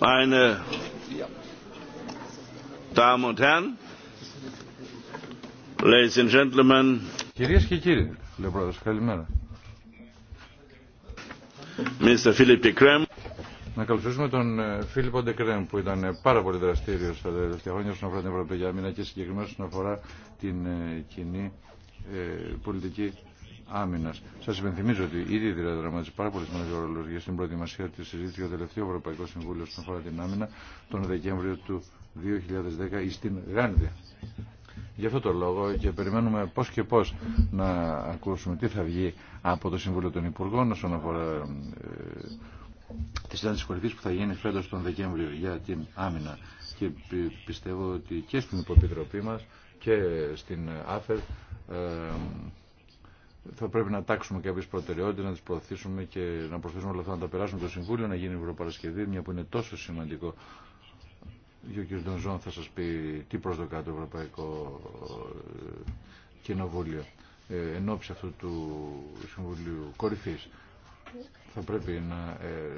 Meine Damen und Herren, Ladies and Gentlemen, Κυρίες και κύριοι, λέει ο Πρόεδρος, καλημέρα. Mr. Philippe Krem. Να καλωσορίσουμε τον Φίλιππο ε, Ντεκρέμ που ήταν ε, πάρα πολύ δραστήριο τα τελευταία χρόνια όσον αφορά την Ευρωπαϊκή Άμυνα και συγκεκριμένα όσον αφορά την ε, κοινή πολιτική Άμυνα. Σα υπενθυμίζω ότι ήδη διαδραματίζει πάρα πολύ σημαντικό ρόλο για την προετοιμασία τη συζήτηση για το τελευταίο Ευρωπαϊκό Συμβούλιο στον αφορά την άμυνα τον Δεκέμβριο του 2010 στην Γάνδη. Γι' αυτό το λόγο και περιμένουμε πώς και πώς να ακούσουμε τι θα βγει από το Συμβούλιο των Υπουργών όσον αφορά ε, τη συνάντηση κορυφής που θα γίνει φέτος τον Δεκέμβριο για την άμυνα. Και πιστεύω ότι και στην υποπιτροπή μα και στην ΑΦΕΡ ε, θα πρέπει να τάξουμε κάποιε προτεραιότητε, να τι προωθήσουμε και να προσθέσουμε όλα αυτά να τα περάσουμε το Συμβούλιο, να γίνει η Ευρωπαρασκευή, μια που είναι τόσο σημαντικό. Και ο κ. Ντονζόν θα σα πει τι προσδοκά το Ευρωπαϊκό ε, Κοινοβούλιο ε, εν ώψη αυτού του Συμβουλίου Κορυφή θα πρέπει να ε,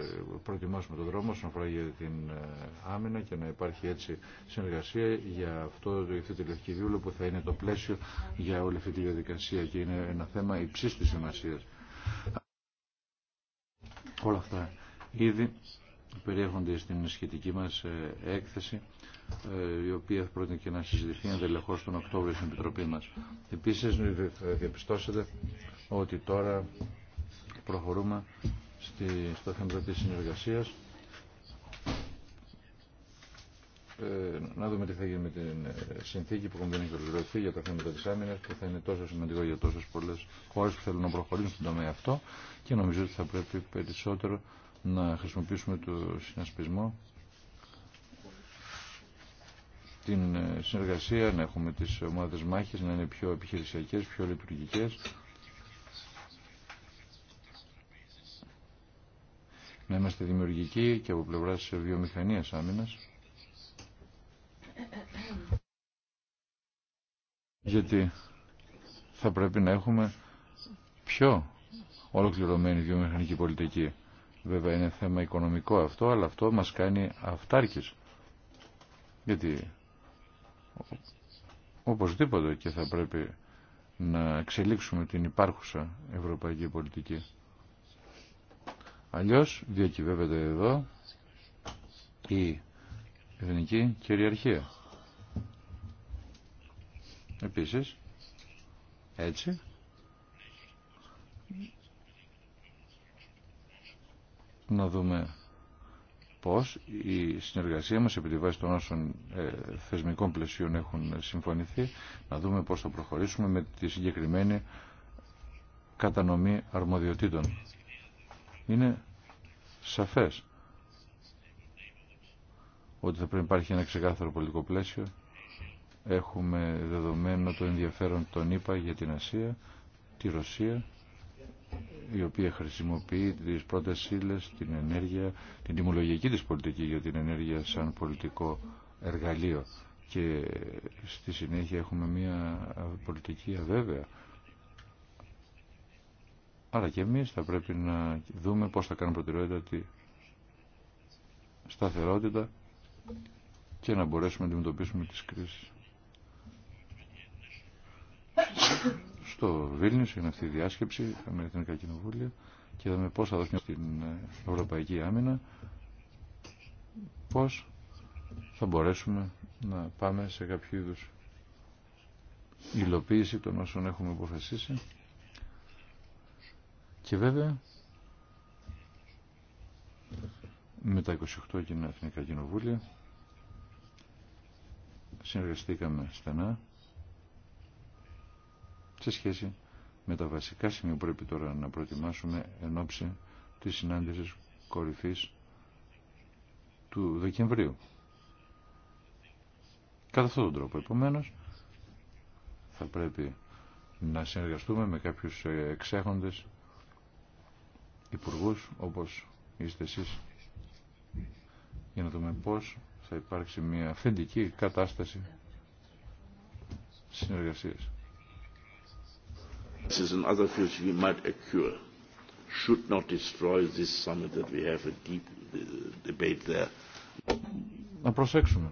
προετοιμάσουμε τον δρόμο όσον αφορά για την ε, άμυνα και να υπάρχει έτσι συνεργασία για αυτό το ευθύτελευτική δίουλο που θα είναι το πλαίσιο για όλη αυτή τη διαδικασία και είναι ένα θέμα υψής σημασίας. Όλα αυτά ήδη περιέχονται στην σχετική μας ε, έκθεση η οποία πρότεινε και να συζητηθεί ενδελεχώς τον Οκτώβριο στην Επιτροπή μας. Επίσης διαπιστώσετε ότι τώρα προχωρούμε στη, στο θέμα της συνεργασίας. Ε, να δούμε τι θα γίνει με την ε, συνθήκη που έχουν έχει ολοκληρωθεί για τα θέματα της άμυνας που θα είναι τόσο σημαντικό για τόσε πολλές χώρε που θέλουν να προχωρήσουν στον τομέα αυτό και νομίζω ότι θα πρέπει περισσότερο να χρησιμοποιήσουμε το συνασπισμό την ε, συνεργασία, να έχουμε τις ομάδες μάχης, να είναι πιο επιχειρησιακές, πιο λειτουργικές να είμαστε δημιουργικοί και από πλευρά τη βιομηχανία Γιατί θα πρέπει να έχουμε πιο ολοκληρωμένη βιομηχανική πολιτική. Βέβαια είναι θέμα οικονομικό αυτό, αλλά αυτό μας κάνει αυτάρκης. Γιατί οπωσδήποτε και θα πρέπει να εξελίξουμε την υπάρχουσα ευρωπαϊκή πολιτική. Αλλιώς διακυβεύεται εδώ η εθνική κυριαρχία. Επίσης, έτσι, να δούμε πώς η συνεργασία μας επί τη βάση των όσων ε, θεσμικών πλαισίων έχουν συμφωνηθεί, να δούμε πώς θα προχωρήσουμε με τη συγκεκριμένη κατανομή αρμοδιοτήτων είναι σαφές ότι θα πρέπει να υπάρχει ένα ξεκάθαρο πολιτικό πλαίσιο. Έχουμε δεδομένο το ενδιαφέρον των ΗΠΑ για την Ασία, τη Ρωσία, η οποία χρησιμοποιεί τις πρώτες την ενέργεια, την τιμολογική της πολιτική για την ενέργεια σαν πολιτικό εργαλείο. Και στη συνέχεια έχουμε μια πολιτική αβέβαια Άρα και εμείς θα πρέπει να δούμε πώς θα κάνουμε προτεραιότητα τη σταθερότητα και να μπορέσουμε να αντιμετωπίσουμε τις κρίσεις. Στο Βίλνιους είναι αυτή η διάσκεψη, την εθνικά κοινοβούλια και είδαμε πώς θα δώσουμε στην Ευρωπαϊκή Άμυνα πώς θα μπορέσουμε να πάμε σε κάποιο είδους υλοποίηση των όσων έχουμε αποφασίσει. Και βέβαια με τα 28 κοινά εθνικά κοινοβούλια συνεργαστήκαμε στενά σε σχέση με τα βασικά σημεία που πρέπει τώρα να προετοιμάσουμε εν ώψη της συνάντησης κορυφής του Δεκεμβρίου. Κατά αυτόν τον τρόπο, επομένως, θα πρέπει να συνεργαστούμε με κάποιους ε, εξέχοντες υπουργούς όπως είστε εσείς για να δούμε πώς θα υπάρξει μια αυθεντική κατάσταση συνεργασίας. Να προσέξουμε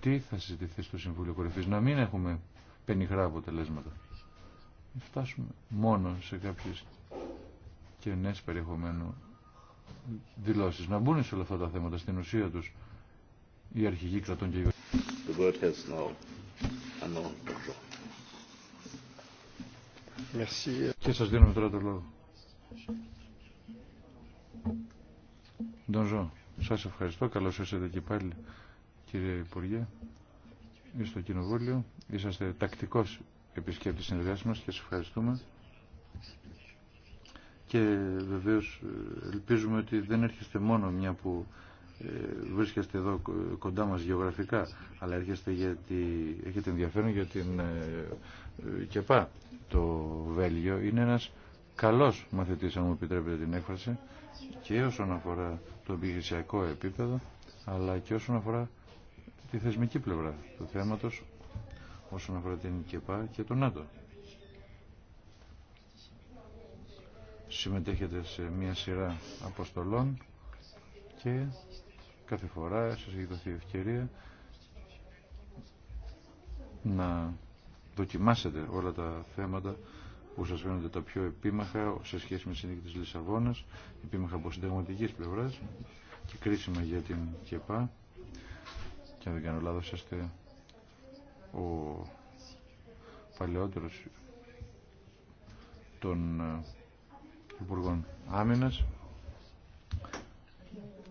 τι θα συζητηθεί στο Συμβούλιο Κορυφής, να μην έχουμε πενιχρά αποτελέσματα. Να φτάσουμε μόνο σε κάποιες και νέε περιεχομένου δηλώσει Να μπουν σε όλα αυτά τα θέματα, στην ουσία του, οι αρχηγοί κρατών και Και σα δίνουμε τώρα το λόγο. Ντονζό, σας ευχαριστώ. Καλώ ήρθατε και πάλι, κύριε Υπουργέ. Είστε στο Κοινοβούλιο. Είσαστε τακτικό επισκέπτη συνεδριάσης μας και σα ευχαριστούμε και βεβαίως ε, ελπίζουμε ότι δεν έρχεστε μόνο μια που ε, βρίσκεστε εδώ κοντά μας γεωγραφικά, αλλά έρχεστε γιατί έχετε ενδιαφέρον για την ε, ΚΕΠΑ. Το Βέλγιο είναι ένας καλός μαθητής, αν μου επιτρέπετε την έκφραση, και όσον αφορά το επιχειρησιακό επίπεδο, αλλά και όσον αφορά τη θεσμική πλευρά του θέματος, όσον αφορά την ΚΕΠΑ και τον ΝΑΤΟ. συμμετέχετε σε μια σειρά αποστολών και κάθε φορά σας έχει δοθεί ευκαιρία να δοκιμάσετε όλα τα θέματα που σας φαίνονται τα πιο επίμαχα σε σχέση με τη συνήθεια της Λισαβόνας, επίμαχα από συνταγματικής πλευράς και κρίσιμα για την ΚΕΠΑ και αν δεν κάνω λάθος είστε ο παλαιότερος των Υπουργών Άμυνα.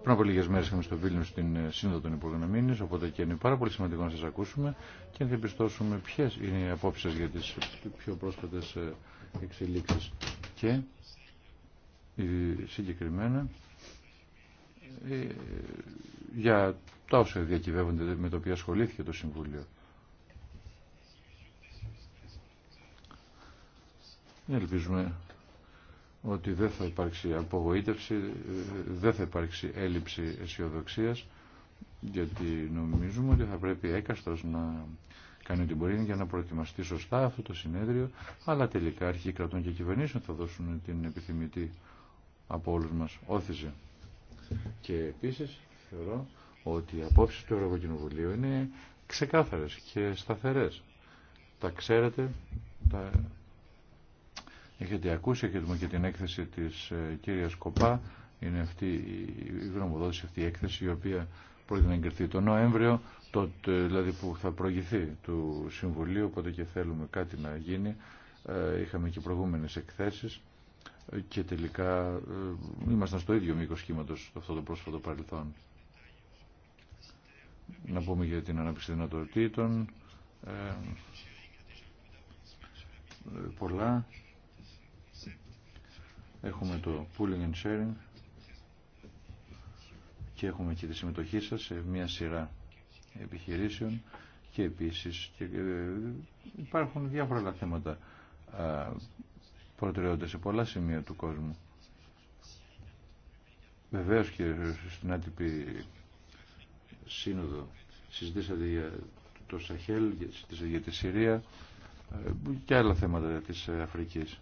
Πριν από λίγε μέρε είχαμε στο Βίλνιου στην ε, Σύνοδο των Υπουργών Αμήνη, οπότε και είναι πάρα πολύ σημαντικό να σα ακούσουμε και να διαπιστώσουμε ποιε είναι οι απόψει σα για τι πιο πρόσφατε εξελίξει. Και συγκεκριμένα ε, για τα όσα διακυβεύονται με τα οποία ασχολήθηκε το Συμβούλιο. Ελπίζουμε ότι δεν θα υπάρξει απογοήτευση, δεν θα υπάρξει έλλειψη αισιοδοξία, γιατί νομίζουμε ότι θα πρέπει έκαστος να κάνει ό,τι μπορεί για να προετοιμαστεί σωστά αυτό το συνέδριο, αλλά τελικά αρχή κρατών και κυβερνήσεων θα δώσουν την επιθυμητή από όλους μας όθηση. Και επίσης θεωρώ ότι οι απόψεις του Ευρωκοινοβουλίου είναι ξεκάθαρες και σταθερές. Τα ξέρετε, τα Έχετε ακούσει, έχετε και την έκθεση της ε, κυρίας Κοπά. Είναι αυτή η γνωμοδότηση, αυτή η έκθεση η οποία πρόκειται να εγκριθεί το Νοέμβριο, δηλαδή που θα προηγηθεί του Συμβουλίου, οπότε και θέλουμε κάτι να γίνει. Ε, είχαμε και προηγούμενες εκθέσεις και τελικά ε, ήμασταν στο ίδιο μήκο κύματο αυτό το πρόσφατο παρελθόν. Να πούμε για την ανάπτυξη δυνατοτήτων. Ε, πολλά Έχουμε το pooling and sharing και έχουμε και τη συμμετοχή σας σε μια σειρά επιχειρήσεων και επίσης και ε, υπάρχουν διάφορα άλλα θέματα προτεραιότητα σε πολλά σημεία του κόσμου. Βεβαίως και στην άτυπη σύνοδο συζητήσατε για το Σαχέλ, για τη Συρία ε, και άλλα θέματα της Αφρικής.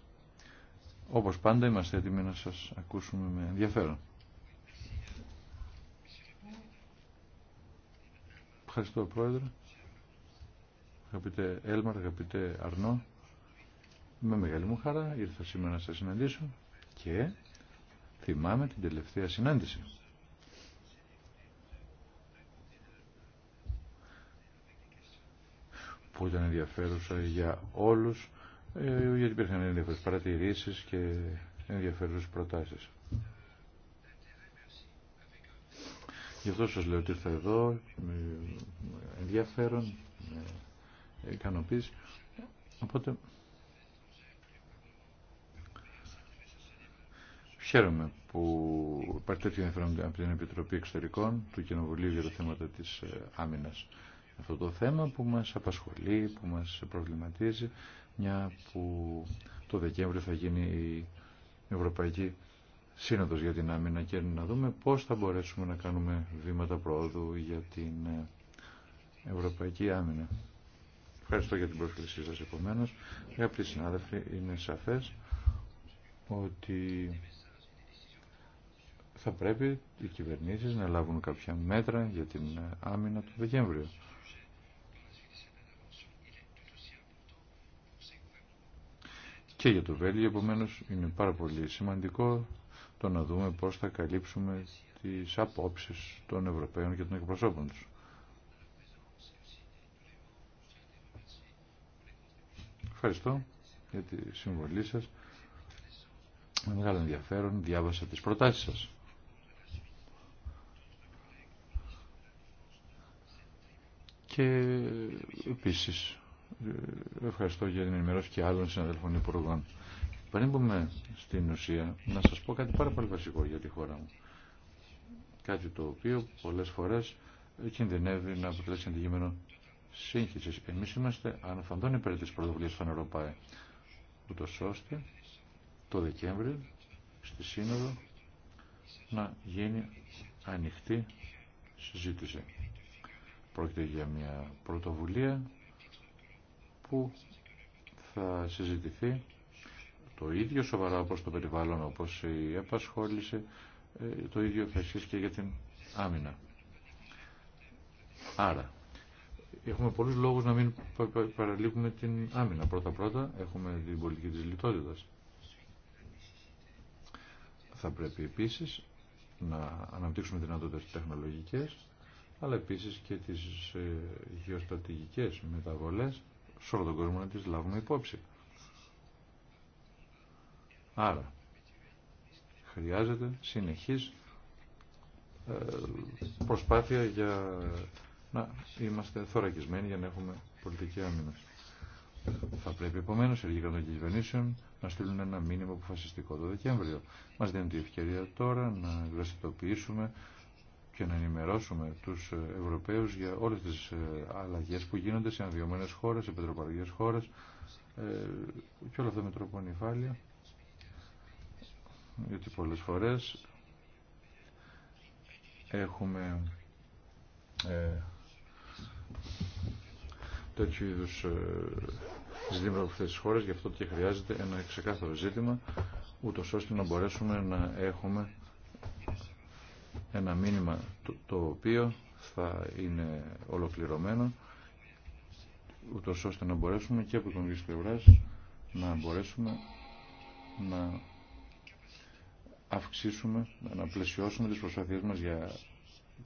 Όπως πάντα είμαστε έτοιμοι να σας ακούσουμε με ενδιαφέρον. Ευχαριστώ Πρόεδρε. Αγαπητέ Έλμαρ, αγαπητέ Αρνό. Με μεγάλη μου χαρά ήρθα σήμερα να σας συναντήσω και θυμάμαι την τελευταία συνάντηση. Που ήταν ενδιαφέρουσα για όλους ε, γιατί υπήρχαν ενδιαφέρουσες παρατηρήσεις και ενδιαφέρουσες προτάσεις. Γι' αυτό σας λέω ότι ήρθα εδώ, με ενδιαφέρον, με ικανοποίηση. Οπότε, χαίρομαι που υπάρχει ενδιαφέρον από την Επιτροπή Εξωτερικών του Κοινοβουλίου για τα θέματα της ε, άμυνας. Αυτό το θέμα που μας απασχολεί, που μας προβληματίζει, μια που το Δεκέμβριο θα γίνει η Ευρωπαϊκή Σύνοδος για την Άμυνα και να δούμε πώς θα μπορέσουμε να κάνουμε βήματα προόδου για την ε, Ευρωπαϊκή Άμυνα. Ευχαριστώ για την πρόσκλησή σας επομένως. Αγαπητοί συνάδελφοι, είναι σαφές ότι θα πρέπει οι κυβερνήσεις να λάβουν κάποια μέτρα για την ε, άμυνα του Δεκέμβριου. και για το Βέλγιο. Επομένω, είναι πάρα πολύ σημαντικό το να δούμε πώς θα καλύψουμε τις απόψεις των Ευρωπαίων και των εκπροσώπων τους. Ευχαριστώ για τη συμβολή σας. Με μεγάλο ενδιαφέρον διάβασα τις προτάσεις σας. Και επίσης ε, ευχαριστώ για την ενημερώση και άλλων συναδελφών υπουργών. Πριν πούμε στην ουσία, να σας πω κάτι πάρα πολύ βασικό για τη χώρα μου. Κάτι το οποίο πολλές φορές κινδυνεύει να αποτελέσει αντικείμενο σύγχυση. Εμείς είμαστε αναφαντών υπέρ της πρωτοβουλίας Φανεροπάε, ούτως ώστε το Δεκέμβριο στη Σύνοδο να γίνει ανοιχτή συζήτηση. Πρόκειται για μια πρωτοβουλία που θα συζητηθεί το ίδιο σοβαρά όπως το περιβάλλον, όπως η επασχόληση, ε, το ίδιο θα και για την άμυνα. Άρα, έχουμε πολλούς λόγους να μην παραλείπουμε την άμυνα. Πρώτα-πρώτα έχουμε την πολιτική της λιτότητας. Θα πρέπει επίσης να αναπτύξουμε δυνατότητες τεχνολογικές, αλλά επίσης και τις ε, γεωστρατηγικές μεταβολές σε όλο τον κόσμο να τις λάβουμε υπόψη. Άρα, χρειάζεται συνεχής ε, προσπάθεια για να είμαστε θωρακισμένοι για να έχουμε πολιτική άμυνα. Θα πρέπει επομένω οι εργοί των κυβερνήσεων να στείλουν ένα μήνυμα αποφασιστικό το Δεκέμβριο. Μα δίνουν τη ευκαιρία τώρα να γραστητοποιήσουμε και να ενημερώσουμε τους ε, Ευρωπαίους για όλες τις ε, αλλαγές που γίνονται σε αναδειωμένες χώρες, σε πετροπαραγές χώρες ε, και όλα αυτά με τρόπο ανυφάλεια γιατί πολλές φορές έχουμε ε, τέτοιου είδους ζητήματα από αυτές τις χώρες γι' αυτό και χρειάζεται ένα ξεκάθαρο ζήτημα ούτως ώστε να μπορέσουμε να έχουμε ένα μήνυμα το, οποίο θα είναι ολοκληρωμένο ούτως ώστε να μπορέσουμε και από τον πλευρά να μπορέσουμε να αυξήσουμε, να πλαισιώσουμε τις προσπάθειές μας για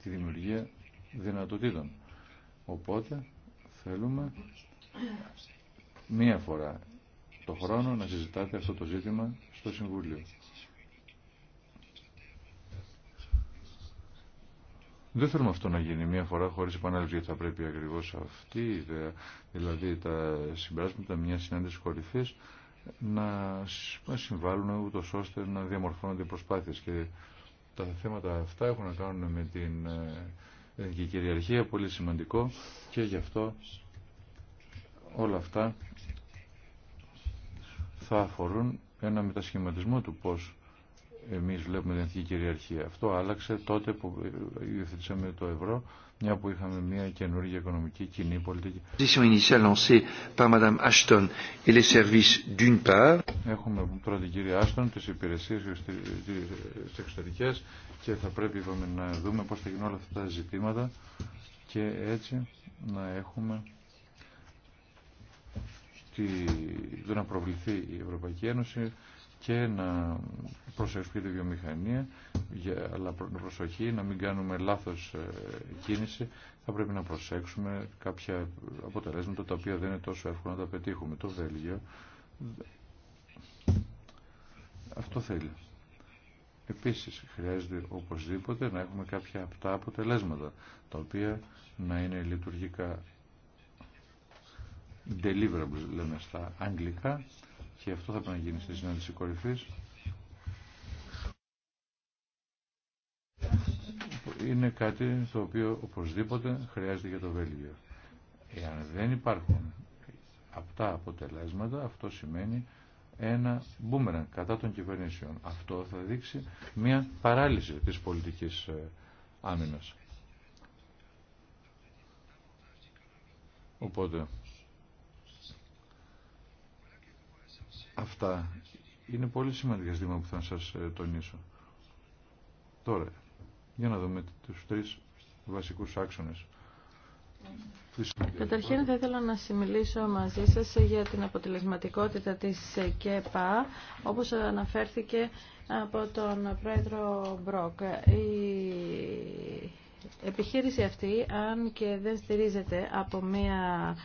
τη δημιουργία δυνατοτήτων. Οπότε θέλουμε μία φορά το χρόνο να συζητάτε αυτό το ζήτημα στο Συμβούλιο. Δεν θέλουμε αυτό να γίνει μία φορά χωρίς επανάληψη, γιατί θα πρέπει ακριβώς αυτή η ιδέα, δηλαδή τα συμπεράσματα μια φορα χωρις επαναληψη γιατι θα πρεπει ακριβώ αυτη η ιδεα δηλαδη τα συμπερασματα μια συναντηση κορυφή, να συμβάλλουν ούτω ώστε να διαμορφώνονται προσπάθειες και τα θέματα αυτά έχουν να κάνουν με την ε, κυριαρχία, πολύ σημαντικό και γι' αυτό όλα αυτά θα αφορούν ένα μετασχηματισμό του πώς εμείς βλέπουμε την εθνική κυριαρχία. Αυτό άλλαξε τότε που υιοθετήσαμε το ευρώ, μια που είχαμε μια καινούργια οικονομική κοινή πολιτική. Έχουμε την κυρία Άστον, τις υπηρεσίες τις εξωτερικές και θα πρέπει να δούμε πώς θα γίνουν όλα αυτά τα ζητήματα και έτσι να έχουμε τη, να προβληθεί η Ευρωπαϊκή Ένωση και να προσεχθεί τη βιομηχανία, αλλά προσοχή να μην κάνουμε λάθος ε, κίνηση. Θα πρέπει να προσέξουμε κάποια αποτελέσματα τα οποία δεν είναι τόσο εύκολο να τα πετύχουμε. Το Βέλγιο αυτό θέλει. Επίσης χρειάζεται οπωσδήποτε να έχουμε κάποια τα αποτελέσματα τα οποία να είναι λειτουργικά deliverables λέμε στα αγγλικά και αυτό θα πρέπει να γίνει στη συνάντηση κορυφή. Είναι κάτι το οποίο οπωσδήποτε χρειάζεται για το Βέλγιο. Εάν δεν υπάρχουν αυτά αποτελέσματα, αυτό σημαίνει ένα μπούμεραν κατά των κυβερνήσεων. Αυτό θα δείξει μια παράλυση της πολιτικής ε, άμυνας. Οπότε Αυτά είναι πολύ σημαντικές ζητήματα που θα σας ε, τονίσω. Τώρα, για να δούμε τους τρεις βασικούς άξονες. Καταρχήν θα ήθελα να συμμιλήσω μαζί σας για την αποτελεσματικότητα της ΚΕΠΑ, όπως αναφέρθηκε από τον πρόεδρο Μπρόκ. Η επιχείρηση αυτή, αν και δεν στηρίζεται από μια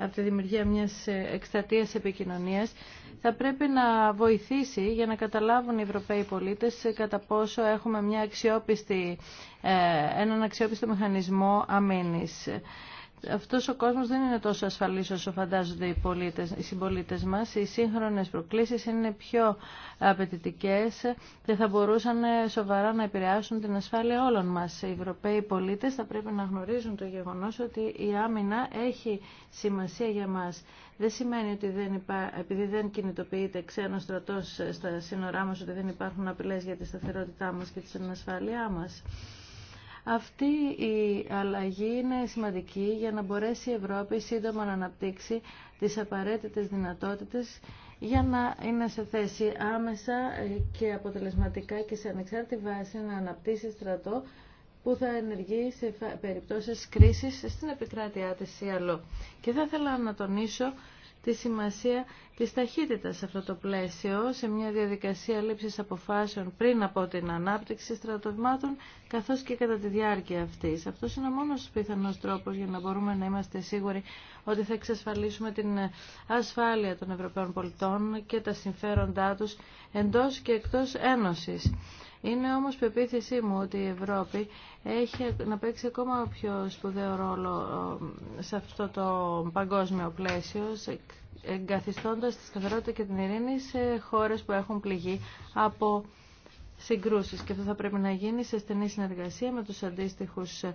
από τη δημιουργία μιας εκστατείας επικοινωνίας θα πρέπει να βοηθήσει για να καταλάβουν οι Ευρωπαίοι πολίτες κατά πόσο έχουμε μια αξιόπιστη, ε, έναν αξιόπιστο μηχανισμό αμήνης αυτός ο κόσμος δεν είναι τόσο ασφαλής όσο φαντάζονται οι, πολίτες, οι συμπολίτες μας. Οι σύγχρονες προκλήσεις είναι πιο απαιτητικές και θα μπορούσαν σοβαρά να επηρεάσουν την ασφάλεια όλων μας. Οι Ευρωπαίοι πολίτες θα πρέπει να γνωρίζουν το γεγονός ότι η άμυνα έχει σημασία για μας. Δεν σημαίνει ότι δεν επειδή δεν κινητοποιείται ξένος στρατός στα σύνορά μας ότι δεν υπάρχουν απειλές για τη σταθερότητά μας και την ασφάλειά μας. Αυτή η αλλαγή είναι σημαντική για να μπορέσει η Ευρώπη σύντομα να αναπτύξει τις απαραίτητες δυνατότητες για να είναι σε θέση άμεσα και αποτελεσματικά και σε ανεξάρτητη βάση να αναπτύσσει στρατό που θα ενεργεί σε περιπτώσεις κρίσης στην επικράτειά της ή άλλο. Και θα ήθελα να τονίσω τη σημασία της ταχύτητας σε αυτό το πλαίσιο, σε μια διαδικασία λήψης αποφάσεων πριν από την ανάπτυξη στρατοβημάτων, καθώς και κατά τη διάρκεια αυτής. Αυτό είναι ο μόνος πιθανός τρόπος για να μπορούμε να είμαστε σίγουροι ότι θα εξασφαλίσουμε την ασφάλεια των Ευρωπαίων πολιτών και τα συμφέροντά τους εντός και εκτός Ένωσης. Είναι όμως πεποίθησή μου ότι η Ευρώπη έχει να παίξει ακόμα πιο σπουδαίο ρόλο ε, σε αυτό το παγκόσμιο πλαίσιο, εγκαθιστώντας τη σταθερότητα και την ειρήνη σε χώρες που έχουν πληγεί από συγκρούσεις. Και αυτό θα πρέπει να γίνει σε στενή συνεργασία με τους αντίστοιχους ε,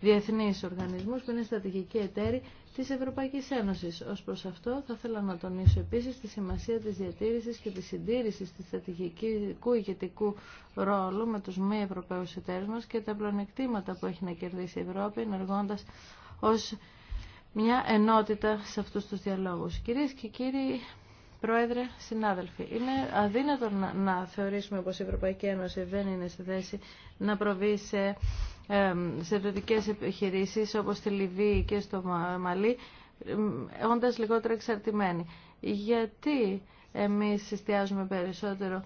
διεθνείς οργανισμούς που είναι στρατηγικοί εταίροι της Ευρωπαϊκής Ένωσης. Ως προς αυτό θα ήθελα να τονίσω επίσης τη σημασία της διατήρησης και της συντήρησης της στρατηγικού ηγετικού ρόλου με τους μη Ευρωπαίους εταίρους μας και τα πλονεκτήματα που έχει να κερδίσει η Ευρώπη ενεργώντας ως μια ενότητα σε αυτούς τους διαλόγους. Κυρίες και κύριοι, Πρόεδρε, συνάδελφοι, είναι αδύνατο να, θεωρήσουμε πως η Ευρωπαϊκή Ένωση δεν είναι στη θέση να προβεί σε στρατιωτικές επιχειρήσεις όπως στη Λιβύη και στο Μαλί όντας λιγότερο εξαρτημένοι. Γιατί εμείς εστιάζουμε περισσότερο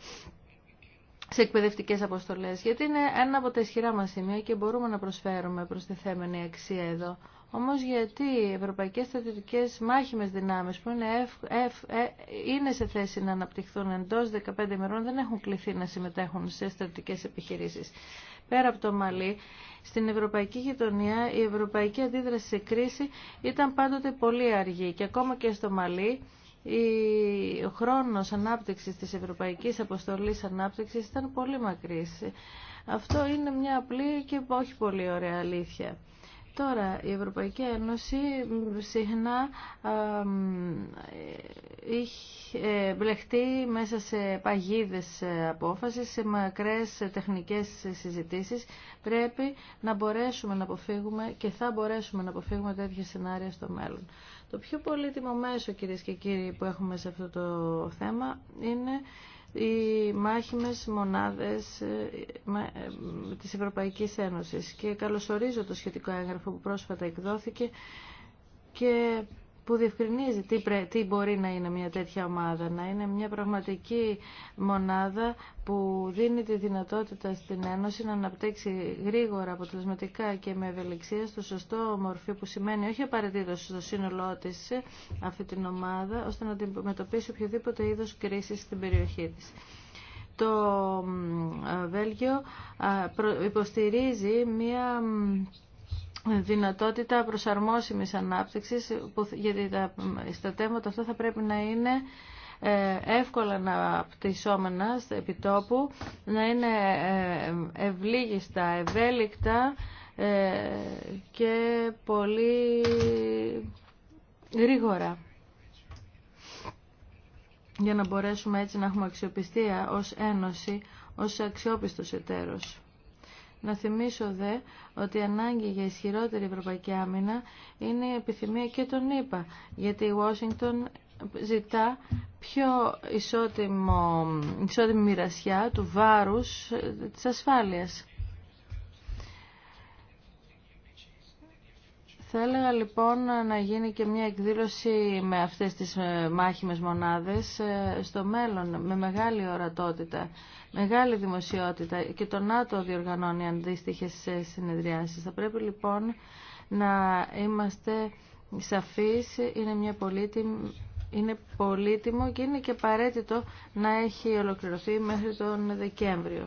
σε εκπαιδευτικέ αποστολέ, γιατί είναι ένα από τα ισχυρά μα σημεία και μπορούμε να προσφέρουμε προ αξία εδώ. Όμω γιατί οι ευρωπαϊκέ στρατιωτικέ μάχημε δυνάμει που είναι, εφ, εφ, ε, είναι σε θέση να αναπτυχθούν εντό 15 ημερών δεν έχουν κληθεί να συμμετέχουν σε στρατιωτικέ επιχειρήσει πέρα από το Μαλί, στην ευρωπαϊκή γειτονία η ευρωπαϊκή αντίδραση σε κρίση ήταν πάντοτε πολύ αργή και ακόμα και στο Μαλί ο χρόνος ανάπτυξης της Ευρωπαϊκής Αποστολής Ανάπτυξης ήταν πολύ μακρύς. Αυτό είναι μια απλή και όχι πολύ ωραία αλήθεια. Τώρα, η Ευρωπαϊκή Ένωση συχνά είχε ε, μπλεχτεί μέσα σε παγίδες ε, απόφασης, σε μακρές ε, τεχνικές συζητήσεις. Πρέπει να μπορέσουμε να αποφύγουμε και θα μπορέσουμε να αποφύγουμε τέτοια σενάρια στο μέλλον. Το πιο πολύτιμο μέσο, κυρίες και κύριοι, που έχουμε σε αυτό το θέμα είναι οι μάχημες μονάδες ε, ε, της Ευρωπαϊκής Ένωσης και καλωσορίζω το σχετικό έγγραφο που πρόσφατα εκδόθηκε και που διευκρινίζει τι, τι μπορεί να είναι μια τέτοια ομάδα, να είναι μια πραγματική μονάδα που δίνει τη δυνατότητα στην Ένωση να αναπτύξει γρήγορα, αποτελεσματικά και με ευελιξία στο σωστό μορφή που σημαίνει όχι απαραίτητο στο σύνολό τη αυτή την ομάδα, ώστε να αντιμετωπίσει οποιοδήποτε είδο κρίση στην περιοχή τη το ε, Βέλγιο υποστηρίζει μία δυνατότητα προσαρμόσιμης ανάπτυξης, γιατί τα, στα θέματα αυτά θα πρέπει να είναι ε, εύκολα να πτυσσόμενα επιτόπου, να είναι ε, ευλίγιστα, ευέλικτα ε, και πολύ γρήγορα για να μπορέσουμε έτσι να έχουμε αξιοπιστία ως Ένωση, ως αξιόπιστος εταίρος. Να θυμίσω δε ότι η ανάγκη για ισχυρότερη ευρωπαϊκή άμυνα είναι η επιθυμία και τον ΗΠΑ, γιατί η Ουάσιγκτον ζητά πιο ισότιμη μοιρασιά του βάρους της ασφάλειας. Θα έλεγα λοιπόν να γίνει και μια εκδήλωση με αυτές τις ε, μάχημες μονάδες ε, στο μέλλον, με μεγάλη ορατότητα, μεγάλη δημοσιότητα και το ΝΑΤΟ διοργανώνει αντίστοιχε ε, συνεδριάσεις. Θα πρέπει λοιπόν να είμαστε σαφείς, είναι, μια πολύτιμη, είναι πολύτιμο και είναι και απαραίτητο να έχει ολοκληρωθεί μέχρι τον Δεκέμβριο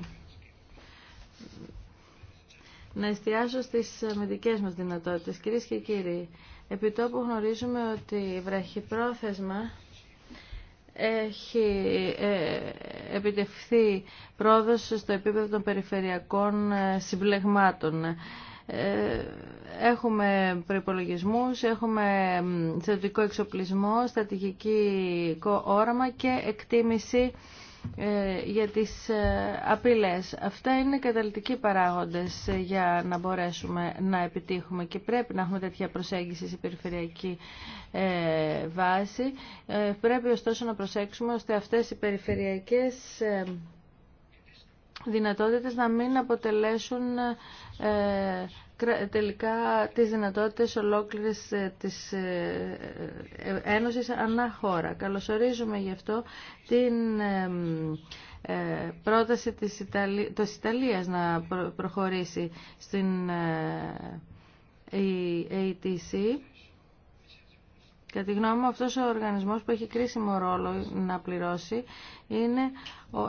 να εστιάσω στις αμυντικές μας δυνατότητες. Κυρίε και κύριοι, επί τόπου γνωρίζουμε ότι βραχυπρόθεσμα έχει ε, επιτευχθεί πρόοδος στο επίπεδο των περιφερειακών ε, συμπλεγμάτων. Ε, έχουμε προπολογισμού, έχουμε θεωτικό εξοπλισμό, στρατηγικό όραμα και εκτίμηση ε, για τις ε, απειλές. Αυτά είναι καταλητικοί παράγοντες ε, για να μπορέσουμε να επιτύχουμε και πρέπει να έχουμε τέτοια προσέγγιση σε περιφερειακή βάση. Πρέπει ωστόσο να προσέξουμε ώστε αυτές οι περιφερειακές δυνατότητες να μην αποτελέσουν τελικά τις δυνατότητες ολόκληρης ε, της ε, ε, Ένωσης ανά χώρα. Καλωσορίζουμε γι' αυτό την πρόταση της, Ιταλίας, να προχωρήσει στην ATC. Κατά τη γνώμη μου αυτός ο οργανισμός που έχει κρίσιμο ρόλο να πληρώσει είναι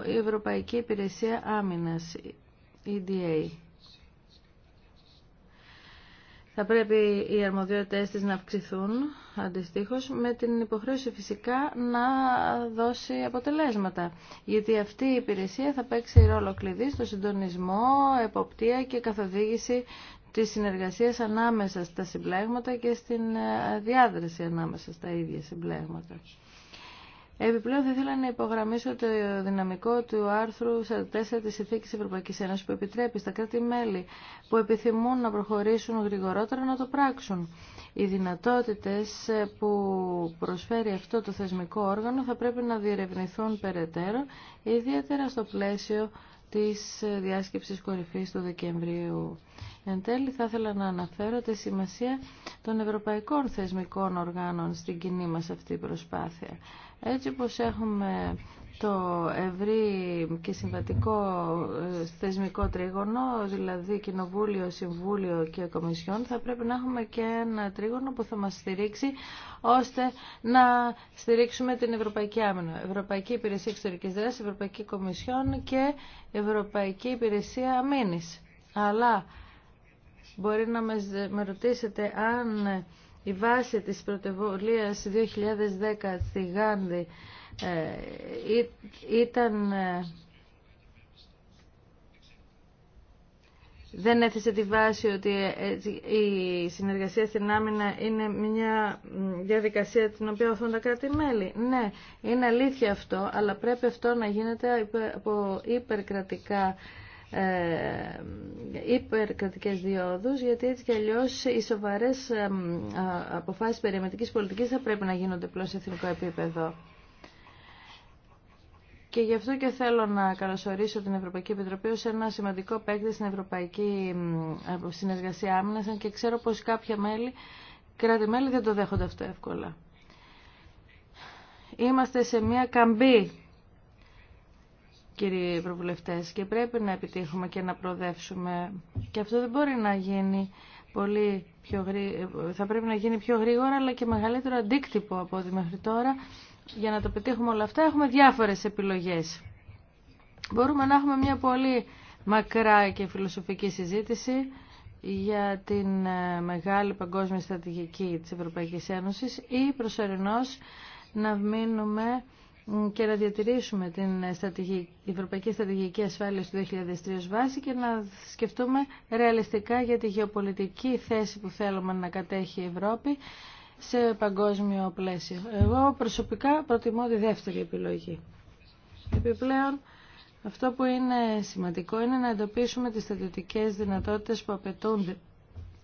η Ευρωπαϊκή Υπηρεσία Άμυνας, EDA. Θα πρέπει οι αρμοδιότητες της να αυξηθούν αντιστοίχως με την υποχρέωση φυσικά να δώσει αποτελέσματα. Γιατί αυτή η υπηρεσία θα παίξει ρόλο κλειδί στο συντονισμό, εποπτεία και καθοδήγηση της συνεργασίας ανάμεσα στα συμπλέγματα και στην ε, διάδραση ανάμεσα στα ίδια συμπλέγματα. Επιπλέον θα ήθελα να υπογραμμίσω το δυναμικό του άρθρου 44 της Συνθήκη Ευρωπαϊκή Ένωση που επιτρέπει στα κράτη-μέλη που επιθυμούν να προχωρήσουν γρηγορότερα να το πράξουν. Οι δυνατότητες που προσφέρει αυτό το θεσμικό όργανο θα πρέπει να διερευνηθούν περαιτέρω, ιδιαίτερα στο πλαίσιο της διάσκεψης κορυφή του Δεκεμβρίου. Εν τέλει θα ήθελα να αναφέρω τη σημασία των ευρωπαϊκών θεσμικών οργάνων στην κοινή μα αυτή προσπάθεια. Έτσι όπως έχουμε το ευρύ και συμβατικό ε, θεσμικό τρίγωνο, δηλαδή Κοινοβούλιο, Συμβούλιο και Κομισιόν, θα πρέπει να έχουμε και ένα τρίγωνο που θα μας στηρίξει ώστε να στηρίξουμε την Ευρωπαϊκή Άμυνα. Ευρωπαϊκή Υπηρεσία Εξωτερικής Δράσης, Ευρωπαϊκή Κομισιόν και Ευρωπαϊκή Υπηρεσία Αμήνης. Αλλά μπορεί να με ρωτήσετε αν η βάση της πρωτοβουλίας 2010 στη Γάνδη ε, ήταν ε, δεν έθεσε τη βάση ότι ε, η συνεργασία στην άμυνα είναι μια διαδικασία την οποία οθούν τα κράτη-μέλη. Ναι, είναι αλήθεια αυτό, αλλά πρέπει αυτό να γίνεται από υπερκρατικά ε, υπερκρατικές διόδους γιατί έτσι κι αλλιώς οι σοβαρές ε, αποφάσεις περιεματικής πολιτικής θα πρέπει να γίνονται πλέον σε εθνικό επίπεδο. Και γι' αυτό και θέλω να καλωσορίσω την Ευρωπαϊκή Επιτροπή ως ένα σημαντικό παίκτη στην Ευρωπαϊκή Συνεργασία Άμυνας και ξέρω πως κάποια μέλη, κράτη-μέλη δεν το δέχονται αυτό εύκολα. Είμαστε σε μια καμπή κύριοι Ευρωβουλευτέ, και πρέπει να επιτύχουμε και να προοδεύσουμε. Και αυτό δεν μπορεί να γίνει πολύ πιο θα πρέπει να γίνει πιο γρήγορα, αλλά και μεγαλύτερο αντίκτυπο από ό,τι μέχρι τώρα. Για να το πετύχουμε όλα αυτά έχουμε διάφορες επιλογές. Μπορούμε να έχουμε μια πολύ μακρά και φιλοσοφική συζήτηση για την ε, μεγάλη παγκόσμια στρατηγική της Ευρωπαϊκής Ένωσης ή προσωρινώς να μείνουμε και να διατηρήσουμε την Ευρωπαϊκή Στρατηγική Ασφάλεια του 2003 βάση και να σκεφτούμε ρεαλιστικά για τη γεωπολιτική θέση που θέλουμε να κατέχει η Ευρώπη σε παγκόσμιο πλαίσιο. Εγώ προσωπικά προτιμώ τη δεύτερη επιλογή. Επιπλέον, αυτό που είναι σημαντικό είναι να εντοπίσουμε τις στρατιωτικές δυνατότητες που απαιτούνται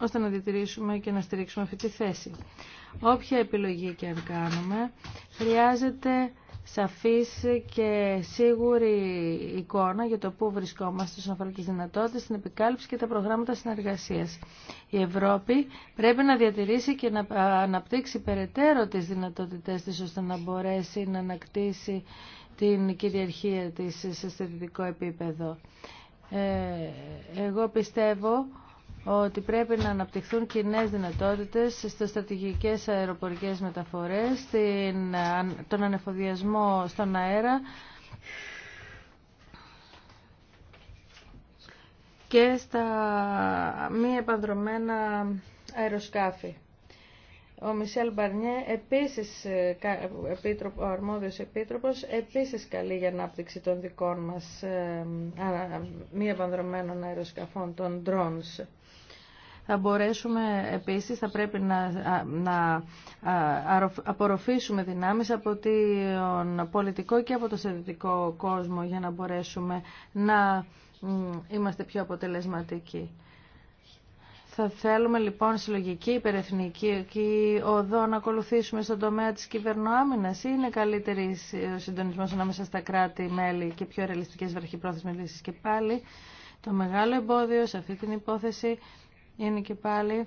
ώστε να διατηρήσουμε και να στηρίξουμε αυτή τη θέση. Όποια επιλογή και αν κάνουμε, χρειάζεται σαφής και σίγουρη εικόνα για το πού βρισκόμαστε όσον αφορά τις δυνατότητες, την επικάλυψη και τα προγράμματα συνεργασίας. Η Ευρώπη πρέπει να διατηρήσει και να αναπτύξει περαιτέρω τις δυνατότητές της ώστε να μπορέσει να ανακτήσει την κυριαρχία της σε στρατιωτικό επίπεδο. Ε, εγώ πιστεύω ότι πρέπει να αναπτυχθούν κοινέ δυνατότητες στις στρατηγικές αεροπορικές μεταφορές, τον ανεφοδιασμό στον αέρα και στα μη επανδρομένα αεροσκάφη. Ο Μισελ Μπαρνιέ, επίσης, ο αρμόδιος επίτροπος, επίσης καλεί για ανάπτυξη των δικών μας ε, μη επανδρομένων αεροσκαφών, των drones θα μπορέσουμε επίσης, θα πρέπει να, να απορροφήσουμε δυνάμεις από τον πολιτικό και από το στρατιωτικό κόσμο για να μπορέσουμε να είμαστε πιο αποτελεσματικοί. Θα θέλουμε λοιπόν συλλογική υπερεθνική οδό να ακολουθήσουμε στον τομέα της κυβερνοάμυνας ή είναι καλύτερη ο συντονισμός ανάμεσα στα κράτη-μέλη και πιο ρεαλιστικές βραχυπρόθεσμες λύσεις και πάλι. Το μεγάλο εμπόδιο σε αυτή την υπόθεση είναι και πάλι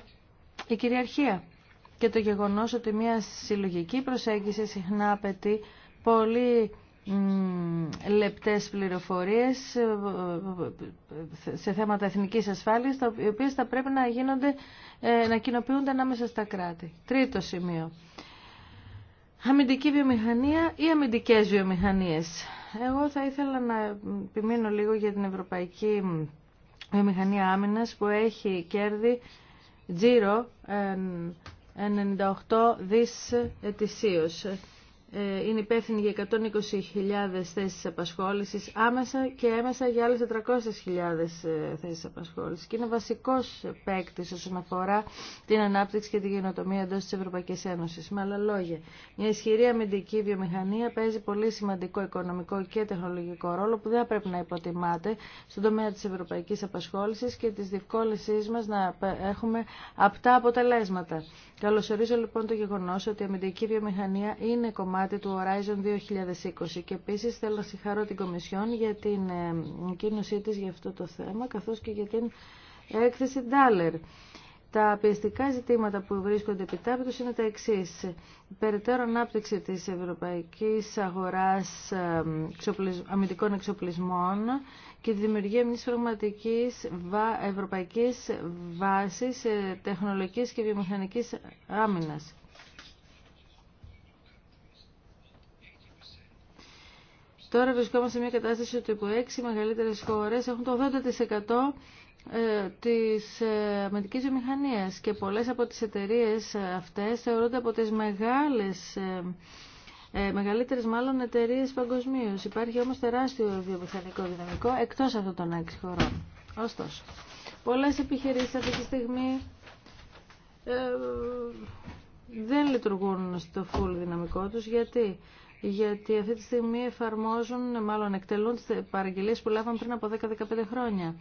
η κυριαρχία και το γεγονός ότι μια συλλογική προσέγγιση συχνά απαιτεί πολύ λεπτές πληροφορίες ε, ε, σε θέματα εθνικής ασφάλειας, οι οποία θα πρέπει να, γίνονται, ε, να κοινοποιούνται ανάμεσα στα κράτη. Τρίτο σημείο. Αμυντική βιομηχανία ή αμυντικές βιομηχανίες. Εγώ θα ήθελα να επιμείνω λίγο για την ευρωπαϊκή μηχανή άμυνας που έχει κέρδη τζίρο 98 ε, δις ετησίως. Ε, είναι υπεύθυνη για 120.000 θέσεις απασχόλησης άμεσα και έμεσα για άλλες 400.000 ε, θέσεις απασχόλησης και είναι βασικός παίκτη όσον αφορά την ανάπτυξη και την γενοτομία εντός της Ευρωπαϊκής Ένωσης. Με άλλα λόγια, μια ισχυρή αμυντική βιομηχανία παίζει πολύ σημαντικό οικονομικό και τεχνολογικό ρόλο που δεν πρέπει να υποτιμάται στον τομέα της ευρωπαϊκής απασχόλησης και της διευκόλυσής μας να έχουμε απτά αποτελέσματα. Καλωσορίζω λοιπόν το γεγονός ότι η αμυντική βιομηχανία είναι κομμάτι κομμάτι του Horizon 2020 και επίσης θέλω να συγχαρώ την Κομισιόν για την ε, κίνησή της για αυτό το θέμα καθώς και για την έκθεση Ντάλερ. Τα πιεστικά ζητήματα που βρίσκονται επιτάπητος είναι τα εξής. περαιτέρω ανάπτυξη της ευρωπαϊκής αγοράς ε, αμυντικών εξοπλισμών και τη δημιουργία μιας πραγματικής ευρωπαϊκής βάσης ε, τεχνολογικής και βιομηχανικής άμυνας. Τώρα βρισκόμαστε σε μια κατάσταση από έξι μεγαλύτερες χώρες έχουν το 80% ε, της ε, αμυντικής βιομηχανίας και πολλές από τις εταιρείες ε, αυτές θεωρούνται από τις μεγάλες μεγαλύτερες μάλλον εταιρείε παγκοσμίω. Υπάρχει όμως τεράστιο βιομηχανικό δυναμικό εκτός αυτών των έξι χωρών. Ωστόσο, πολλές επιχειρήσεις αυτή τη στιγμή δεν λειτουργούν στο full δυναμικό τους γιατί γιατί αυτή τη στιγμή εφαρμόζουν, μάλλον εκτελούν τις παραγγελίες που λάβαν πριν από 10-15 χρόνια.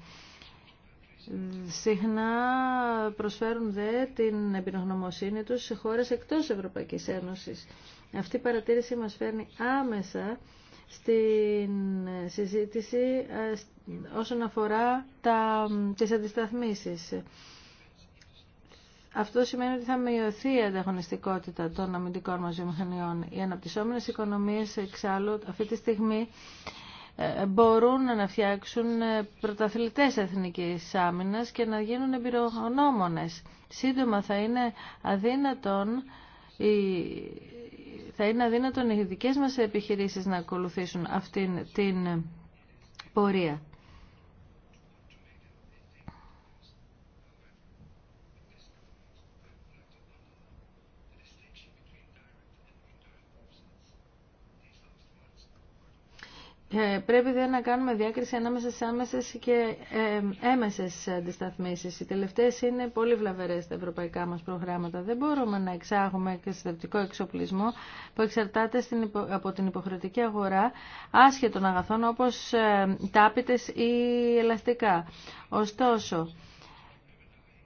Συχνά προσφέρουν δε την εμπειρογνωμοσύνη τους σε χώρες εκτός Ευρωπαϊκής Ένωσης. Αυτή η παρατήρηση μας φέρνει άμεσα στην συζήτηση ε, όσον αφορά τα, τις αντισταθμίσεις. Αυτό σημαίνει ότι θα μειωθεί η ανταγωνιστικότητα των αμυντικών μας βιομηχανιών. Οι αναπτυσσόμενες οικονομίες, εξάλλου, αυτή τη στιγμή ε, μπορούν να φτιάξουν ε, πρωταθλητές εθνικής άμυνας και να γίνουν εμπειρογνώμονες. Σύντομα θα είναι αδύνατον θα είναι αδύνατον οι δικές μας επιχειρήσεις να ακολουθήσουν αυτήν την πορεία. Ε, πρέπει δε να κάνουμε διάκριση ανάμεσα σε άμεσες και ε, έμεσες αντισταθμίσεις. Οι τελευταίες είναι πολύ βλαβερές τα ευρωπαϊκά μας προγράμματα. Δεν μπορούμε να εξάγουμε εξαιρετικό εξοπλισμό που εξαρτάται από την υποχρεωτική αγορά άσχετων αγαθών όπως ε, τάπητες ή ελαστικά. Ωστόσο,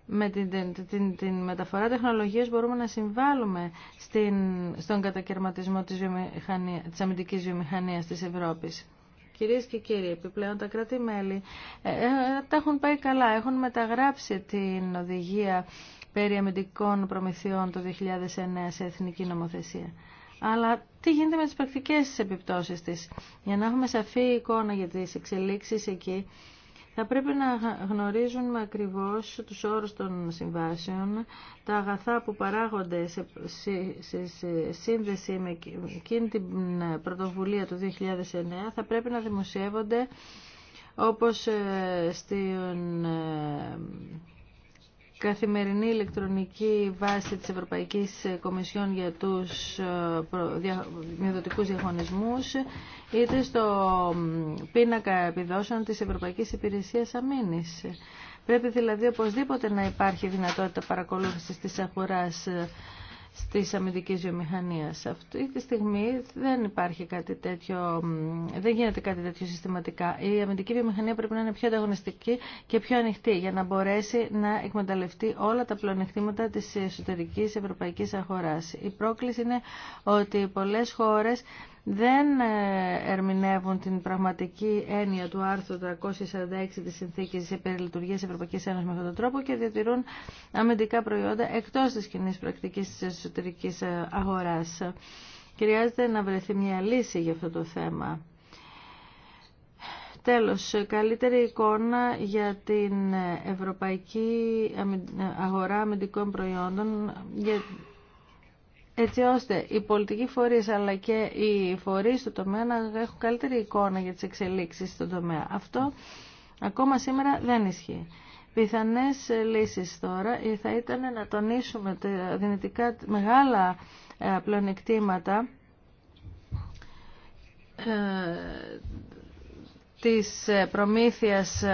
με την, την, την, μεταφορά τεχνολογίας μπορούμε να συμβάλλουμε στην, στον κατακαιρματισμό της, βιομηχανία, της αμυντικής βιομηχανίας της Ευρώπης. Κυρίε και κύριοι, επιπλέον τα κράτη-μέλη ε, ε, τα έχουν πάει καλά. Έχουν μεταγράψει την οδηγία περί αμυντικών προμηθειών το 2009 σε εθνική νομοθεσία. Αλλά τι γίνεται με τις πρακτικές επιπτώσεις της. Για να έχουμε σαφή εικόνα για τις εξελίξεις εκεί, θα πρέπει να γνωρίζουν ακριβώς τους όρους των συμβάσεων, τα αγαθά που παράγονται σε, σύνδεση με εκείνη την ε, πρωτοβουλία του 2009 θα πρέπει να δημοσιεύονται όπως ε, στην ε, καθημερινή ηλεκτρονική βάση της Ευρωπαϊκής Κομισιόν για τους ε, μειοδοτικούς διαγωνισμούς είτε στο πίνακα επιδόσεων της Ευρωπαϊκής Υπηρεσίας Αμήνης. Πρέπει δηλαδή οπωσδήποτε να υπάρχει δυνατότητα παρακολούθησης της αγοράς ε, της αμυντικής βιομηχανίας. Αυτή τη στιγμή δεν υπάρχει κάτι τέτοιο, δεν γίνεται κάτι τέτοιο συστηματικά. Η αμυντική βιομηχανία πρέπει να είναι πιο ανταγωνιστική και πιο ανοιχτή για να μπορέσει να εκμεταλλευτεί όλα τα πλεονεκτήματα της εσωτερικής ευρωπαϊκής αγοράς. Η πρόκληση είναι ότι πολλές χώρες δεν ε, ερμηνεύουν την πραγματική έννοια του άρθρου 346 της Συνθήκης Υπερλειτουργίας Ευρωπαϊκής Ένωσης με αυτόν τον τρόπο και διατηρούν αμυντικά προϊόντα εκτός της κοινή πρακτικής της εσωτερικής ε, αγοράς. Χρειάζεται να βρεθεί μια λύση για αυτό το θέμα. Τέλος, καλύτερη εικόνα για την ευρωπαϊκή αγορά αμυντικών προϊόντων έτσι ώστε οι πολιτικοί φορείς αλλά και οι φορείς του τομέα να έχουν καλύτερη εικόνα για τις εξελίξεις στον τομέα. Αυτό ακόμα σήμερα δεν ισχύει. Πιθανές λύσεις τώρα θα ήταν να τονίσουμε τα δυνητικά μεγάλα ε, πλονεκτήματα ε, της ε, προμήθειας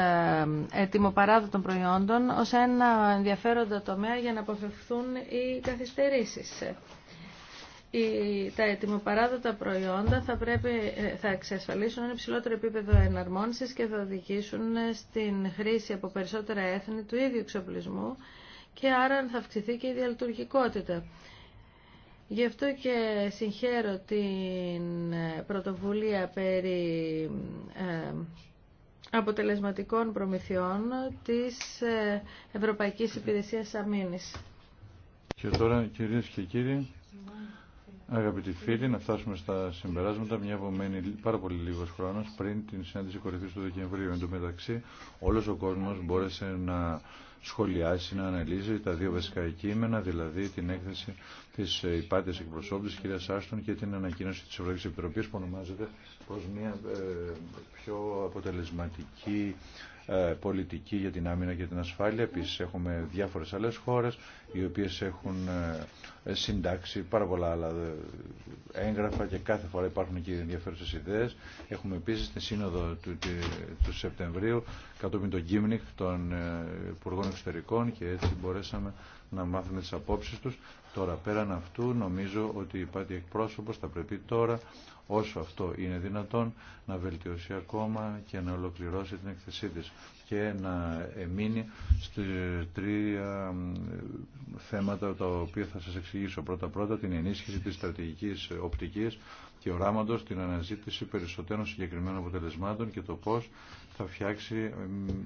ετοιμοπαράδοτων προϊόντων ως ένα ενδιαφέροντα τομέα για να αποφευθούν οι καθυστερήσεις τα ετοιμοπαράδοτα προϊόντα θα, πρέπει, ε, θα εξασφαλίσουν ένα υψηλότερο επίπεδο εναρμόνισης και θα οδηγήσουν ε, στην χρήση από περισσότερα έθνη του ίδιου εξοπλισμού και άρα θα αυξηθεί και η διαλειτουργικότητα. Γι' αυτό και συγχαίρω την ε, πρωτοβουλία περί αποτελεσματικών προμηθειών της Ευρωπαϊκής Υπηρεσίας Αμήνης. Και τώρα κυρίες και Αγαπητοί φίλοι, να φτάσουμε στα συμπεράσματα, μια που πάρα πολύ λίγο χρόνο πριν την συνάντηση κορυφή του Δεκεμβρίου. Εν τω μεταξύ, όλο ο κόσμο μπόρεσε να σχολιάσει, να αναλύσει τα δύο βασικά κείμενα, δηλαδή την έκθεση τη ε, υπάτη εκπροσώπηση κυρία Άστον και την ανακοίνωση τη Ευρωπαϊκή Επιτροπή που ονομάζεται ω μια ε, πιο αποτελεσματική ε, πολιτική για την άμυνα και την ασφάλεια. Επίσης έχουμε διάφορες άλλες χώρες οι οποίες έχουν ε, συντάξει πάρα πολλά άλλα ε, έγγραφα και κάθε φορά υπάρχουν και ενδιαφέρουσες ιδέες. Έχουμε επίσης την σύνοδο του, του Σεπτεμβρίου κατόπιν τον Κίμνικ των Υπουργών Εξωτερικών και έτσι μπορέσαμε να μάθουμε τις απόψεις τους. Τώρα πέραν αυτού νομίζω ότι η πάτη εκπρόσωπος θα πρέπει τώρα όσο αυτό είναι δυνατόν να βελτιώσει ακόμα και να ολοκληρώσει την εκθεσή της και να εμείνει στις τρία θέματα τα οποία θα σας εξηγήσω. Πρώτα-πρώτα την ενίσχυση της στρατηγικής οπτικής και οράματος, την αναζήτηση περισσότερων συγκεκριμένων αποτελεσμάτων και το πώς θα φτιάξει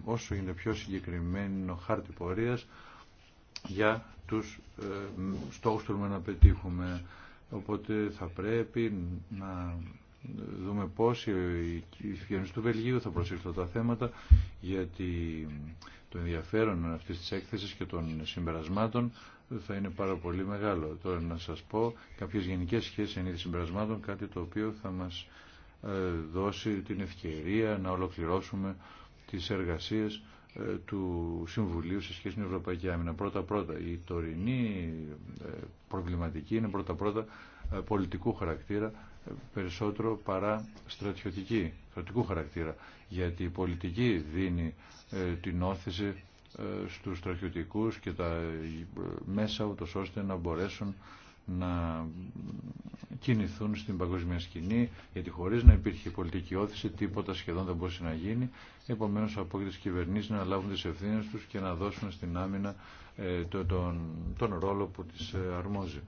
όσο είναι πιο συγκεκριμένο χάρτη πορείας για τους ε, στόχους που θέλουμε να πετύχουμε. Οπότε θα πρέπει να δούμε πώς οι κυβερνήσεις του Βελγίου θα προσέξει τα θέματα γιατί το ενδιαφέρον αυτής της έκθεσης και των συμπερασμάτων θα είναι πάρα πολύ μεγάλο. Τώρα να σας πω κάποιες γενικές σχέσεις ενίδη συμπερασμάτων, κάτι το οποίο θα μας ε, δώσει την ευκαιρία να ολοκληρώσουμε τις εργασίες ε, του Συμβουλίου σε σχέση με την Ευρωπαϊκή Άμυνα. Πρώτα-πρώτα, η τωρινή ε, προβληματική είναι πρώτα-πρώτα ε, πολιτικού χαρακτήρα περισσότερο παρά στρατιωτική, στρατιωτικού χαρακτήρα. Γιατί η πολιτική δίνει την όθηση στους στρατιωτικούς και τα μέσα ούτως ώστε να μπορέσουν να κινηθούν στην παγκόσμια σκηνή, γιατί χωρίς να υπήρχε πολιτική όθηση τίποτα σχεδόν δεν μπορούσε να γίνει. Επομένως, από τις κυβερνήσεις να λάβουν τις ευθύνες τους και να δώσουν στην άμυνα ε, τον, τον, ρόλο που τις ε, αρμόζει.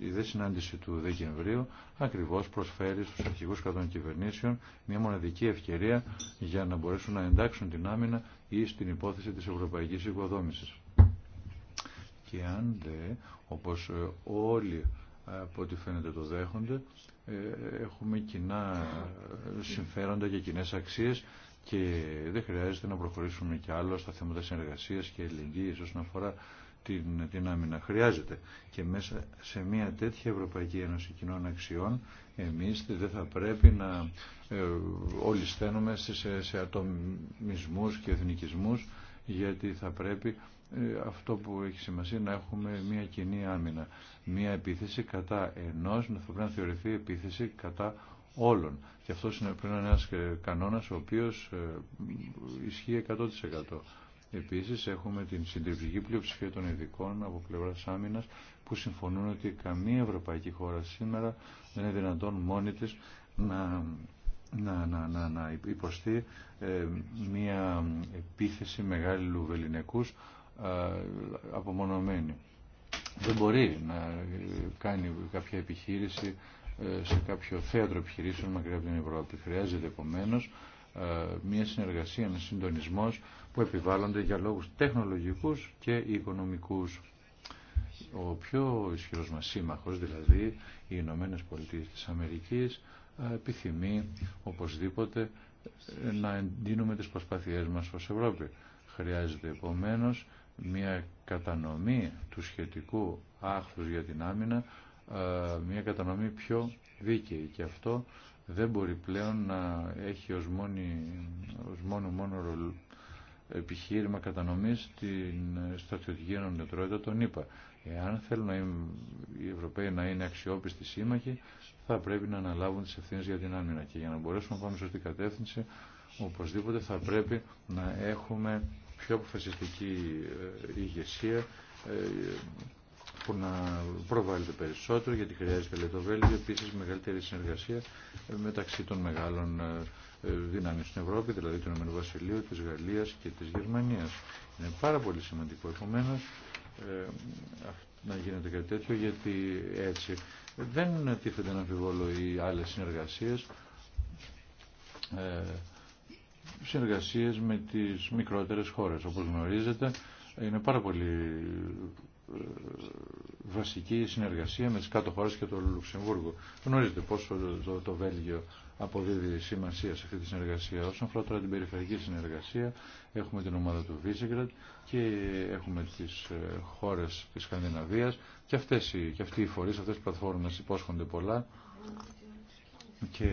Η δε συνάντηση του Δεκεμβρίου ακριβώς προσφέρει στους αρχηγούς κρατών κυβερνήσεων μια μοναδική ευκαιρία για να μπορέσουν να εντάξουν την άμυνα ή στην υπόθεση της ευρωπαϊκής οικοδόμησης και αν δεν, όπως ε, όλοι ε, από ό,τι φαίνεται το δέχονται, ε, έχουμε κοινά συμφέροντα και κοινές αξίες και δεν χρειάζεται να προχωρήσουμε κι άλλο στα θέματα συνεργασίας και ελληνικής όσον αφορά την, την άμυνα. Χρειάζεται και μέσα σε μια τέτοια Ευρωπαϊκή Ένωση Κοινών Αξιών εμείς δεν θα πρέπει να όλοι στένουμε σε, σε, ατομισμούς και εθνικισμούς γιατί θα πρέπει ε, αυτό που έχει σημασία να έχουμε μια κοινή άμυνα. Μια επίθεση κατά ενός θα πρέπει να θεωρηθεί επίθεση κατά όλων. Και αυτό είναι πριν ένας ε, κανόνας ο οποίος ε, ισχύει 100%. Επίσης έχουμε την συντριπτική πλειοψηφία των ειδικών από πλευράς άμυνας που συμφωνούν ότι καμία ευρωπαϊκή χώρα σήμερα δεν είναι δυνατόν μόνη της να να, να, να, να υποστεί μια επίθεση μεγάλου βεληνικούς ε, απομονωμένη. Δεν μπορεί να κάνει κάποια επιχείρηση ε, σε κάποιο θέατρο επιχειρήσεων μακριά από την Ευρώπη. Χρειάζεται επομένω ε, μια συνεργασία, ένα συντονισμό που επιβάλλονται για λόγου τεχνολογικού και οικονομικού. Ο πιο ισχυρό μα σύμμαχο, δηλαδή οι Ηνωμένε Πολιτείε τη Αμερική, επιθυμεί οπωσδήποτε να εντείνουμε τι προσπάθειέ μα ως Ευρώπη. Χρειάζεται επομένω μια κατανομή του σχετικού άχθους για την άμυνα, ε, μια κατανομή πιο δίκαιη και αυτό δεν μπορεί πλέον να έχει ως, μόνο επιχείρημα κατανομής στην στρατιωτική ενωνετρότητα τον είπα. Εάν θέλουν οι Ευρωπαίοι να είναι αξιόπιστοι σύμμαχοι, θα πρέπει να αναλάβουν τις ευθύνες για την άμυνα. Και για να μπορέσουμε να πάμε σωστή κατεύθυνση, οπωσδήποτε θα πρέπει να έχουμε πιο αποφασιστική ε, ηγεσία ε, που να προβάλλεται περισσότερο γιατί χρειάζεται λέει, το Βέλγιο επίσης μεγαλύτερη συνεργασία ε, μεταξύ των μεγάλων δυνάμεων στην Ευρώπη, δηλαδή του Ηνωμένου Βασιλείου, της Γαλλίας και της Γερμανίας. Είναι πάρα πολύ σημαντικό επομένω να γίνεται κάτι τέτοιο γιατί έτσι δεν τίθεται να αμφιβόλω οι άλλες συνεργασίες συνεργασίες με τις μικρότερες χώρες. Όπως γνωρίζετε, είναι πάρα πολύ ε, βασική συνεργασία με τις κάτω χώρες και το Λουξεμβούργο. Γνωρίζετε πόσο το, το Βέλγιο αποδίδει σημασία σε αυτή τη συνεργασία. Όσον αφορά τώρα την περιφερειακή συνεργασία, έχουμε την ομάδα του Βίσεγκρατ και έχουμε τις ε, χώρε της Σκανδιναβίας και, αυτές, αυτοί οι φορείς, αυτές οι πλατφόρμες υπόσχονται πολλά και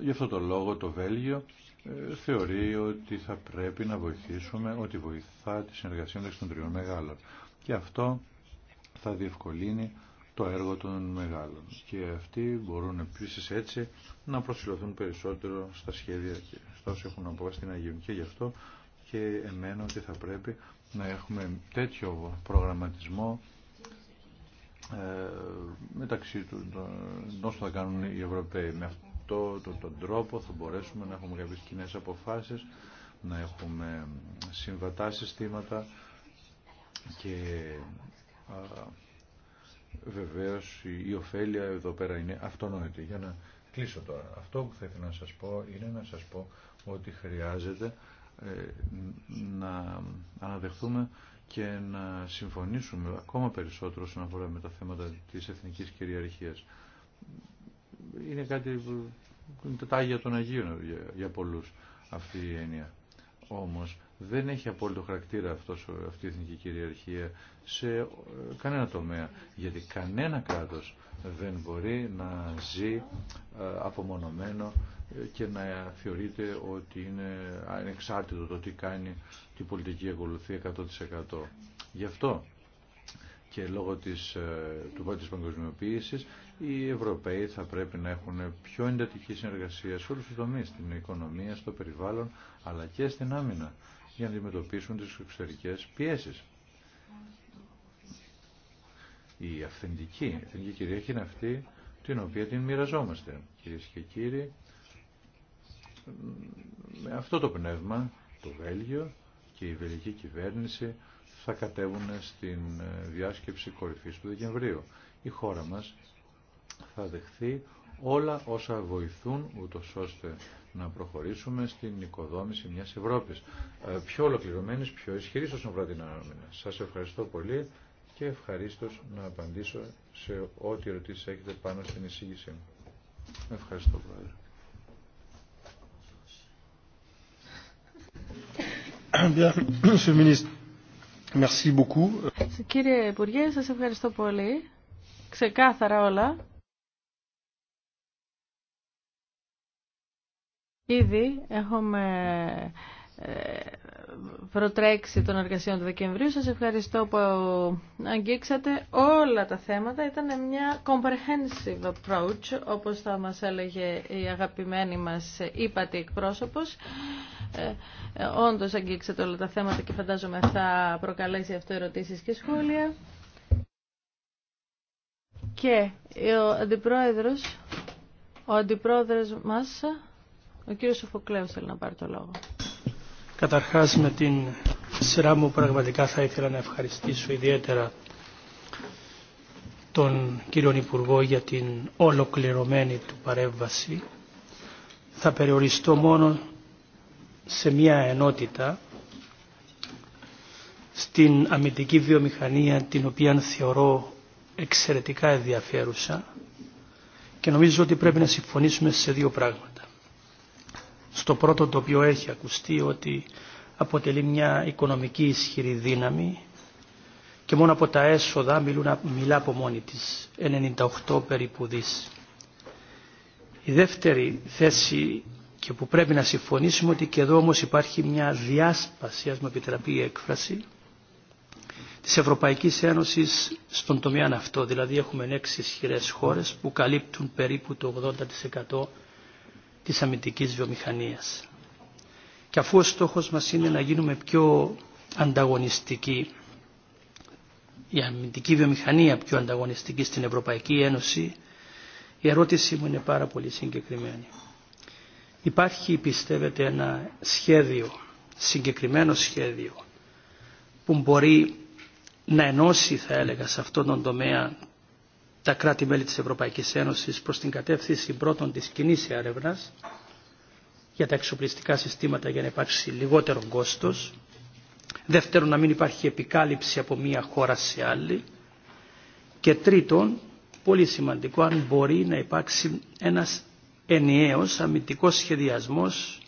γι' αυτό το λόγο το Βέλγιο ε, θεωρεί ότι θα πρέπει να βοηθήσουμε, ότι βοηθά τη συνεργασία μεταξύ των τριών μεγάλων. Και αυτό θα διευκολύνει το έργο των μεγάλων. Και αυτοί μπορούν επίση έτσι να προσφυλωθούν περισσότερο στα σχέδια και στα όσα έχουν αποφασίσει να γίνουν. Και γι' αυτό και εμένα ότι θα πρέπει να έχουμε τέτοιο προγραμματισμό ε, μεταξύ του, των όσων θα κάνουν οι Ευρωπαίοι το, τον τρόπο θα μπορέσουμε να έχουμε κάποιες κοινέ αποφάσεις, να έχουμε συμβατά συστήματα και α, βεβαίως η ωφέλεια εδώ πέρα είναι αυτονόητη. Για να κλείσω τώρα. Αυτό που θα να σας πω είναι να σας πω ότι χρειάζεται ε, να αναδεχθούμε και να συμφωνήσουμε ακόμα περισσότερο όσον αφορά με τα θέματα της εθνικής κυριαρχίας είναι κάτι που είναι τα Άγια των Αγίων για, για πολλούς αυτή η έννοια. Όμως δεν έχει απόλυτο χαρακτήρα αυτός, αυτή η εθνική κυριαρχία σε ε, κανένα τομέα. Γιατί κανένα κράτος δεν μπορεί να ζει ε, απομονωμένο ε, και να θεωρείται ότι είναι ανεξάρτητο το τι κάνει, την πολιτική ακολουθία 100%. Γι' αυτό και λόγω της, του πρώτης παγκοσμιοποίησης οι Ευρωπαίοι θα πρέπει να έχουν πιο εντατική συνεργασία σε όλους τους τομείς, στην οικονομία, στο περιβάλλον, αλλά και στην άμυνα, για να αντιμετωπίσουν τις εξωτερικές πιέσεις. Η αυθεντική, η αυθεντική είναι αυτή την οποία την μοιραζόμαστε. Κυρίε και κύριοι, με αυτό το πνεύμα το Βέλγιο και η Βελγική κυβέρνηση θα κατέβουν στην ε, διάσκεψη κορυφής του Δεκεμβρίου. Η χώρα μας θα δεχθεί όλα όσα βοηθούν ούτω ώστε να προχωρήσουμε στην οικοδόμηση μιας Ευρώπης ε, πιο ολοκληρωμένη, πιο ισχυρή. όσον αφορά την άμυνα. Σας ευχαριστώ πολύ και ευχαρίστω να απαντήσω σε ό,τι ερωτήσει έχετε πάνω στην εισήγησή μου. Ευχαριστώ πολύ. Κύριε Υπουργέ, σας ευχαριστώ πολύ. Ξεκάθαρα όλα. Ήδη έχουμε ε, προτρέξει των εργασιών του Δεκεμβρίου. Σας ευχαριστώ που αγγίξατε όλα τα θέματα. Ήταν μια comprehensive approach, όπως θα μας έλεγε η αγαπημένη μας ύπατη εκπρόσωπος. Ε, ε όντως αγγίξατε όλα τα θέματα και φαντάζομαι θα προκαλέσει αυτό ερωτήσεις και σχόλια. Και ο αντιπρόεδρος, ο αντιπρόεδρος μας... Ο κύριος Σοφοκλέος θέλει να πάρει το λόγο. Καταρχάς με την σειρά μου πραγματικά θα ήθελα να ευχαριστήσω ιδιαίτερα τον κύριο Υπουργό για την ολοκληρωμένη του παρέμβαση. Θα περιοριστώ μόνο σε μια ενότητα στην αμυντική βιομηχανία την οποία θεωρώ εξαιρετικά ενδιαφέρουσα και νομίζω ότι πρέπει να συμφωνήσουμε σε δύο πράγματα στο πρώτο το οποίο έχει ακουστεί ότι αποτελεί μια οικονομική ισχυρή δύναμη και μόνο από τα έσοδα μιλούν, μιλά από μόνη της 98 περίπου δις. Η δεύτερη θέση και που πρέπει να συμφωνήσουμε ότι και εδώ όμως υπάρχει μια διάσπαση, ας μου επιτραπεί η έκφραση, της Ευρωπαϊκής Ένωσης στον τομέα αυτό. Δηλαδή έχουμε έξι ισχυρέ χώρες που καλύπτουν περίπου το 80% της αμυντικής βιομηχανίας. Και αφού ο στόχος μας είναι να γίνουμε πιο ανταγωνιστικοί, η αμυντική βιομηχανία πιο ανταγωνιστική στην Ευρωπαϊκή Ένωση, η ερώτησή μου είναι πάρα πολύ συγκεκριμένη. Υπάρχει, πιστεύετε, ένα σχέδιο, συγκεκριμένο σχέδιο, που μπορεί να ενώσει, θα έλεγα, σε αυτόν τον τομέα τα κράτη-μέλη της Ευρωπαϊκής Ένωσης προς την κατεύθυνση πρώτον της κοινή έρευνα για τα εξοπλιστικά συστήματα για να υπάρξει λιγότερο κόστος. Δεύτερον, να μην υπάρχει επικάλυψη από μία χώρα σε άλλη. Και τρίτον, πολύ σημαντικό, αν μπορεί να υπάρξει ένας ενιαίος αμυντικός σχεδιασμός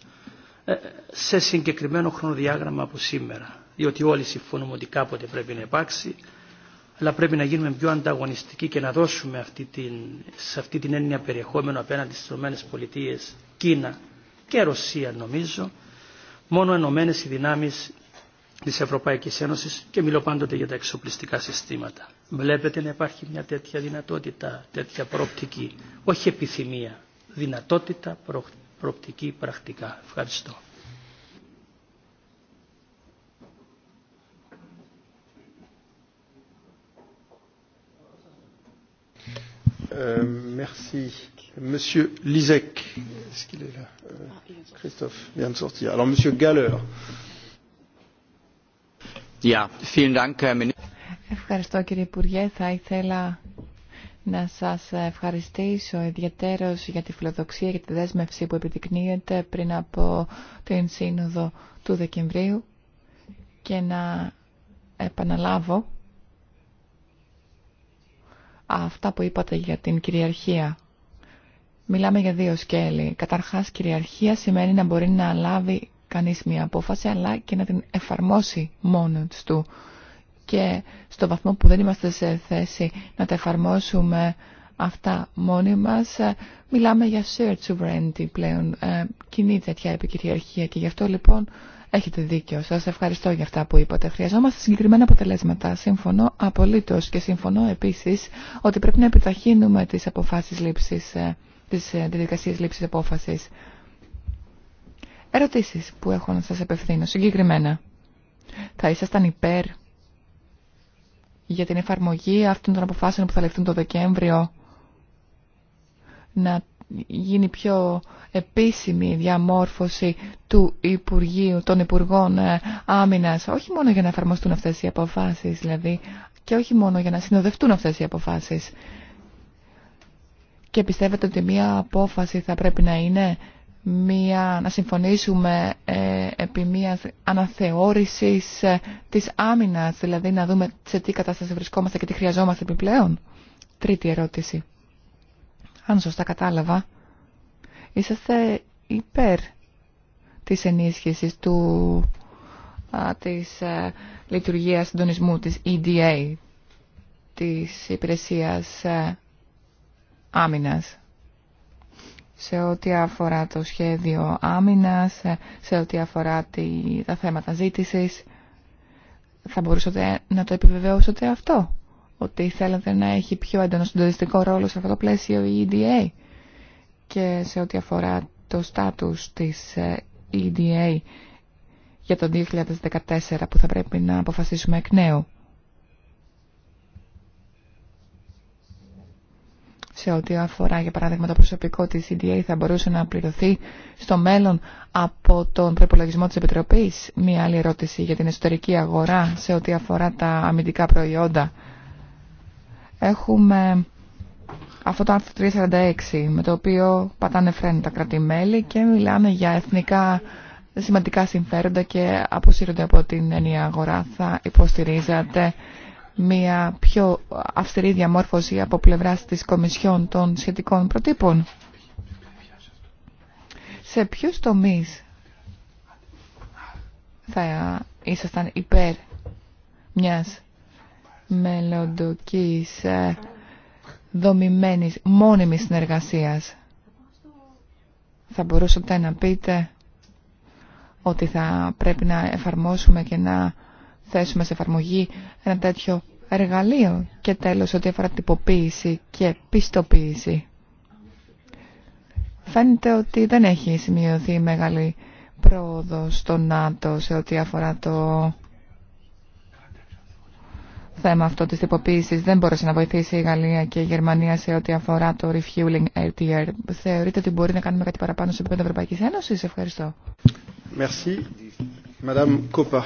ε, σε συγκεκριμένο χρονοδιάγραμμα από σήμερα. Διότι όλοι συμφωνούμε ότι κάποτε πρέπει να υπάρξει αλλά πρέπει να γίνουμε πιο ανταγωνιστικοί και να δώσουμε αυτή την, σε αυτή την έννοια περιεχόμενο απέναντι στις ΗΠΑ, Πολιτείες, Κίνα και Ρωσία νομίζω, μόνο ενωμένε οι δυνάμεις της Ευρωπαϊκής Ένωσης και μιλώ πάντοτε για τα εξοπλιστικά συστήματα. Βλέπετε να υπάρχει μια τέτοια δυνατότητα, τέτοια προοπτική, όχι επιθυμία, δυνατότητα προοπτική πρακτικά. Ευχαριστώ. Ευχαριστώ κύριε Υπουργέ. Θα ήθελα να σας ευχαριστήσω ιδιαίτερως για τη φιλοδοξία και τη δέσμευση που επιδεικνύεται πριν από την Σύνοδο του Δεκεμβρίου και να επαναλάβω αυτά που είπατε για την κυριαρχία. Μιλάμε για δύο σκέλη. Καταρχάς, κυριαρχία σημαίνει να μπορεί να λάβει κανείς μια απόφαση, αλλά και να την εφαρμόσει μόνο του. Και στο βαθμό που δεν είμαστε σε θέση να τα εφαρμόσουμε αυτά μόνοι μας, ε, μιλάμε για shared sovereignty πλέον, ε, κοινή τέτοια επικυριαρχία. Και γι' αυτό λοιπόν Έχετε δίκιο. Σα ευχαριστώ για αυτά που είπατε. Χρειαζόμαστε συγκεκριμένα αποτελέσματα. Σύμφωνο απολύτω και συμφωνώ επίση ότι πρέπει να επιταχύνουμε τι αποφάσει λήψη, ε, τι ε, διαδικασίε λήψη απόφαση. Ερωτήσει που έχω να σα απευθύνω συγκεκριμένα. Θα ήσασταν υπέρ για την εφαρμογή αυτών των αποφάσεων που θα λεφτούν το Δεκέμβριο να γίνει πιο επίσημη η διαμόρφωση του Υπουργείου, των Υπουργών ε, Άμυνας, όχι μόνο για να εφαρμοστούν αυτές οι αποφάσεις δηλαδή και όχι μόνο για να συνοδευτούν αυτές οι αποφάσεις. Και πιστεύετε ότι μία απόφαση θα πρέπει να είναι μία, να συμφωνήσουμε ε, επί μίας αναθεώρησης ε, της άμυνας, δηλαδή να δούμε σε τι κατάσταση βρισκόμαστε και τι χρειαζόμαστε επιπλέον. Τρίτη ερώτηση αν σωστά κατάλαβα, είσαστε υπέρ της ενίσχυσης του, α, της α, ε, λειτουργίας συντονισμού της EDA, της υπηρεσίας ε, α, Σε ό,τι αφορά το σχέδιο άμυνας, ε, σε ό,τι αφορά τη, τα θέματα ζήτησης, θα μπορούσατε να το επιβεβαιώσετε αυτό ότι θέλετε να έχει πιο έντονο συντονιστικό ρόλο σε αυτό το πλαίσιο η EDA και σε ό,τι αφορά το στάτους της ε, EDA για το 2014 που θα πρέπει να αποφασίσουμε εκ νέου. σε ό,τι αφορά για παράδειγμα το προσωπικό της EDA θα μπορούσε να πληρωθεί στο μέλλον από τον προπολογισμό της Επιτροπής. Μία άλλη ερώτηση για την εσωτερική αγορά σε ό,τι αφορά τα αμυντικά προϊόντα έχουμε αυτό το άρθρο 346 με το οποίο πατάνε φρένη τα κρατημέλη και μιλάνε για εθνικά σημαντικά συμφέροντα και αποσύρονται από την ενιαία αγορά. Θα υποστηρίζατε μια πιο αυστηρή διαμόρφωση από πλευράς της Κομισιόν των σχετικών προτύπων. Σε ποιους τομείς θα ήσασταν υπέρ μιας μελλοντικής ε, δομημένης μόνιμης συνεργασίας. Θα μπορούσατε να πείτε ότι θα πρέπει να εφαρμόσουμε και να θέσουμε σε εφαρμογή ένα τέτοιο εργαλείο και τέλος ότι αφορά τυποποίηση και πιστοποίηση. Φαίνεται ότι δεν έχει σημειωθεί μεγάλη πρόοδο στο ΝΑΤΟ σε ό,τι αφορά το θέμα αυτό της τυποποίησης δεν μπορούσε να βοηθήσει η Γαλλία και η Γερμανία σε ό,τι αφορά το refueling LTR. Θεωρείτε ότι μπορεί να κάνουμε κάτι παραπάνω σε επίπεδο Ευρωπαϊκής Ένωσης. Ευχαριστώ. Merci. Madame Coppa.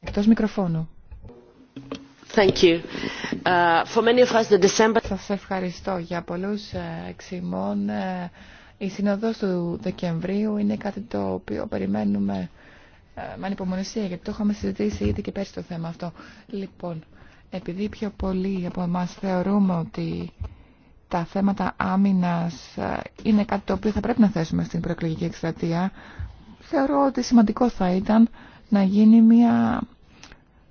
Εκτός μικροφώνου. Thank you. Uh, Σας ευχαριστώ για πολλούς ε, εξημών. Uh, η Σύνοδος του Δεκεμβρίου είναι κάτι το οποίο περιμένουμε ε, με ανυπομονησία, γιατί το είχαμε συζητήσει ήδη και πέρσι το θέμα αυτό. Λοιπόν, επειδή πιο πολλοί από εμά θεωρούμε ότι τα θέματα άμυνας ε, είναι κάτι το οποίο θα πρέπει να θέσουμε στην προεκλογική εκστρατεία, θεωρώ ότι σημαντικό θα ήταν να γίνει μια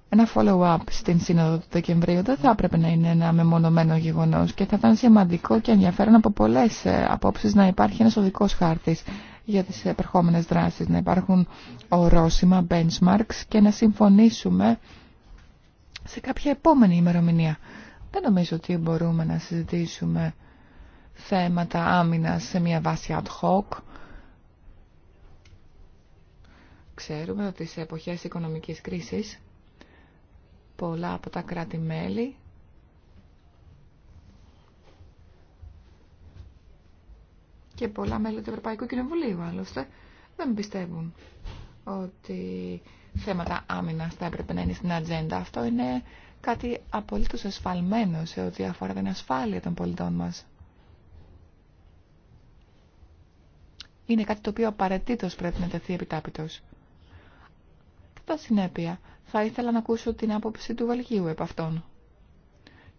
ένα follow-up στην Σύνοδο του Δεκεμβρίου δεν θα έπρεπε να είναι ένα μεμονωμένο γεγονός και θα ήταν σημαντικό και ενδιαφέρον από πολλές ε, απόψεις να υπάρχει ένας οδικός χάρτης για τις επερχόμενες δράσεις, να υπάρχουν ορόσημα, benchmarks και να συμφωνήσουμε σε κάποια επόμενη ημερομηνία. Δεν νομίζω ότι μπορούμε να συζητήσουμε θέματα άμυνας σε μια βάση ad hoc. Ξέρουμε ότι σε εποχές οικονομικής κρίσης Πολλά από τα κράτη-μέλη και πολλά μέλη του Ευρωπαϊκού Κοινοβουλίου άλλωστε δεν πιστεύουν ότι θέματα άμυνας θα έπρεπε να είναι στην ατζέντα. Αυτό είναι κάτι απολύτως εσφαλμένο σε ό,τι αφορά την ασφάλεια των πολιτών μας. Είναι κάτι το οποίο απαραίτητο πρέπει να τεθεί επιτάπητος. Κατά συνέπεια, θα ήθελα να ακούσω την άποψη του Βαλγίου επ' αυτών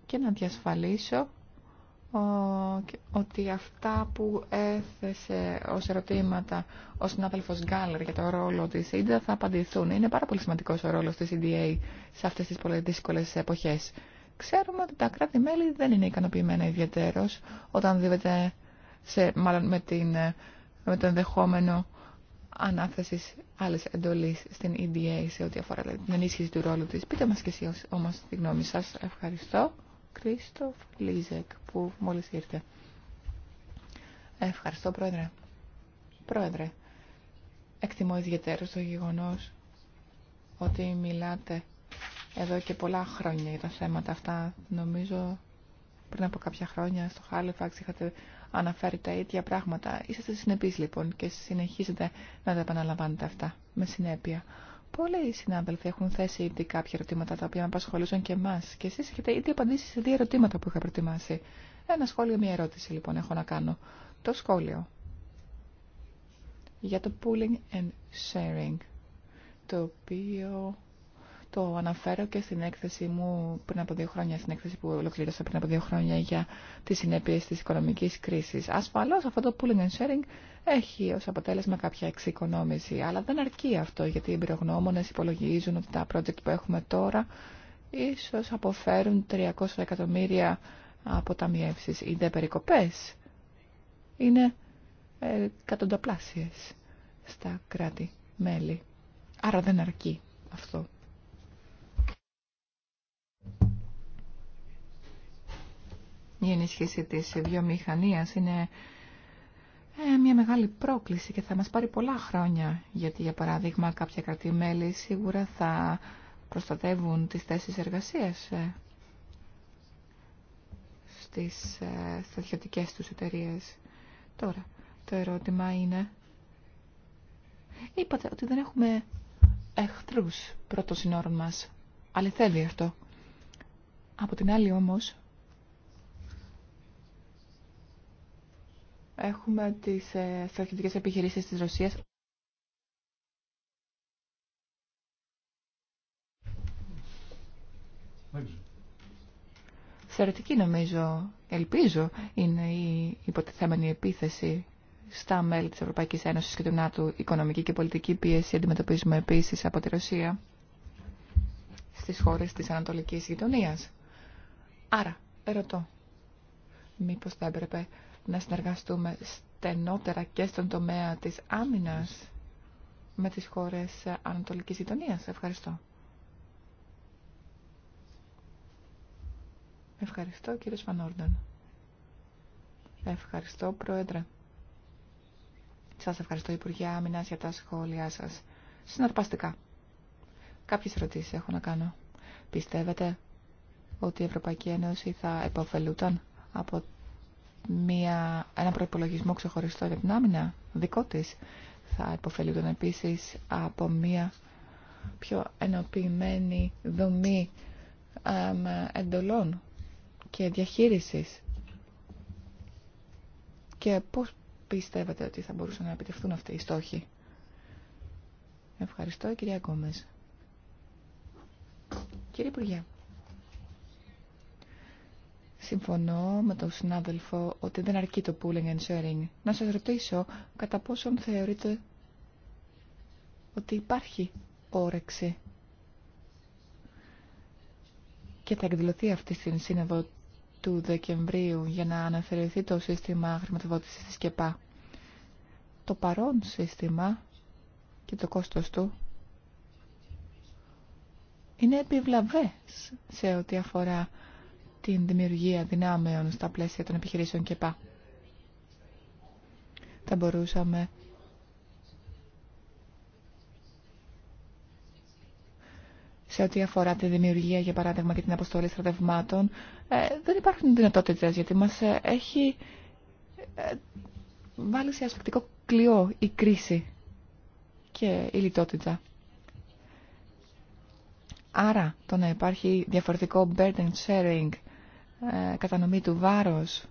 και να διασφαλίσω ότι αυτά που έθεσε ως ερωτήματα ο συνάδελφος Γκάλερ για το ρόλο της ΙΝΤΑ θα απαντηθούν. Είναι πάρα πολύ σημαντικός ο ρόλος της EDA σε αυτές τις πολύ δύσκολες εποχές. Ξέρουμε ότι τα κράτη-μέλη δεν είναι ικανοποιημένα ιδιαίτερως όταν δίδεται με το ενδεχόμενο Ανάθεση άλλε εντολής στην EDA σε ό,τι αφορά δηλαδή, την ενίσχυση του ρόλου τη. Πείτε μα και εσεί όμω τη γνώμη σας. Ευχαριστώ. Κρίστοφ Λίζεκ που μόλις ήρθε. Ευχαριστώ Πρόεδρε. Πρόεδρε, εκτιμώ ιδιαίτερο το γεγονό ότι μιλάτε εδώ και πολλά χρόνια για τα θέματα αυτά. Νομίζω πριν από κάποια χρόνια στο Χάλεφαξ είχατε αναφέρει τα ίδια πράγματα. Είσαστε συνεπείς λοιπόν και συνεχίζετε να τα επαναλαμβάνετε αυτά με συνέπεια. Πολλοί συνάδελφοι έχουν θέσει ήδη κάποια ερωτήματα τα οποία με απασχολούσαν και εμά. Και εσεί έχετε ήδη απαντήσει σε δύο ερωτήματα που είχα προετοιμάσει. Ένα σχόλιο, μία ερώτηση λοιπόν έχω να κάνω. Το σχόλιο για το pooling and sharing, το οποίο το αναφέρω και στην έκθεση μου πριν από δύο χρόνια, στην έκθεση που ολοκλήρωσα πριν από δύο χρόνια για τι συνέπειε τη οικονομική κρίση. Ασφαλώς αυτό το pooling and sharing έχει ω αποτέλεσμα κάποια εξοικονόμηση, αλλά δεν αρκεί αυτό γιατί οι εμπειρογνώμονε υπολογίζουν ότι τα project που έχουμε τώρα ίσω αποφέρουν 300 εκατομμύρια αποταμιεύσει Οι δε περικοπέ, είναι ε, εκατονταπλάσιε στα κράτη-μέλη. Άρα δεν αρκεί αυτό. Η ενίσχυση της βιομηχανίας είναι ε, μια μεγάλη πρόκληση και θα μας πάρει πολλά χρόνια, γιατί για παράδειγμα κρατημέλη σίγουρα θα προστατεύουν τις θέσεις εργασίας ε, στις ε, στρατιωτικές τους εταιρείε. Τώρα, το ερώτημα είναι... Είπατε ότι δεν έχουμε εχθρούς πρώτων συνόρων μας. Αληθεύει αυτό. Από την άλλη όμως, Έχουμε τις ε, στρατιωτικές επιχειρήσεις της Ρωσίας. Θεωρητική νομίζω, ελπίζω, είναι η υποτιθέμενη επίθεση στα μέλη της Ευρωπαϊκής Ένωσης και του ΝΑΤΟ. Οικονομική και πολιτική πίεση αντιμετωπίζουμε επίσης από τη Ρωσία στις χώρες της Ανατολικής Γειτονίας. Άρα, ερωτώ, μήπως θα έπρεπε να συνεργαστούμε στενότερα και στον τομέα της άμυνας με τις χώρες Ανατολικής Γειτονίας. Ευχαριστώ. Ευχαριστώ κύριε Φανόρντον. Ευχαριστώ Πρόεδρε. Σας ευχαριστώ Υπουργέ Αμυνα για τα σχόλιά σας. Συναρπαστικά. Κάποιες ερωτήσεις έχω να κάνω. Πιστεύετε ότι η Ευρωπαϊκή Ένωση θα επωφελούταν από μια, ένα προπολογισμό ξεχωριστό για την άμυνα δικό τη Θα υποφελούνταν επίσης από μια πιο ενοποιημένη δομή εντολών και διαχείρισης. Και πώς πιστεύετε ότι θα μπορούσαν να επιτευχθούν αυτοί οι στόχοι. Ευχαριστώ, κυρία Κόμες. Κύριε Υπουργέ, Συμφωνώ με τον συνάδελφο ότι δεν αρκεί το pooling and sharing. Να σας ρωτήσω κατά πόσον θεωρείτε ότι υπάρχει όρεξη και θα εκδηλωθεί αυτή στην σύνοδο του Δεκεμβρίου για να αναφερθεί το σύστημα χρηματοδότησης της ΚΕΠΑ. Το παρόν σύστημα και το κόστος του είναι επιβλαβές σε ό,τι αφορά την δημιουργία δυνάμεων στα πλαίσια των επιχειρήσεων και πά. Θα μπορούσαμε σε ό,τι αφορά τη δημιουργία, για παράδειγμα, και την αποστολή στρατευμάτων, ε, δεν υπάρχουν δυνατότητες, γιατί μας ε, έχει ε, βάλει σε ασφακτικό κλειό η κρίση και η λιτότητα. Άρα, το να υπάρχει διαφορετικό burden sharing ε, κατανομή του βάρους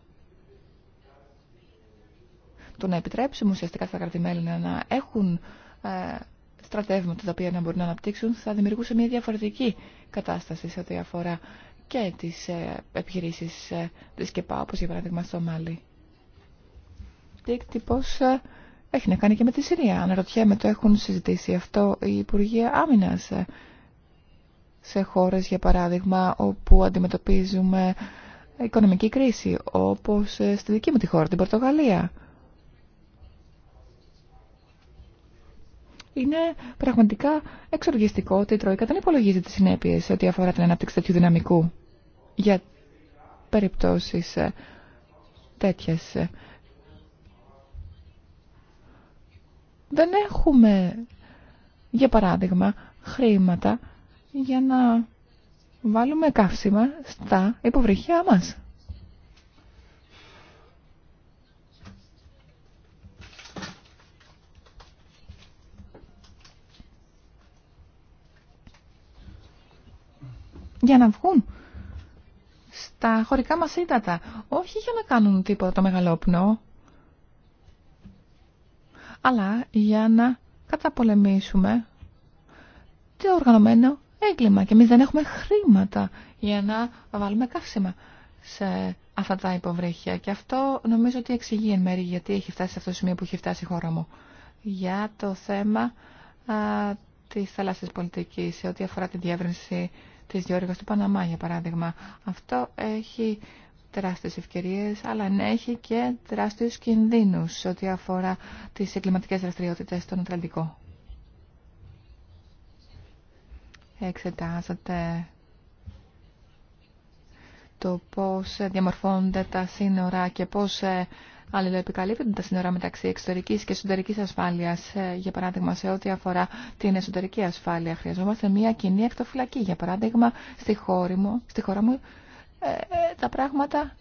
το να επιτρέψουμε ουσιαστικά στα κρατημέλη να έχουν ε, στρατεύματα τα οποία να μπορούν να αναπτύξουν θα δημιουργούσε μια διαφορετική κατάσταση σε ό,τι αφορά και τις ε, επιχειρήσεις της ΚΕΠΑ, όπως για παράδειγμα στο Μάλι. έχει να κάνει και με τη Συρία. Αναρωτιέμαι, το έχουν συζητήσει αυτό οι Υπουργοί Άμυνας σε χώρες, για παράδειγμα, όπου αντιμετωπίζουμε οικονομική κρίση, όπως ε, στη δική μου τη χώρα, την Πορτογαλία. Είναι πραγματικά εξοργιστικό ότι η Τρόικα δεν υπολογίζει τις συνέπειες ό,τι αφορά την ανάπτυξη τέτοιου δυναμικού για περιπτώσεις ε, τέτοιες. Δεν έχουμε, για παράδειγμα, χρήματα για να βάλουμε καύσιμα στα υποβρυχιά μας. Για να βγουν στα χωρικά μας ύδατα, όχι για να κάνουν τίποτα το μεγαλόπνο, αλλά για να καταπολεμήσουμε το οργανωμένο έγκλημα και εμεί δεν έχουμε χρήματα για να βάλουμε καύσιμα σε αυτά τα υποβρύχια. Και αυτό νομίζω ότι εξηγεί εν μέρη γιατί έχει φτάσει σε αυτό το σημείο που έχει φτάσει η χώρα μου. Για το θέμα α, της θαλάσσης πολιτικής σε ό,τι αφορά τη διεύρυνση της διόρυγας του Παναμά, για παράδειγμα. Αυτό έχει τεράστιες ευκαιρίες, αλλά ναι, έχει και τεράστιους κινδύνους σε ό,τι αφορά τις εγκληματικές δραστηριότητες στον Ατλαντικό. εξετάζεται το πώς διαμορφώνονται τα σύνορα και πώς ε, αλληλοεπικαλύπτονται τα σύνορα μεταξύ εξωτερικής και εσωτερικής ασφάλειας. Ε, για παράδειγμα, σε ό,τι αφορά την εσωτερική ασφάλεια, χρειαζόμαστε μια κοινή εκτοφυλακή. Για παράδειγμα, στη, χώρα μου, στη χώρα μου ε, τα πράγματα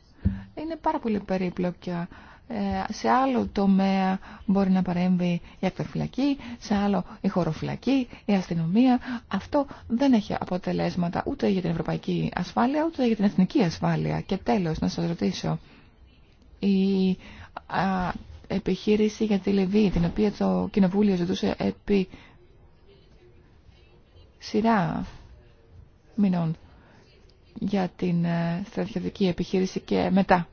είναι πάρα πολύ περίπλοκια. Ε, σε άλλο τομέα μπορεί να παρέμβει η ακτοφυλακή, σε άλλο η χωροφυλακή, η αστυνομία. Αυτό δεν έχει αποτελέσματα ούτε για την ευρωπαϊκή ασφάλεια, ούτε για την εθνική ασφάλεια. Και τέλος, να σας ρωτήσω, η επιχείρηση για τη Λιβύη, την οποία το Κοινοβούλιο ζητούσε επί σειρά μηνών για την ε, στρατιωτική επιχείρηση και μετά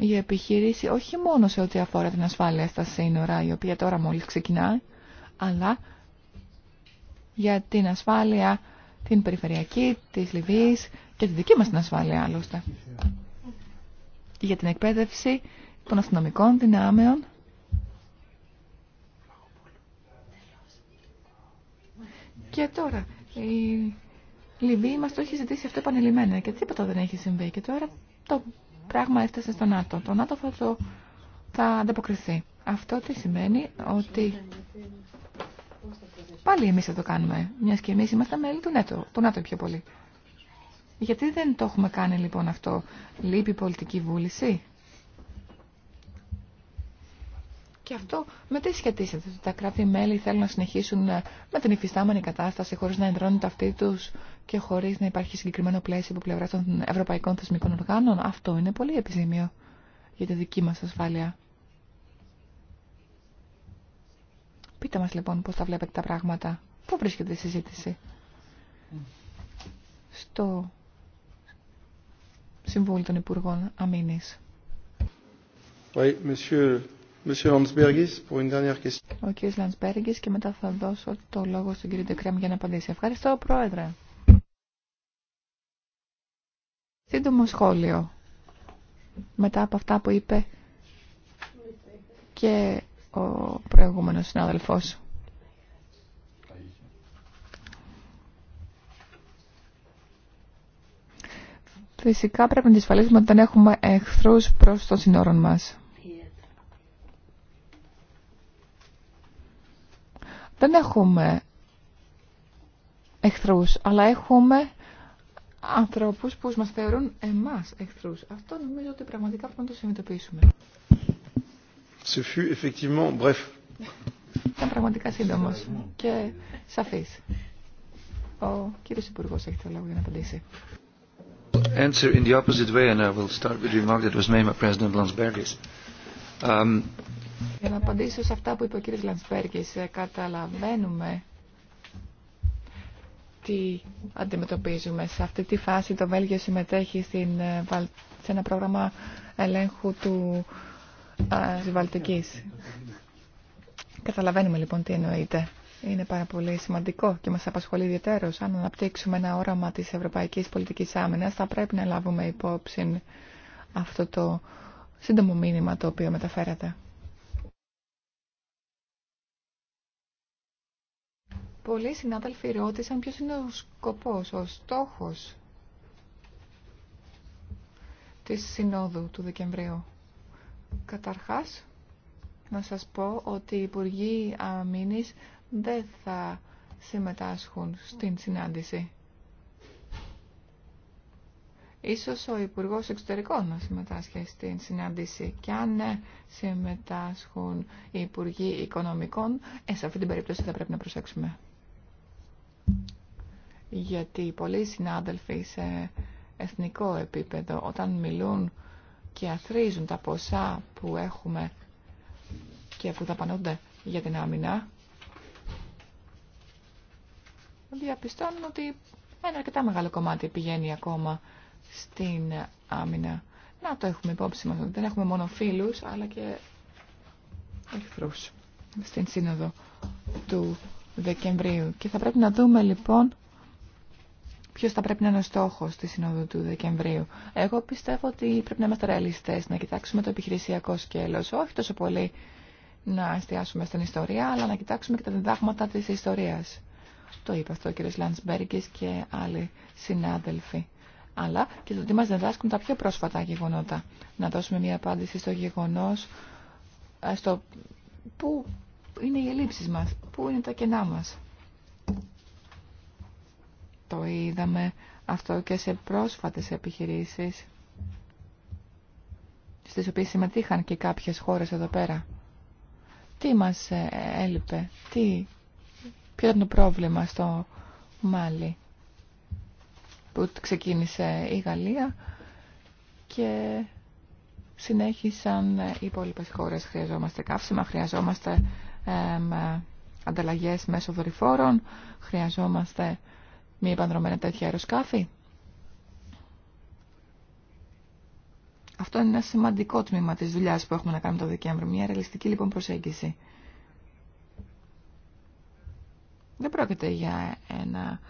η επιχείρηση όχι μόνο σε ό,τι αφορά την ασφάλεια στα σύνορα, η οποία τώρα μόλις ξεκινά, αλλά για την ασφάλεια την περιφερειακή της Λιβύης και τη δική μας την ασφάλεια άλλωστε. Για την εκπαίδευση των αστυνομικών δυνάμεων Και τώρα, η Λιβύη μας το έχει ζητήσει αυτό επανειλημμένα και τίποτα δεν έχει συμβεί. Και τώρα το πράγμα έφτασε στο ΝΑΤΟ. Το ΝΑΤΟ θα, το, θα ανταποκριθεί. Αυτό τι σημαίνει ότι πάλι εμείς θα το κάνουμε, μιας και εμείς είμαστε μέλη του ΝΑΤΟ, του ΝΑΤΟ πιο πολύ. Γιατί δεν το έχουμε κάνει λοιπόν αυτό, λείπει πολιτική βούληση. Και αυτό με τι σχετίζεται, τα κράτη-μέλη θέλουν να συνεχίσουν ε, με την υφιστάμενη κατάσταση χωρίς να εντρώνουν αυτοί του και χωρίς να υπάρχει συγκεκριμένο πλαίσιο από πλευρά των ευρωπαϊκών θεσμικών οργάνων. Αυτό είναι πολύ επιζήμιο για τη δική μας ασφάλεια. Πείτε μας λοιπόν πώς τα βλέπετε τα πράγματα. Πού βρίσκεται η συζήτηση. Στο Συμβούλιο των Υπουργών Αμήνη. Oui, monsieur. Ο κ. Λανσπέργης και μετά θα δώσω το λόγο στον κ. Ντεκρέμ για να απαντήσει. Ευχαριστώ, Πρόεδρε. Σύντομο σχόλιο. Μετά από αυτά που είπε και ο προηγούμενος συνάδελφός. Φυσικά πρέπει να δυσφαλίσουμε ότι δεν έχουμε εχθρούς προς το σύνορων μας. δεν έχουμε εχθρούς, αλλά έχουμε ανθρώπους που μας θεωρούν εμάς εχθρούς. Αυτό νομίζω ότι πραγματικά πρέπει να το συνειδητοποιήσουμε. Ce fut effectivement bref. Ήταν πραγματικά σύντομο και σαφή. Ο κύριο Υπουργό έχει το λόγο για να απαντήσει. Answer in the opposite way, and I will start with the remark that was made by President Landsbergis. Um, για να απαντήσω σε αυτά που είπε ο κ. Λανσπέργης, ε, καταλαβαίνουμε τι αντιμετωπίζουμε. Σε αυτή τη φάση το Βέλγιο συμμετέχει στην, ε, σε ένα πρόγραμμα ελέγχου του ε, Βαλτικής. Καταλαβαίνουμε λοιπόν τι εννοείται. Είναι πάρα πολύ σημαντικό και μας απασχολεί ιδιαίτερως. Αν αναπτύξουμε ένα όραμα της Ευρωπαϊκής Πολιτικής Άμυνας θα πρέπει να λάβουμε υπόψη αυτό το σύντομο μήνυμα το οποίο μεταφέρατε. Πολλοί συνάδελφοι ρώτησαν ποιος είναι ο σκοπός, ο στόχος της Συνόδου του Δεκεμβρίου. Καταρχάς, να σας πω ότι οι Υπουργοί Αμήνης δεν θα συμμετάσχουν στην συνάντηση. Ίσως ο Υπουργός Εξωτερικών να συμμετάσχει στην συνάντηση και αν ναι, συμμετάσχουν οι Υπουργοί Οικονομικών, ε, σε αυτή την περίπτωση θα πρέπει να προσέξουμε γιατί πολλοί συνάδελφοι σε εθνικό επίπεδο όταν μιλούν και αθρίζουν τα ποσά που έχουμε και που δαπανούνται για την άμυνα διαπιστώνουν ότι ένα αρκετά μεγάλο κομμάτι πηγαίνει ακόμα στην άμυνα. Να το έχουμε υπόψη μας ότι δεν έχουμε μόνο φίλους αλλά και εχθρούς στην σύνοδο του Δεκεμβρίου. Και θα πρέπει να δούμε λοιπόν ποιο θα πρέπει να είναι ο στόχο τη Συνόδου του Δεκεμβρίου. Εγώ πιστεύω ότι πρέπει να είμαστε ρεαλιστέ, να κοιτάξουμε το επιχειρησιακό σκέλο, όχι τόσο πολύ να εστιάσουμε στην ιστορία, αλλά να κοιτάξουμε και τα διδάγματα τη ιστορία. Το είπε αυτό ο κ. Λαντσμπέργκη και άλλοι συνάδελφοι. Αλλά και το τι μα διδάσκουν τα πιο πρόσφατα γεγονότα. Να δώσουμε μια απάντηση στο γεγονό, ε, στο πού είναι οι ελλείψεις μας, πού είναι τα κενά μας. Το είδαμε αυτό και σε πρόσφατες επιχειρήσεις, στις οποίες συμμετείχαν και κάποιες χώρες εδώ πέρα. Τι μας ε, έλειπε, τι, ποιο ήταν το πρόβλημα στο Μάλι που ξεκίνησε η Γαλλία και συνέχισαν οι υπόλοιπες χώρες. Χρειαζόμαστε καύσιμα, χρειαζόμαστε ανταλλαγές μέσω δορυφόρων, χρειαζόμαστε μη επανδρομένα τέτοια αεροσκάφη. Αυτό είναι ένα σημαντικό τμήμα της δουλειάς που έχουμε να κάνουμε το Δεκέμβριο. Μια ρεαλιστική λοιπόν προσέγγιση. Δεν πρόκειται για ένα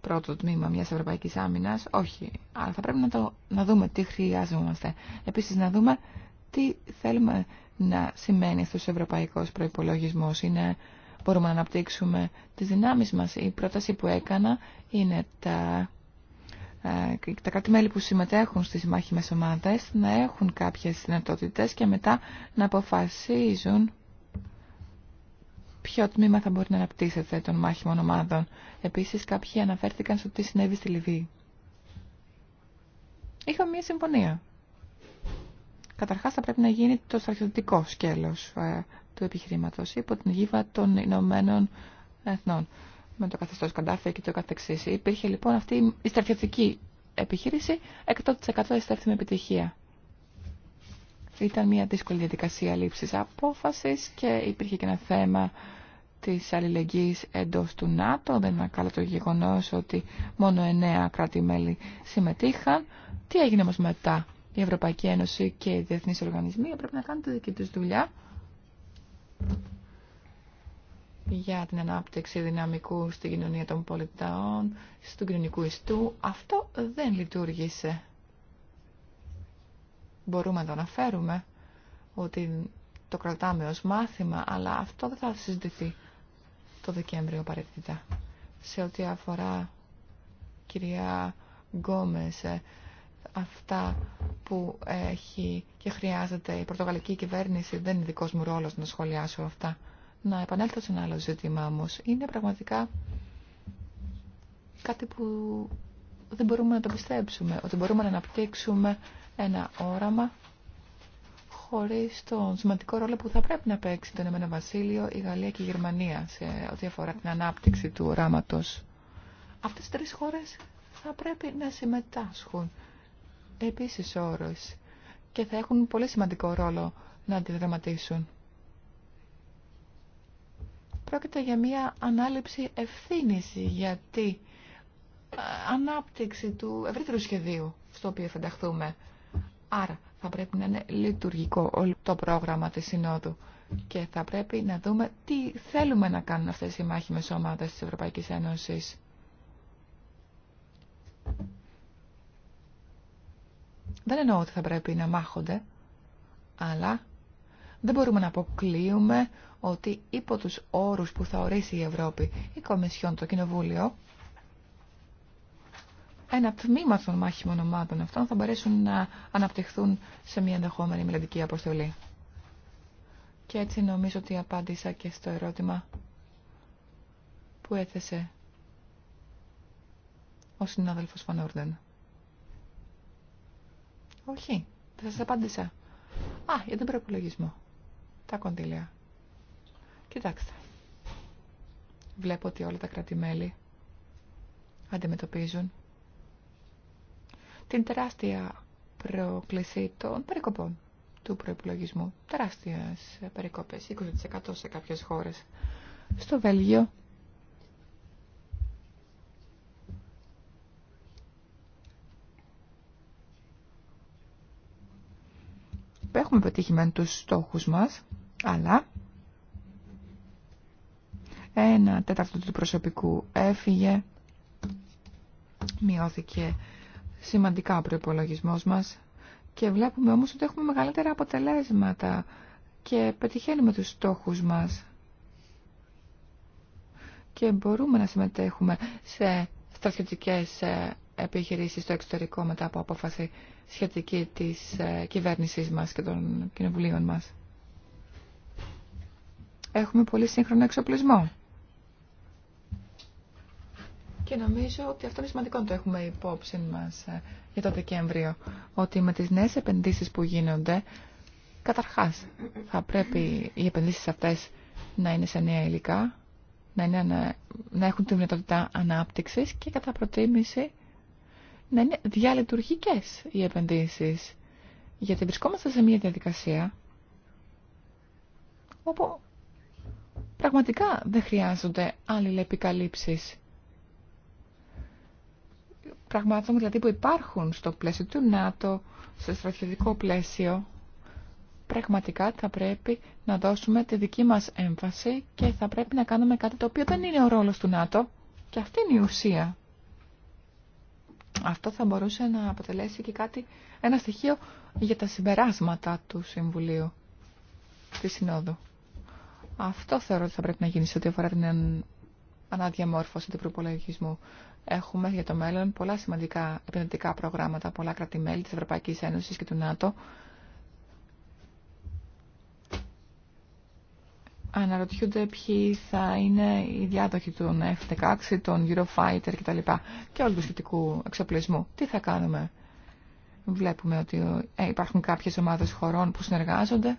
πρώτο τμήμα μιας ευρωπαϊκής άμυνας, όχι. Αλλά θα πρέπει να, το, να δούμε τι χρειάζομαστε. Επίσης να δούμε τι θέλουμε να σημαίνει στους ευρωπαϊκούς προϋπολογισμούς. Είναι, μπορούμε να αναπτύξουμε τις δυνάμεις μας. Η πρόταση που έκανα είναι τα, ε, τα που συμμετέχουν στις μάχημες ομάδες να έχουν κάποιες δυνατότητες και μετά να αποφασίζουν ποιο τμήμα θα μπορεί να αναπτύσσεται των μάχημων ομάδων. Επίσης κάποιοι αναφέρθηκαν στο τι συνέβη στη Λιβύη. Είχα μία συμφωνία Καταρχάς θα πρέπει να γίνει το στρατιωτικό σκέλος ε, του επιχειρήματος υπό την γύβα των Ηνωμένων Εθνών με το καθεστώς Καντάφη και το καθεξής. Υπήρχε λοιπόν αυτή η στρατιωτική επιχείρηση 100% εστέφθη με επιτυχία. Ήταν μια δύσκολη διαδικασία λήψης απόφασης και υπήρχε και ένα θέμα της αλληλεγγύης εντός του ΝΑΤΟ. Δεν είναι καλό το γεγονός ότι μόνο εννέα κράτη-μέλη συμμετείχαν. Τι έγινε όμως μετά η Ευρωπαϊκή Ένωση και οι διεθνείς οργανισμοί πρέπει να κάνουν τη δική τους δουλειά για την ανάπτυξη δυναμικού στην κοινωνία των πολιτών, στον κοινωνικού ιστού. Αυτό δεν λειτουργήσε. Μπορούμε να το αναφέρουμε ότι το κρατάμε ως μάθημα, αλλά αυτό δεν θα συζητηθεί το Δεκέμβριο απαραίτητα. Σε ό,τι αφορά, κυρία Γκόμες, αυτά που έχει και χρειάζεται η πορτογαλική κυβέρνηση. Δεν είναι δικός μου ρόλος να σχολιάσω αυτά. Να επανέλθω σε ένα άλλο ζήτημα όμω. Είναι πραγματικά κάτι που δεν μπορούμε να το πιστέψουμε. Ότι μπορούμε να αναπτύξουμε ένα όραμα χωρίς τον σημαντικό ρόλο που θα πρέπει να παίξει το Ηνωμένο Βασίλειο, η Γαλλία και η Γερμανία σε ό,τι αφορά την ανάπτυξη του οράματος. Αυτές τις τρεις χώρες θα πρέπει να συμμετάσχουν επίσης ορούς και θα έχουν πολύ σημαντικό ρόλο να αντιδραματίσουν. Πρόκειται για μια ανάληψη ευθύνης για ε, ανάπτυξη του ευρύτερου σχεδίου στο οποίο θα ενταχθούμε. Άρα θα πρέπει να είναι λειτουργικό όλο το πρόγραμμα της Συνόδου και θα πρέπει να δούμε τι θέλουμε να κάνουν αυτές οι μάχημες ομάδες της Ευρωπαϊκής Ένωσης. Δεν εννοώ ότι θα πρέπει να μάχονται, αλλά δεν μπορούμε να αποκλείουμε ότι υπό τους όρους που θα ορίσει η Ευρώπη, η Κομισιόν, το Κοινοβούλιο, ένα τμήμα των μάχημων ομάδων αυτών θα μπορέσουν να αναπτυχθούν σε μια ενδεχόμενη μελλοντική αποστολή. Και έτσι νομίζω ότι απάντησα και στο ερώτημα που έθεσε ο συνάδελφος Φανόρντεν. Όχι, δεν σας απάντησα. Α, για τον προπολογισμό. Τα κονδύλια. Κοιτάξτε. Βλέπω ότι όλα τα κρατημέλη αντιμετωπίζουν την τεράστια πρόκληση των περικοπών του προϋπολογισμού. Τεράστιες περικοπές, 20% σε κάποιες χώρες. Στο Βέλγιο έχουμε πετύχει με τους στόχους μας, αλλά ένα τέταρτο του προσωπικού έφυγε, μειώθηκε σημαντικά ο προπολογισμό μας και βλέπουμε όμως ότι έχουμε μεγαλύτερα αποτελέσματα και πετυχαίνουμε τους στόχους μας και μπορούμε να συμμετέχουμε σε στρατιωτικές ε, επιχειρήσει στο εξωτερικό μετά από απόφαση σχετική της ε, κυβέρνησής μας και των κοινοβουλίων μας. Έχουμε πολύ σύγχρονο εξοπλισμό. Και νομίζω ότι αυτό είναι σημαντικό να το έχουμε υπόψη μας ε, για το Δεκέμβριο, ότι με τις νέες επενδύσεις που γίνονται, καταρχάς θα πρέπει οι επενδύσεις αυτές να είναι σε νέα υλικά, να, είναι, έχουν τη δυνατότητα ανάπτυξης και κατά προτίμηση να είναι διαλειτουργικές οι επενδύσεις. Γιατί βρισκόμαστε σε μια διαδικασία όπου πραγματικά δεν χρειάζονται αλληλεπικαλύψεις. Πραγμάτων δηλαδή που υπάρχουν στο πλαίσιο του ΝΑΤΟ, σε στρατιωτικό πλαίσιο, πραγματικά θα πρέπει να δώσουμε τη δική μας έμφαση και θα πρέπει να κάνουμε κάτι το οποίο δεν είναι ο ρόλος του ΝΑΤΟ και αυτή είναι η ουσία αυτό θα μπορούσε να αποτελέσει και κάτι, ένα στοιχείο για τα συμπεράσματα του Συμβουλίου τη Συνόδου. Αυτό θεωρώ ότι θα πρέπει να γίνει σε ό,τι αφορά την αναδιαμόρφωση του προπολογισμού. Έχουμε για το μέλλον πολλά σημαντικά επενδυτικά προγράμματα, πολλά κράτη-μέλη της Ευρωπαϊκής Ένωσης και του ΝΑΤΟ αναρωτιούνται ποιοι θα είναι οι διάδοχοι των F-16, των Eurofighter κτλ. και όλου του σχετικού εξοπλισμού. Τι θα κάνουμε. Βλέπουμε ότι ε, υπάρχουν κάποιες ομάδες χωρών που συνεργάζονται.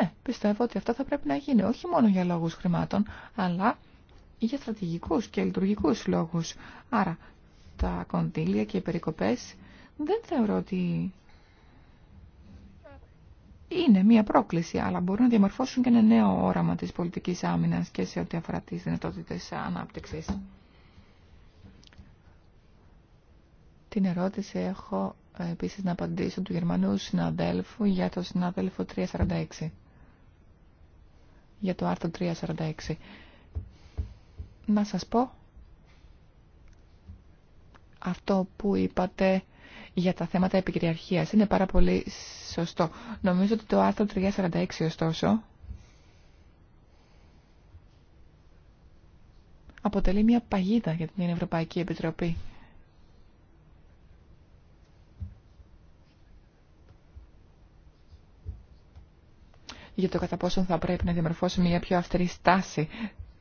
Ναι, πιστεύω ότι αυτό θα πρέπει να γίνει όχι μόνο για λόγους χρημάτων, αλλά για στρατηγικούς και λειτουργικούς λόγους. Άρα, τα κονδύλια και οι περικοπές δεν θεωρώ ότι είναι μια πρόκληση, αλλά μπορούν να διαμορφώσουν και ένα νέο όραμα της πολιτικής άμυνας και σε ό,τι αφορά τις δυνατότητες ανάπτυξης. Την ερώτηση έχω ε, επίσης να απαντήσω του Γερμανού συναδέλφου για το συνάδελφο 346. Για το άρθρο 346. Να σας πω αυτό που είπατε για τα θέματα επικυριαρχίας. Είναι πάρα πολύ σωστό. Νομίζω ότι το άρθρο 346 ωστόσο αποτελεί μια παγίδα για την Ευρωπαϊκή Επιτροπή. για το κατά πόσο θα πρέπει να διαμορφώσει μια πιο αυστηρή στάση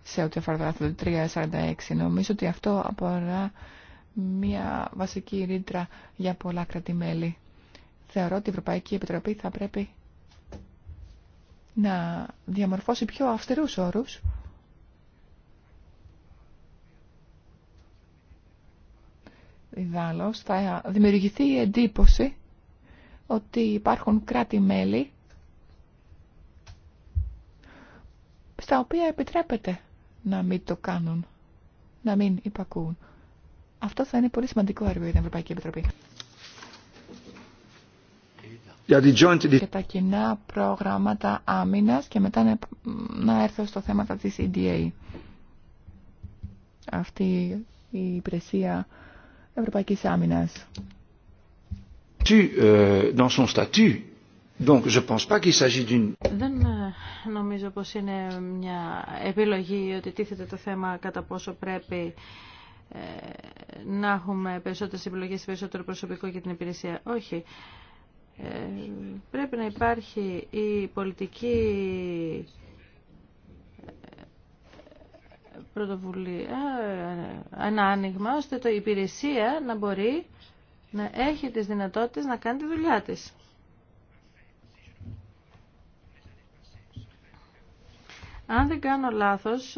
σε ό,τι αφορά το άρθρο 346. Νομίζω ότι αυτό αφορά μια βασική ρήτρα για πολλά κράτη-μέλη. Θεωρώ ότι η Ευρωπαϊκή Επιτροπή θα πρέπει να διαμορφώσει πιο αυστηρούς όρους Ιδάλλως θα δημιουργηθεί η εντύπωση ότι υπάρχουν κράτη-μέλη στα οποία επιτρέπεται να μην το κάνουν, να μην υπακούν. Αυτό θα είναι πολύ σημαντικό έργο για την Ευρωπαϊκή Επιτροπή. Για τα κοινά προγράμματα άμυνα και μετά να έρθω στο θέμα της EDA. Αυτή η υπηρεσία Ευρωπαϊκής Άμυνας. Δεν νομίζω πως είναι μια επιλογή ότι τίθεται το θέμα κατά πόσο πρέπει ε, να έχουμε περισσότερες επιλογές, περισσότερο προσωπικό για την υπηρεσία. Όχι. Ε, πρέπει να υπάρχει η πολιτική ε, πρωτοβουλία, ένα άνοιγμα, ώστε το, η υπηρεσία να μπορεί να έχει τις δυνατότητες να κάνει τη δουλειά της. Αν δεν κάνω λάθος,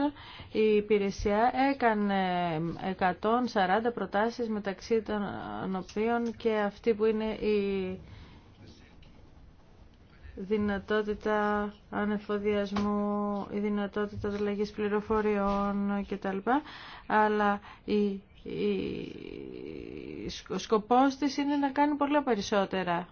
η υπηρεσία έκανε 140 προτάσεις μεταξύ των οποίων και αυτή που είναι η δυνατότητα ανεφοδιασμού, η δυνατότητα ανταλλαγή πληροφοριών κτλ. Αλλά ο σκοπός της είναι να κάνει πολλά περισσότερα.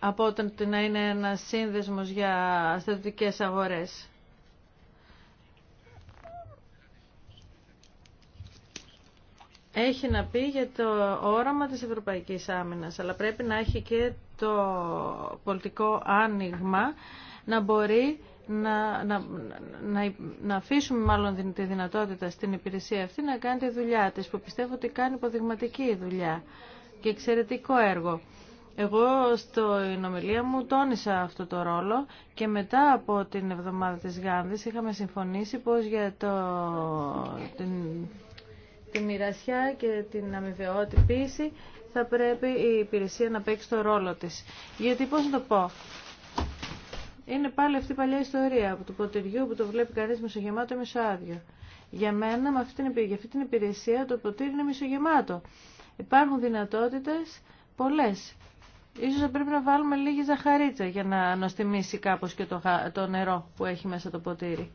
από όταν να είναι ένα σύνδεσμο για στρατιωτικές αγορέ. Έχει να πει για το όραμα της Ευρωπαϊκής Άμυνας, αλλά πρέπει να έχει και το πολιτικό άνοιγμα να μπορεί να, να, να, αφήσουμε μάλλον τη δυνατότητα στην υπηρεσία αυτή να κάνει τη δουλειά της, που πιστεύω ότι κάνει υποδειγματική δουλειά και εξαιρετικό έργο. Εγώ στο ομιλία μου τόνισα αυτό το ρόλο και μετά από την εβδομάδα της Γάνδης είχαμε συμφωνήσει πως για το, την, τη μοιρασιά και την αμοιβαιότη πίση θα πρέπει η υπηρεσία να παίξει το ρόλο της. Γιατί πώς να το πω, είναι πάλι αυτή η παλιά ιστορία από το ποτηριού που το βλέπει κανείς μισογεμάτο ή μισοάδιο. Για μένα, με αυτή την, αυτή την υπηρεσία, το ποτήρι είναι μισογεμάτο. Υπάρχουν δυνατότητες πολλές Ίσως θα πρέπει να βάλουμε λίγη ζαχαρίτσα για να νοστιμήσει κάπως και το, το νερό που έχει μέσα το ποτήρι.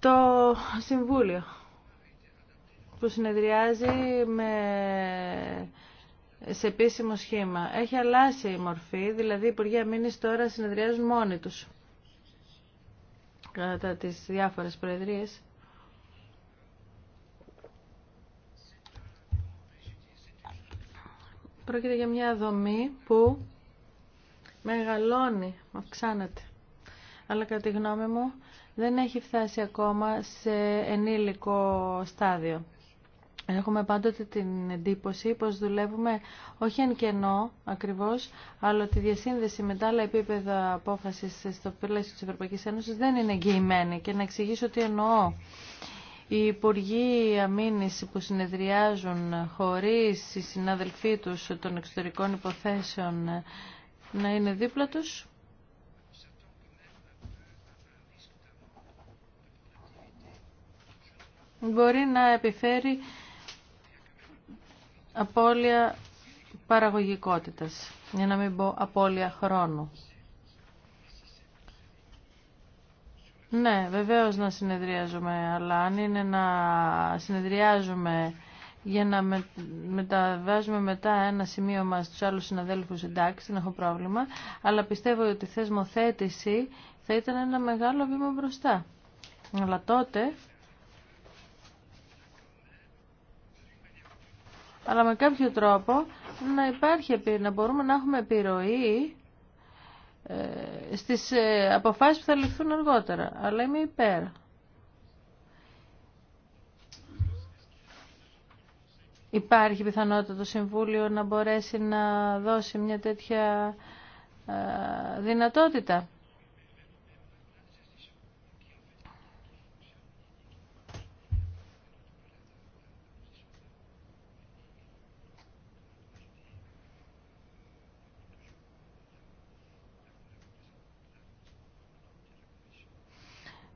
Το Συμβούλιο που συνεδριάζει με σε επίσημο σχήμα. Έχει αλλάσει η μορφή, δηλαδή οι Υπουργοί Αμήνης τώρα συνεδριάζουν μόνοι τους κατά τις διάφορες προεδρίες. Πρόκειται για μια δομή που μεγαλώνει, αυξάνεται. Αλλά κατά τη γνώμη μου δεν έχει φτάσει ακόμα σε ενήλικο στάδιο. Έχουμε πάντοτε την εντύπωση πως δουλεύουμε όχι εν κενό ακριβώς, αλλά ότι η διασύνδεση με τα άλλα επίπεδα απόφασης στο πλαίσιο της Ευρωπαϊκής Ένωσης δεν είναι εγγυημένη. Και να εξηγήσω τι εννοώ. Οι υπουργοί αμήνης που συνεδριάζουν χωρίς οι συνάδελφοί τους των εξωτερικών υποθέσεων να είναι δίπλα τους, μπορεί να επιφέρει απώλεια παραγωγικότητας, για να μην πω απώλεια χρόνου. Ναι, βεβαίως να συνεδριάζουμε, αλλά αν είναι να συνεδριάζουμε για να μεταβάζουμε μετά ένα σημείο μας στους άλλους συναδέλφους, εντάξει, δεν έχω πρόβλημα, αλλά πιστεύω ότι η θεσμοθέτηση θα ήταν ένα μεγάλο βήμα μπροστά. Αλλά τότε αλλά με κάποιο τρόπο να υπάρχει, να μπορούμε να έχουμε επιρροή ε, στις ε, αποφάσεις που θα ληφθούν αργότερα. Αλλά είμαι υπέρ. Υπάρχει πιθανότητα το Συμβούλιο να μπορέσει να δώσει μια τέτοια ε, δυνατότητα.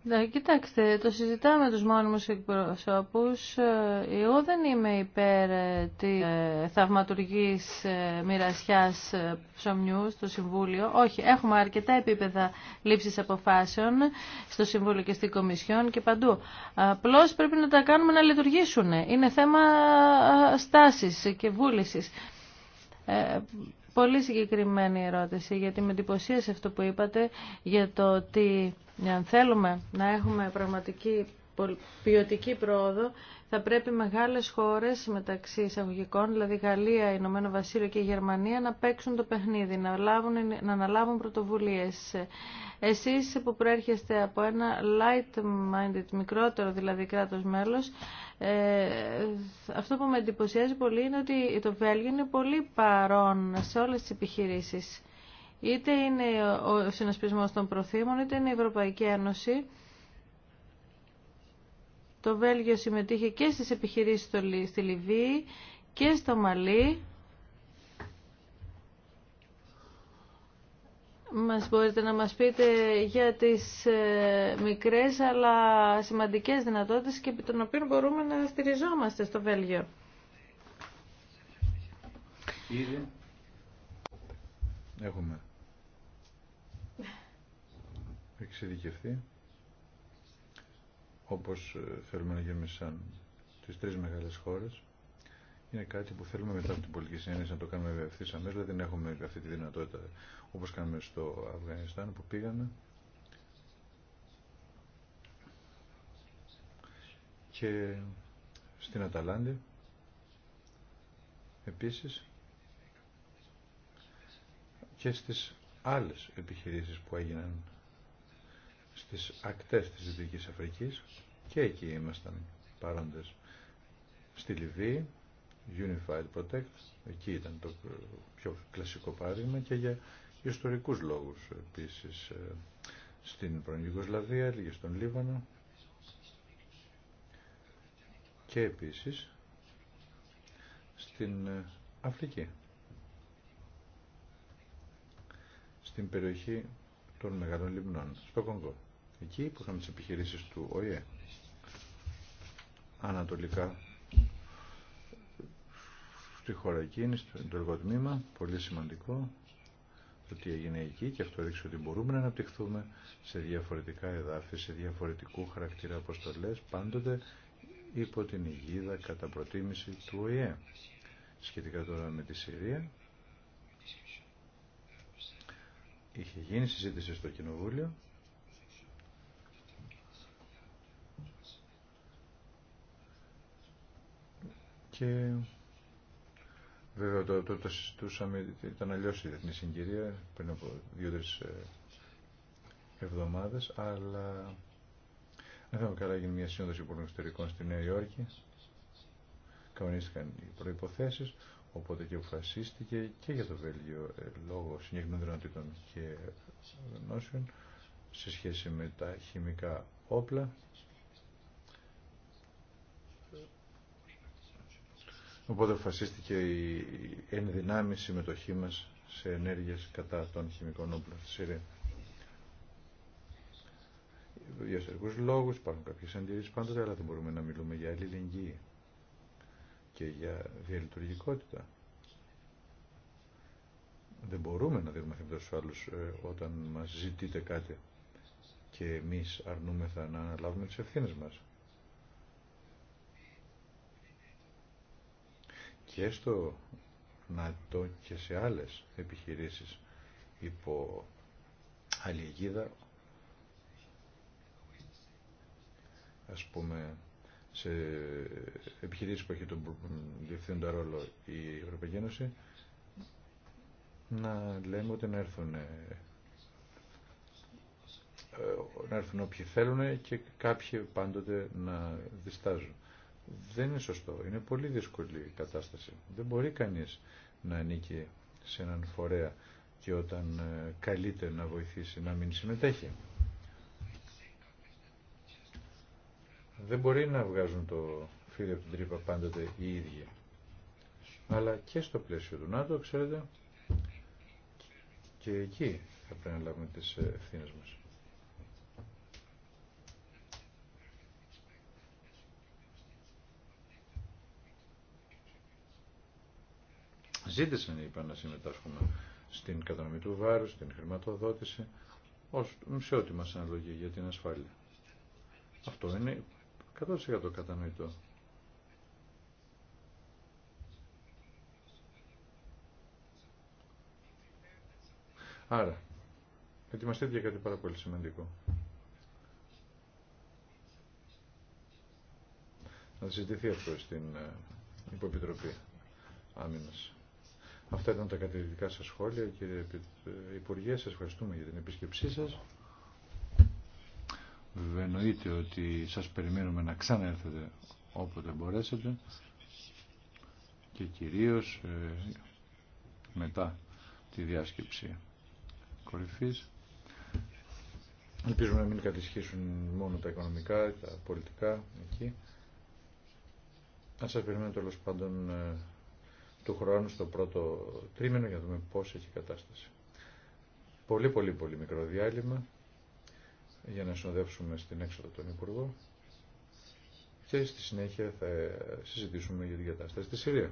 Ναι, κοιτάξτε, το συζητάμε τους μόνιμους εκπροσώπους. Ε, εγώ δεν είμαι υπέρ ε, τη ε, θαυματουργής μοιρασιάς ψωμιού στο Συμβούλιο. Όχι, έχουμε αρκετά επίπεδα λήψης αποφάσεων στο Συμβούλιο και στην Κομισιόν και παντού. Απλώ πρέπει να τα κάνουμε να λειτουργήσουν. Είναι θέμα στάσης και βούλησης. Πολύ συγκεκριμένη ερώτηση, γιατί με εντυπωσίασε αυτό που είπατε για το ότι ναι, αν θέλουμε να έχουμε πραγματική ποιοτική πρόοδο, θα πρέπει μεγάλες χώρες μεταξύ εισαγωγικών, δηλαδή Γαλλία, Ηνωμένο Βασίλειο και Γερμανία, να παίξουν το παιχνίδι, να, να αναλάβουν πρωτοβουλίες. Εσείς που προέρχεστε από ένα light-minded, μικρότερο δηλαδή κράτος μέλος, ε, αυτό που με εντυπωσιάζει πολύ είναι ότι το Βέλγιο είναι πολύ παρόν σε όλες τις επιχειρήσεις. Είτε είναι ο συνασπισμός των προθήμων, είτε είναι η Ευρωπαϊκή Ένωση. Το Βέλγιο συμμετείχε και στις επιχειρήσεις στη Λιβύη και στο Μαλί. Μας μπορείτε να μας πείτε για τις ε, μικρές αλλά σημαντικές δυνατότητες και επί των οποίων μπορούμε να στηριζόμαστε στο Βέλγιο. Έχουμε εξειδικευτεί όπως ε, θέλουμε να γίνουμε σαν τις τρεις μεγάλες χώρες είναι κάτι που θέλουμε μετά από την πολιτική συνένεση να το κάνουμε αμέσως, αμέσω. Δεν έχουμε αυτή τη δυνατότητα όπως κάναμε στο Αφγανιστάν που πήγαμε. Και στην Αταλάντη επίσης και στις άλλες επιχειρήσεις που έγιναν στις ακτές της Δυτικής Αφρικής και εκεί ήμασταν παρόντες. Στη Λιβύη, Unified Protect, εκεί ήταν το πιο κλασικό παράδειγμα και για ιστορικούς λόγους επίσης ε, στην Προνιγκοσλαβία λίγες στον Λίβανο και επίσης στην ε, Αφρική. στην περιοχή των Μεγάλων Λιμνών, στο Κονγκό. Εκεί που είχαμε τις επιχειρήσεις του ΟΗΕ. Ανατολικά στη χώρα εκείνη, στο εντολικό τμήμα, πολύ σημαντικό το τι έγινε εκεί και αυτό δείξει ότι μπορούμε να αναπτυχθούμε σε διαφορετικά εδάφη, σε διαφορετικού χαρακτήρα αποστολές, πάντοτε υπό την υγίδα κατά προτίμηση του ΟΗΕ. Σχετικά τώρα με τη Συρία, Είχε γίνει συζήτηση στο Κοινοβούλιο. Και βέβαια το, το, το συζητούσαμε, ήταν αλλιώ η διεθνή συγκυρία πριν από δύο-τρει ε, εβδομάδες, αλλά δεν θα καλά γίνει μια σύνοδος υπουργών εξωτερικών στη Νέα Υόρκη. Κανονίστηκαν οι προϋποθέσεις. Οπότε και αποφασίστηκε και για το Βέλγιο ε, λόγω συγκεκριμένων δυνατήτων και γνώσεων σε σχέση με τα χημικά όπλα. Οπότε αποφασίστηκε η ενδυνάμιση συμμετοχή μας σε ενέργειες κατά των χημικών όπλων στη Συρία. Για ιστορικούς λόγους υπάρχουν κάποιες αντιρρήσεις πάντοτε, αλλά δεν μπορούμε να μιλούμε για αλληλεγγύη και για διαλειτουργικότητα. Δεν μπορούμε να δίνουμε χρήματα στους άλλους ε, όταν μας ζητείτε κάτι και εμείς αρνούμεθα να αναλάβουμε τις ευθύνες μας. Και στο το και σε άλλες επιχειρήσεις υπό αλληλεγγύδα ας πούμε σε επιχειρήσει που έχει τον διευθύνοντα ρόλο η Ευρωπαϊκή Ένωση να λέμε ότι να έρθουν ε, ε, να έρθουν όποιοι θέλουν και κάποιοι πάντοτε να διστάζουν. Δεν είναι σωστό. Είναι πολύ δύσκολη η κατάσταση. Δεν μπορεί κανείς να ανήκει σε έναν φορέα και όταν ε, καλείται να βοηθήσει να μην συμμετέχει. Δεν μπορεί να βγάζουν το φίδι από την τρύπα πάντοτε οι ίδιοι. Αλλά και στο πλαίσιο του ΝΑΤΟ, ξέρετε, και εκεί θα πρέπει να λάβουμε τις ευθύνες μας. Ζήτησαν, είπα, να συμμετάσχουμε στην κατανομή του βάρους, στην χρηματοδότηση, ως, σε ό,τι μας αναλογεί για την ασφάλεια. Αυτό είναι 100% κατανοητό. Άρα, ετοιμαστείτε για κάτι πάρα πολύ σημαντικό. Να συζητηθεί αυτό στην ε, Υποπιτροπή Άμυνας. Αυτά ήταν τα κατηγορητικά σας σχόλια, κύριε ε, Υπουργέ. Σας ευχαριστούμε για την επίσκεψή σας. Βέβαια εννοείται ότι σας περιμένουμε να ξανέρθετε όποτε μπορέσετε και κυρίως ε, μετά τη διάσκεψη κορυφής. Ελπίζουμε να μην κατησχίσουν μόνο τα οικονομικά, τα πολιτικά εκεί. Να σας περιμένω τέλο πάντων ε, του χρόνου στο πρώτο τρίμηνο για να δούμε πώς έχει κατάσταση. Πολύ πολύ πολύ μικρό διάλειμμα για να συνοδεύσουμε στην έξοδο τον Υπουργό και στη συνέχεια θα συζητήσουμε για την κατάσταση στη Συρία.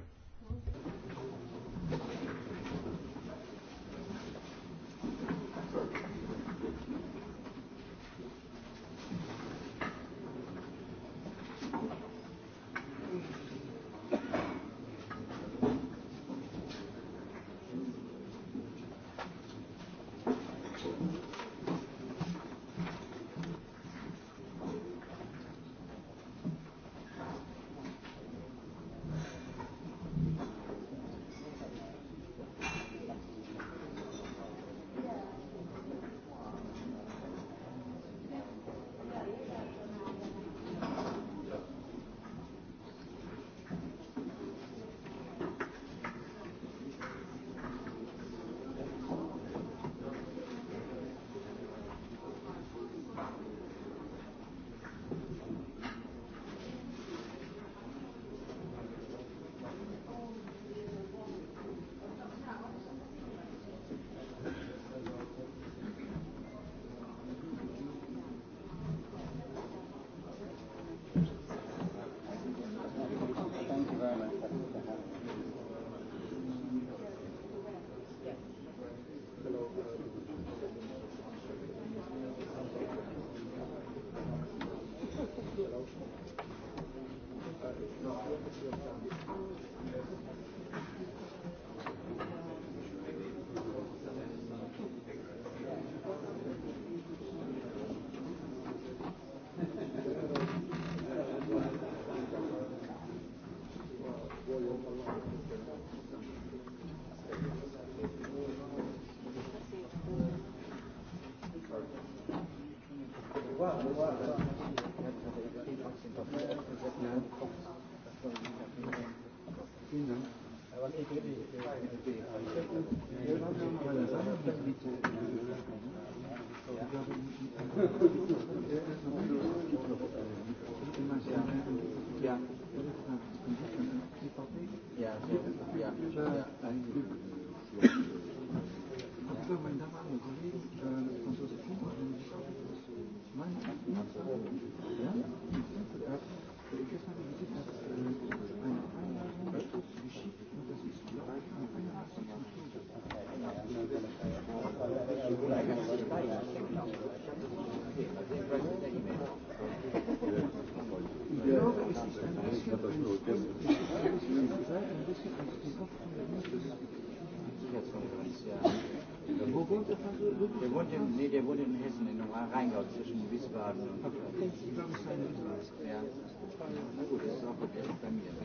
Ευχαριστώ.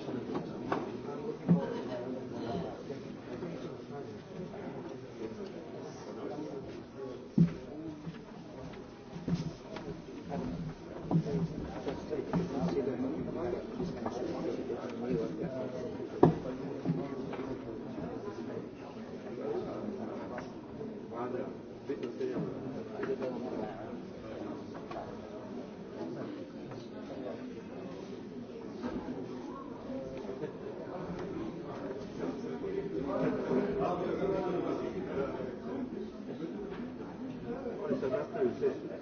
σε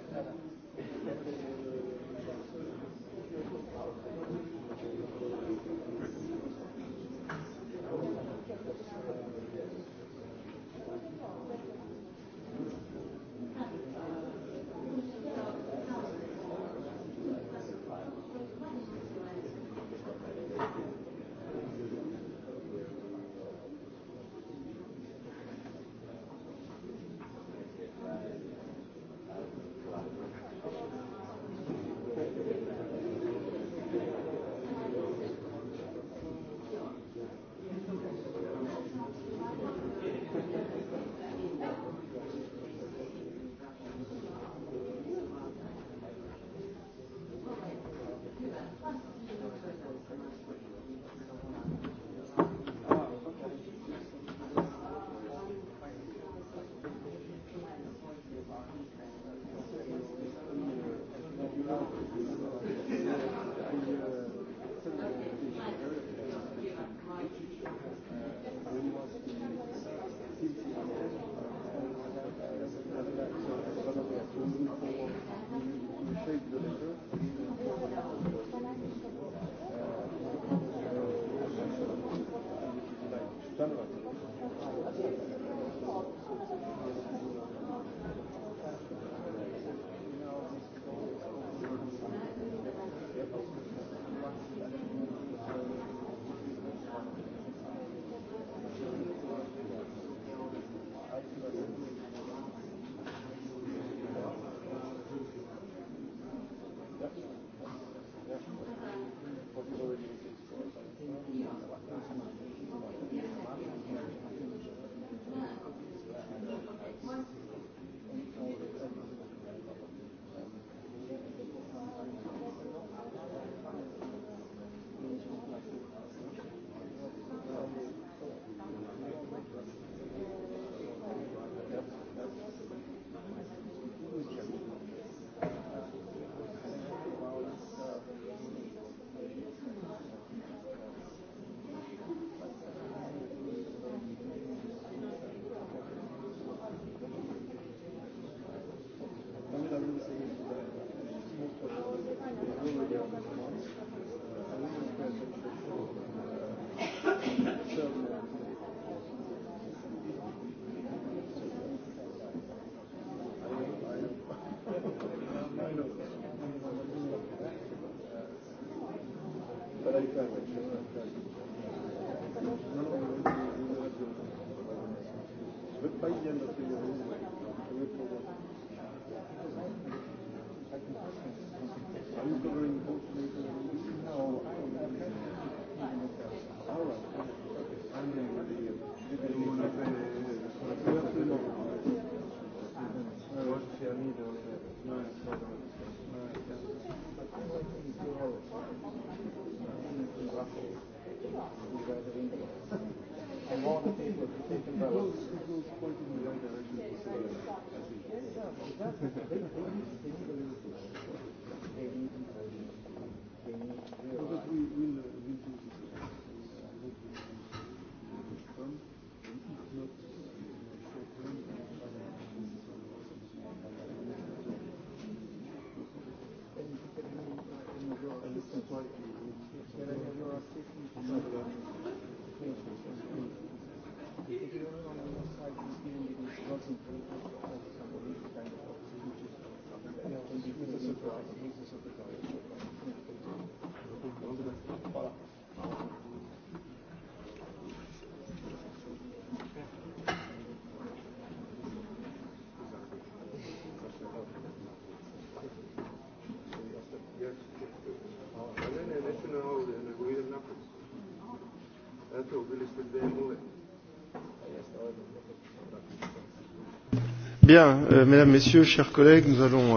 Bien, mesdames, messieurs, chers collègues, nous allons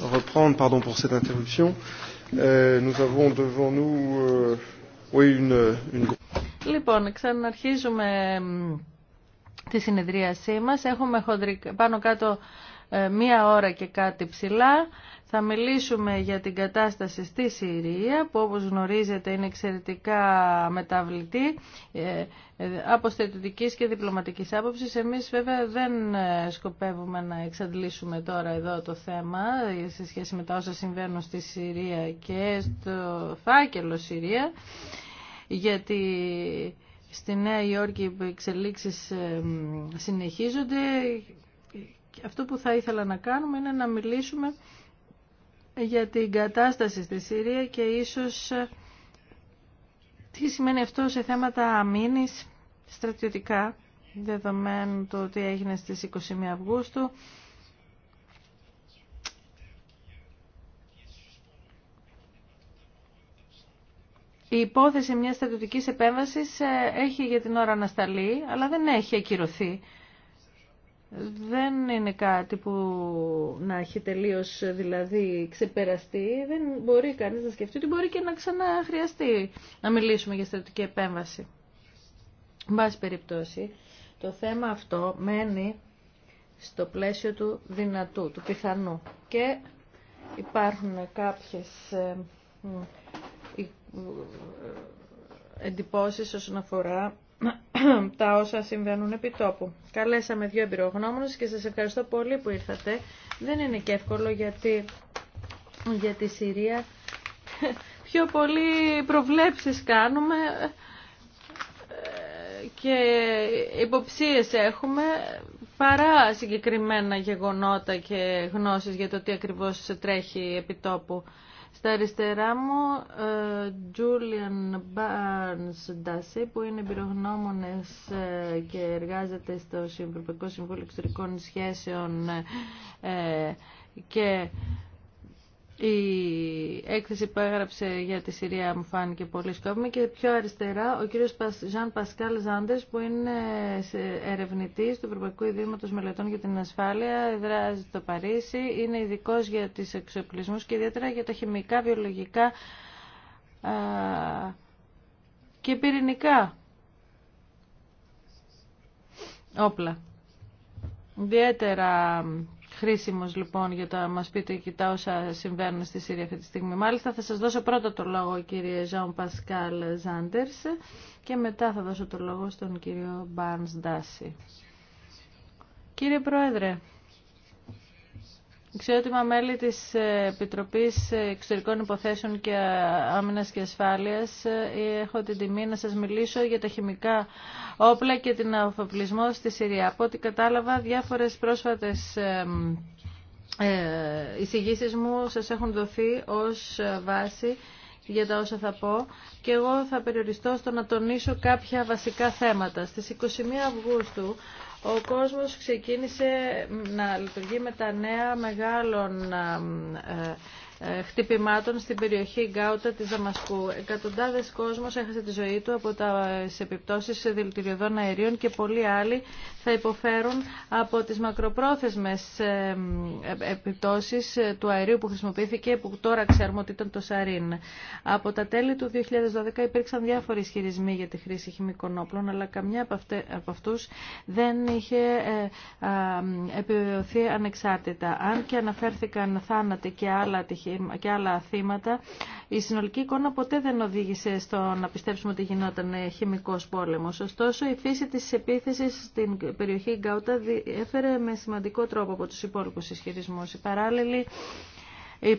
reprendre, pardon pour cette interruption. Nous avons devant nous oui, une, une... Λοιπόν, ξαναρχίζουμε τη συνεδρίασή μας. Έχουμε χοντρικ... πάνω κάτω μία ώρα και κάτι ψηλά. Θα μιλήσουμε για την κατάσταση στη Συρία που όπως γνωρίζετε είναι εξαιρετικά μεταβλητή ε, ε, από στρατιωτικής και διπλωματικής άποψης. Εμείς βέβαια δεν ε, σκοπεύουμε να εξαντλήσουμε τώρα εδώ το θέμα σε σχέση με τα όσα συμβαίνουν στη Συρία και στο φάκελο Συρία γιατί στη Νέα Υόρκη οι εξελίξεις συνεχίζονται. Αυτό που θα ήθελα να κάνουμε είναι να μιλήσουμε για την κατάσταση στη Συρία και ίσως τι σημαίνει αυτό σε θέματα αμήνης στρατιωτικά, δεδομένου το ότι έγινε στις 21 Αυγούστου. Η υπόθεση μιας στρατιωτικής επέμβασης ε, έχει για την ώρα ανασταλεί, αλλά δεν έχει ακυρωθεί δεν είναι κάτι που να έχει τελείω δηλαδή ξεπεραστεί. Δεν μπορεί κανείς να σκεφτεί ότι μπορεί και να ξαναχρειαστεί να μιλήσουμε για στρατιωτική επέμβαση. Εν πάση περιπτώσει, το θέμα αυτό μένει στο πλαίσιο του δυνατού, του πιθανού. Και υπάρχουν κάποιες ε, ε, εντυπώσεις όσον αφορά τα όσα συμβαίνουν επί τόπου. Καλέσαμε δύο εμπειρογνώμονες και σας ευχαριστώ πολύ που ήρθατε. Δεν είναι και εύκολο γιατί για τη Συρία πιο πολύ προβλέψεις κάνουμε ε, και υποψίες έχουμε παρά συγκεκριμένα γεγονότα και γνώσεις για το τι ακριβώς τρέχει επί τόπου. Στα αριστερά μου, ε, Julian Barnes Dassey, που είναι πυρογνώμονες ε, και εργάζεται στο Ευρωπαϊκό Συμβούλιο Εξωτερικών Σχέσεων ε, και η έκθεση που έγραψε για τη Συρία μου φάνηκε πολύ σκόπιμη και πιο αριστερά ο κύριος Ζαν Πασκάλ Ζάντες που είναι ερευνητής του Ευρωπαϊκού Ιδρύματος Μελετών για την Ασφάλεια, δράζει το Παρίσι, είναι ειδικό για τις εξοπλισμούς και ιδιαίτερα για τα χημικά, βιολογικά και πυρηνικά όπλα. Ιδιαίτερα χρήσιμος λοιπόν για να μας πείτε και τα όσα συμβαίνουν στη Σύρια αυτή τη στιγμή. Μάλιστα θα σας δώσω πρώτα το λόγο κύριε Ζαν Πασκάλ Ζάντερς και μετά θα δώσω το λόγο στον κύριο Μπάνς Ντάση. Κύριε Πρόεδρε, Εξαιρετικά μέλη της ε, Επιτροπής Εξωτερικών Υποθέσεων και ε, Άμυνας και Ασφάλειας ε, έχω την τιμή να σας μιλήσω για τα χημικά όπλα και την αφοπλισμό στη Συρία. Από ό,τι κατάλαβα διάφορες πρόσφατες εισηγήσει μου σας έχουν δοθεί ως βάση για τα όσα θα πω και εγώ θα περιοριστώ στο να τονίσω κάποια βασικά θέματα. Στις 21 Αυγούστου ο κόσμος ξεκίνησε να λειτουργεί με τα νέα μεγάλων ε, ε, ε, χτυπημάτων στην περιοχή Γκάουτα της Δαμασκού. Εκατοντάδες κόσμος έχασε τη ζωή του από τις ε, επιπτώσεις δηλητηριωδών αερίων και πολλοί άλλοι θα υποφέρουν από τις μακροπρόθεσμες ε, επιπτώσεις του αερίου που χρησιμοποιήθηκε που τώρα ξέρουμε ότι ήταν το Σαρίν. Από τα τέλη του 2012 υπήρξαν διάφοροι ισχυρισμοί για τη χρήση χημικών όπλων αλλά καμιά από αυτούς δεν είχε επιβεβαιωθεί ανεξάρτητα. Αν και αναφέρθηκαν θάνατοι και άλλα ατυχή και άλλα θύματα, η συνολική εικόνα ποτέ δεν οδήγησε στο να πιστέψουμε ότι γινόταν χημικό πόλεμο. Ωστόσο, η φύση τη επίθεση στην περιοχή Γκάουτα έφερε με σημαντικό τρόπο από του υπόλοιπου ισχυρισμού. Η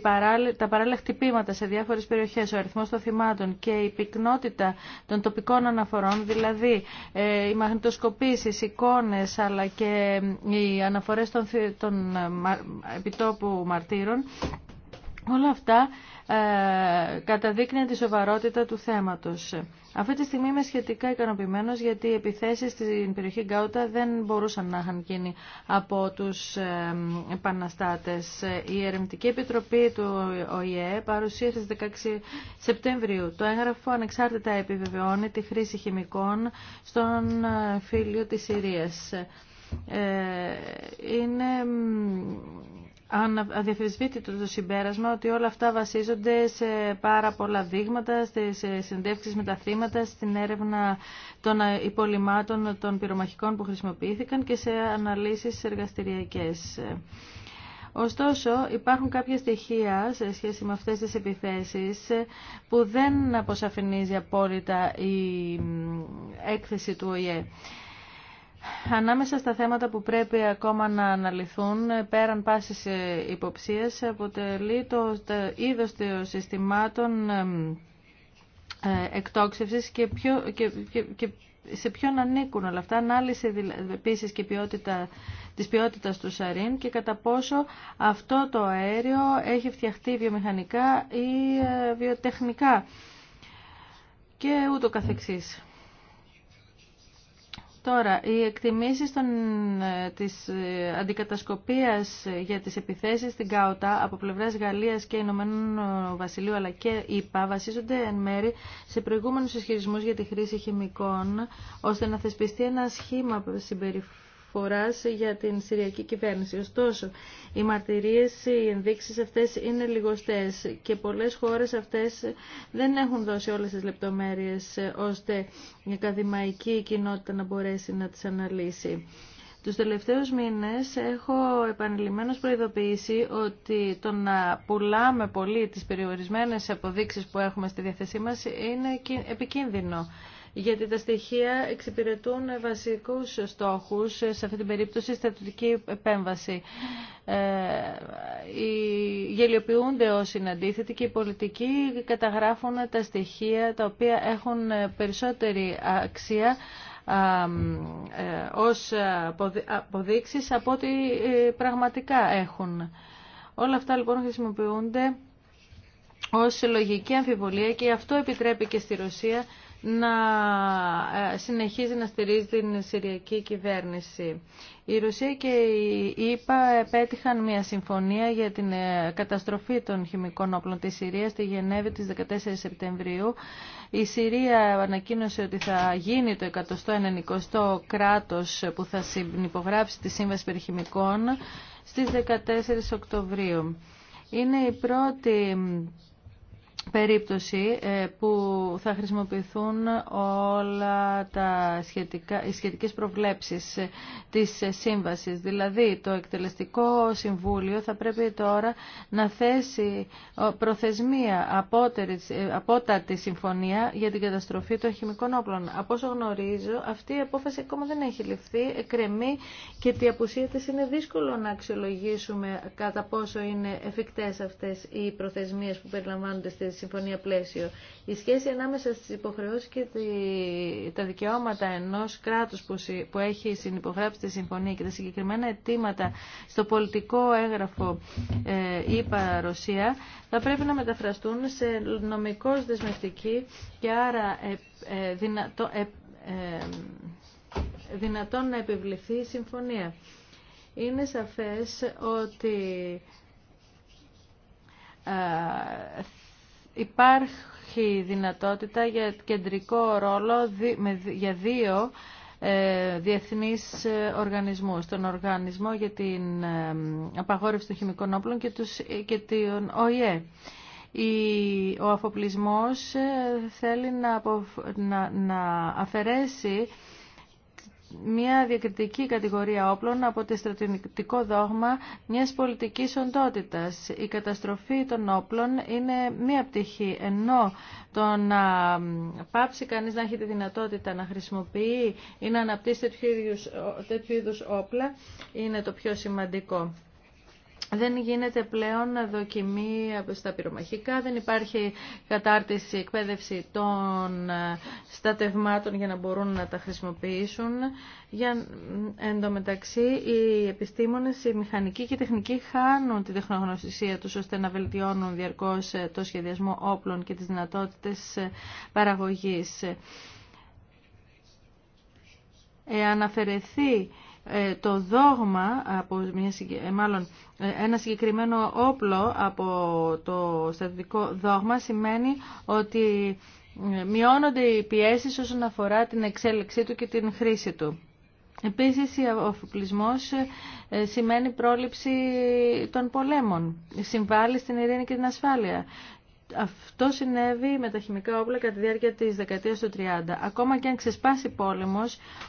τα παράλληλα χτυπήματα σε διάφορες περιοχές, ο αριθμός των θυμάτων και η πυκνότητα των τοπικών αναφορών, δηλαδή ε, οι μαγνητοσκοπήσεις, εικόνες αλλά και οι αναφορές των ε, επιτόπου μαρτύρων, Όλα αυτά ε, τη σοβαρότητα του θέματος. Αυτή τη στιγμή είμαι σχετικά ικανοποιημένος γιατί οι επιθέσεις στην περιοχή Γκάουτα δεν μπορούσαν να είχαν γίνει από τους ε, Η Ερευνητική Επιτροπή του ΟΗΕ παρουσίασε στις 16 Σεπτεμβρίου. Το έγγραφο ανεξάρτητα επιβεβαιώνει τη χρήση χημικών στον ε, φίλιο της Συρίας. Ε, είναι αδιαφεσβήτητο το συμπέρασμα ότι όλα αυτά βασίζονται σε πάρα πολλά δείγματα, στις συνδεύξεις με τα θύματα, στην έρευνα των υπολοιμάτων των πυρομαχικών που χρησιμοποιήθηκαν και σε αναλύσεις εργαστηριακές. Ωστόσο, υπάρχουν κάποια στοιχεία σε σχέση με αυτές τις επιθέσεις που δεν αποσαφηνίζει απόλυτα η έκθεση του ΟΗΕ. Ανάμεσα στα θέματα που πρέπει ακόμα να αναλυθούν, πέραν πάσης υποψίας, αποτελεί το είδος των συστημάτων ε, εκτόξευσης και, σε ποιον ανήκουν όλα αυτά, ανάλυση επίσης και ποιότητα, της ποιότητας του σαρίν και κατά πόσο αυτό το αέριο έχει φτιαχτεί βιομηχανικά ή ε, βιοτεχνικά και ούτω καθεξής. Τώρα, οι εκτιμήσεις των, ε, της ε, αντικατασκοπίας ε, για τις επιθέσεις στην ΚΑΟΤΑ από πλευράς Γαλλίας και Ηνωμένων Βασιλείου αλλά και ΙΠΑ βασίζονται εν μέρη σε προηγούμενους ισχυρισμούς για τη χρήση χημικών ώστε να θεσπιστεί ένα σχήμα συμπεριφορά για την Συριακή κυβέρνηση. Ωστόσο, οι μαρτυρίες, οι ενδείξεις αυτές είναι λιγοστές και πολλές χώρες αυτές δεν έχουν δώσει όλες τις λεπτομέρειες ώστε η ακαδημαϊκή κοινότητα να μπορέσει να τις αναλύσει. Τους τελευταίους μήνες έχω επανειλημμένως προειδοποιήσει ότι το να πουλάμε πολύ τις περιορισμένες αποδείξεις που έχουμε στη διαθεσή μας είναι επικίνδυνο γιατί τα στοιχεία εξυπηρετούν βασικούς στόχους σε αυτή την περίπτωση η στρατιωτική επέμβαση. Ε, οι γελιοποιούνται ως και οι πολιτικοί καταγράφουν τα στοιχεία τα οποία έχουν περισσότερη αξία ε, ως αποδείξεις από ό,τι ε, πραγματικά έχουν. Όλα αυτά λοιπόν χρησιμοποιούνται ως λογική αμφιβολία και αυτό επιτρέπει και στη Ρωσία να ε, συνεχίζει να στηρίζει την Συριακή κυβέρνηση. Η Ρωσία και η ΙΠΑ επέτυχαν μια συμφωνία για την ε, καταστροφή των χημικών όπλων της Συρίας στη Γενέβη της 14 Σεπτεμβρίου. Η Συρία ανακοίνωσε ότι θα γίνει το 190ο κράτος που θα υπογράψει τη Σύμβαση Περιχημικών στις 14 Οκτωβρίου. Είναι η πρώτη περίπτωση ε, που θα χρησιμοποιηθούν όλα τα σχετικά, οι σχετικές προβλέψεις ε, της ε, σύμβασης. Δηλαδή το εκτελεστικό συμβούλιο θα πρέπει τώρα να θέσει προθεσμία ε, απότατη συμφωνία για την καταστροφή των χημικών όπλων. Από όσο γνωρίζω αυτή η απόφαση ακόμα δεν έχει ληφθεί, εκκρεμεί και τη απουσία της είναι δύσκολο να αξιολογήσουμε κατά πόσο είναι εφικτές αυτές οι προθεσμίες που περιλαμβάνονται στις συμφωνία πλαίσιο. Η σχέση ανάμεσα στις υποχρεώσεις και τα δικαιώματα ενός κράτους που έχει συνυπογράψει τη συμφωνία και τα συγκεκριμένα αιτήματα στο πολιτικό έγγραφο ε, είπα Ρωσία θα πρέπει να μεταφραστούν σε νομικώς δεσμευτική και άρα ε, ε, δυνατόν να επιβληθεί η συμφωνία. Είναι σαφές ότι υπάρχει δυνατότητα για κεντρικό ρόλο για δύο ε, διεθνείς ε, οργανισμούς, τον Οργανισμό για την ε, Απαγόρευση των Χημικών Όπλων και, τους, και τον ΟΗΕ. ο αφοπλισμός θέλει να, να αφαιρέσει μια διακριτική κατηγορία όπλων από το στρατιωτικό δόγμα μιας πολιτικής οντότητας. Η καταστροφή των όπλων είναι μία πτυχή, ενώ το να πάψει κανείς να έχει τη δυνατότητα να χρησιμοποιεί ή να αναπτύσσει τέτοιου είδους όπλα είναι το πιο σημαντικό δεν γίνεται πλέον δοκιμή στα πυρομαχικά, δεν υπάρχει κατάρτιση, εκπαίδευση των ε, στατευμάτων για να μπορούν να τα χρησιμοποιήσουν. Για, ε, εν τω μεταξύ, οι επιστήμονες, οι μηχανικοί και οι τεχνικοί χάνουν τη τεχνογνωσία τους ώστε να βελτιώνουν διαρκώς ε, το σχεδιασμό όπλων και τις δυνατότητες παραγωγής. Εάν ε, το δόγμα, από μια, ε, μάλλον ε, ένα συγκεκριμένο όπλο από το στρατιωτικό δόγμα σημαίνει ότι μειώνονται οι πιέσεις όσον αφορά την εξέλιξή του και την χρήση του. Επίσης, ο αφοπλισμός σημαίνει πρόληψη των πολέμων. Συμβάλλει στην ειρήνη και την ασφάλεια αυτό συνέβη με τα χημικά όπλα κατά τη διάρκεια τη δεκαετία του 30. Ακόμα και αν ξεσπάσει πόλεμο,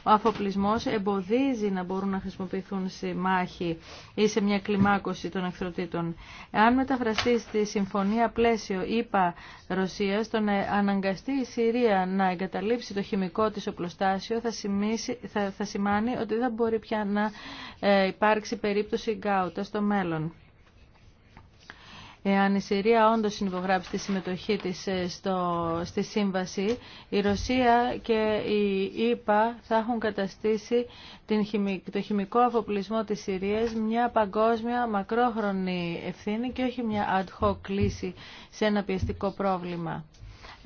ο αφοπλισμός εμποδίζει να μπορούν να χρησιμοποιηθούν σε μάχη ή σε μια κλιμάκωση των εχθροτήτων. Εάν μεταφραστεί στη Συμφωνία Πλαίσιο ΙΠΑ Ρωσία, το να αναγκαστεί η Συρία να εγκαταλείψει το χημικό τη οπλοστάσιο θα, θα, θα σημάνει ότι δεν μπορεί πια να ε, υπάρξει περίπτωση γκάουτα στο μέλλον. Εάν η Συρία όντω συνυπογράψει τη συμμετοχή τη ε, στη σύμβαση, η Ρωσία και η ΗΠΑ θα έχουν καταστήσει την, το χημικό αφοπλισμό της Συρίας μια παγκόσμια μακρόχρονη ευθύνη και όχι μια ad hoc λύση σε ένα πιεστικό πρόβλημα.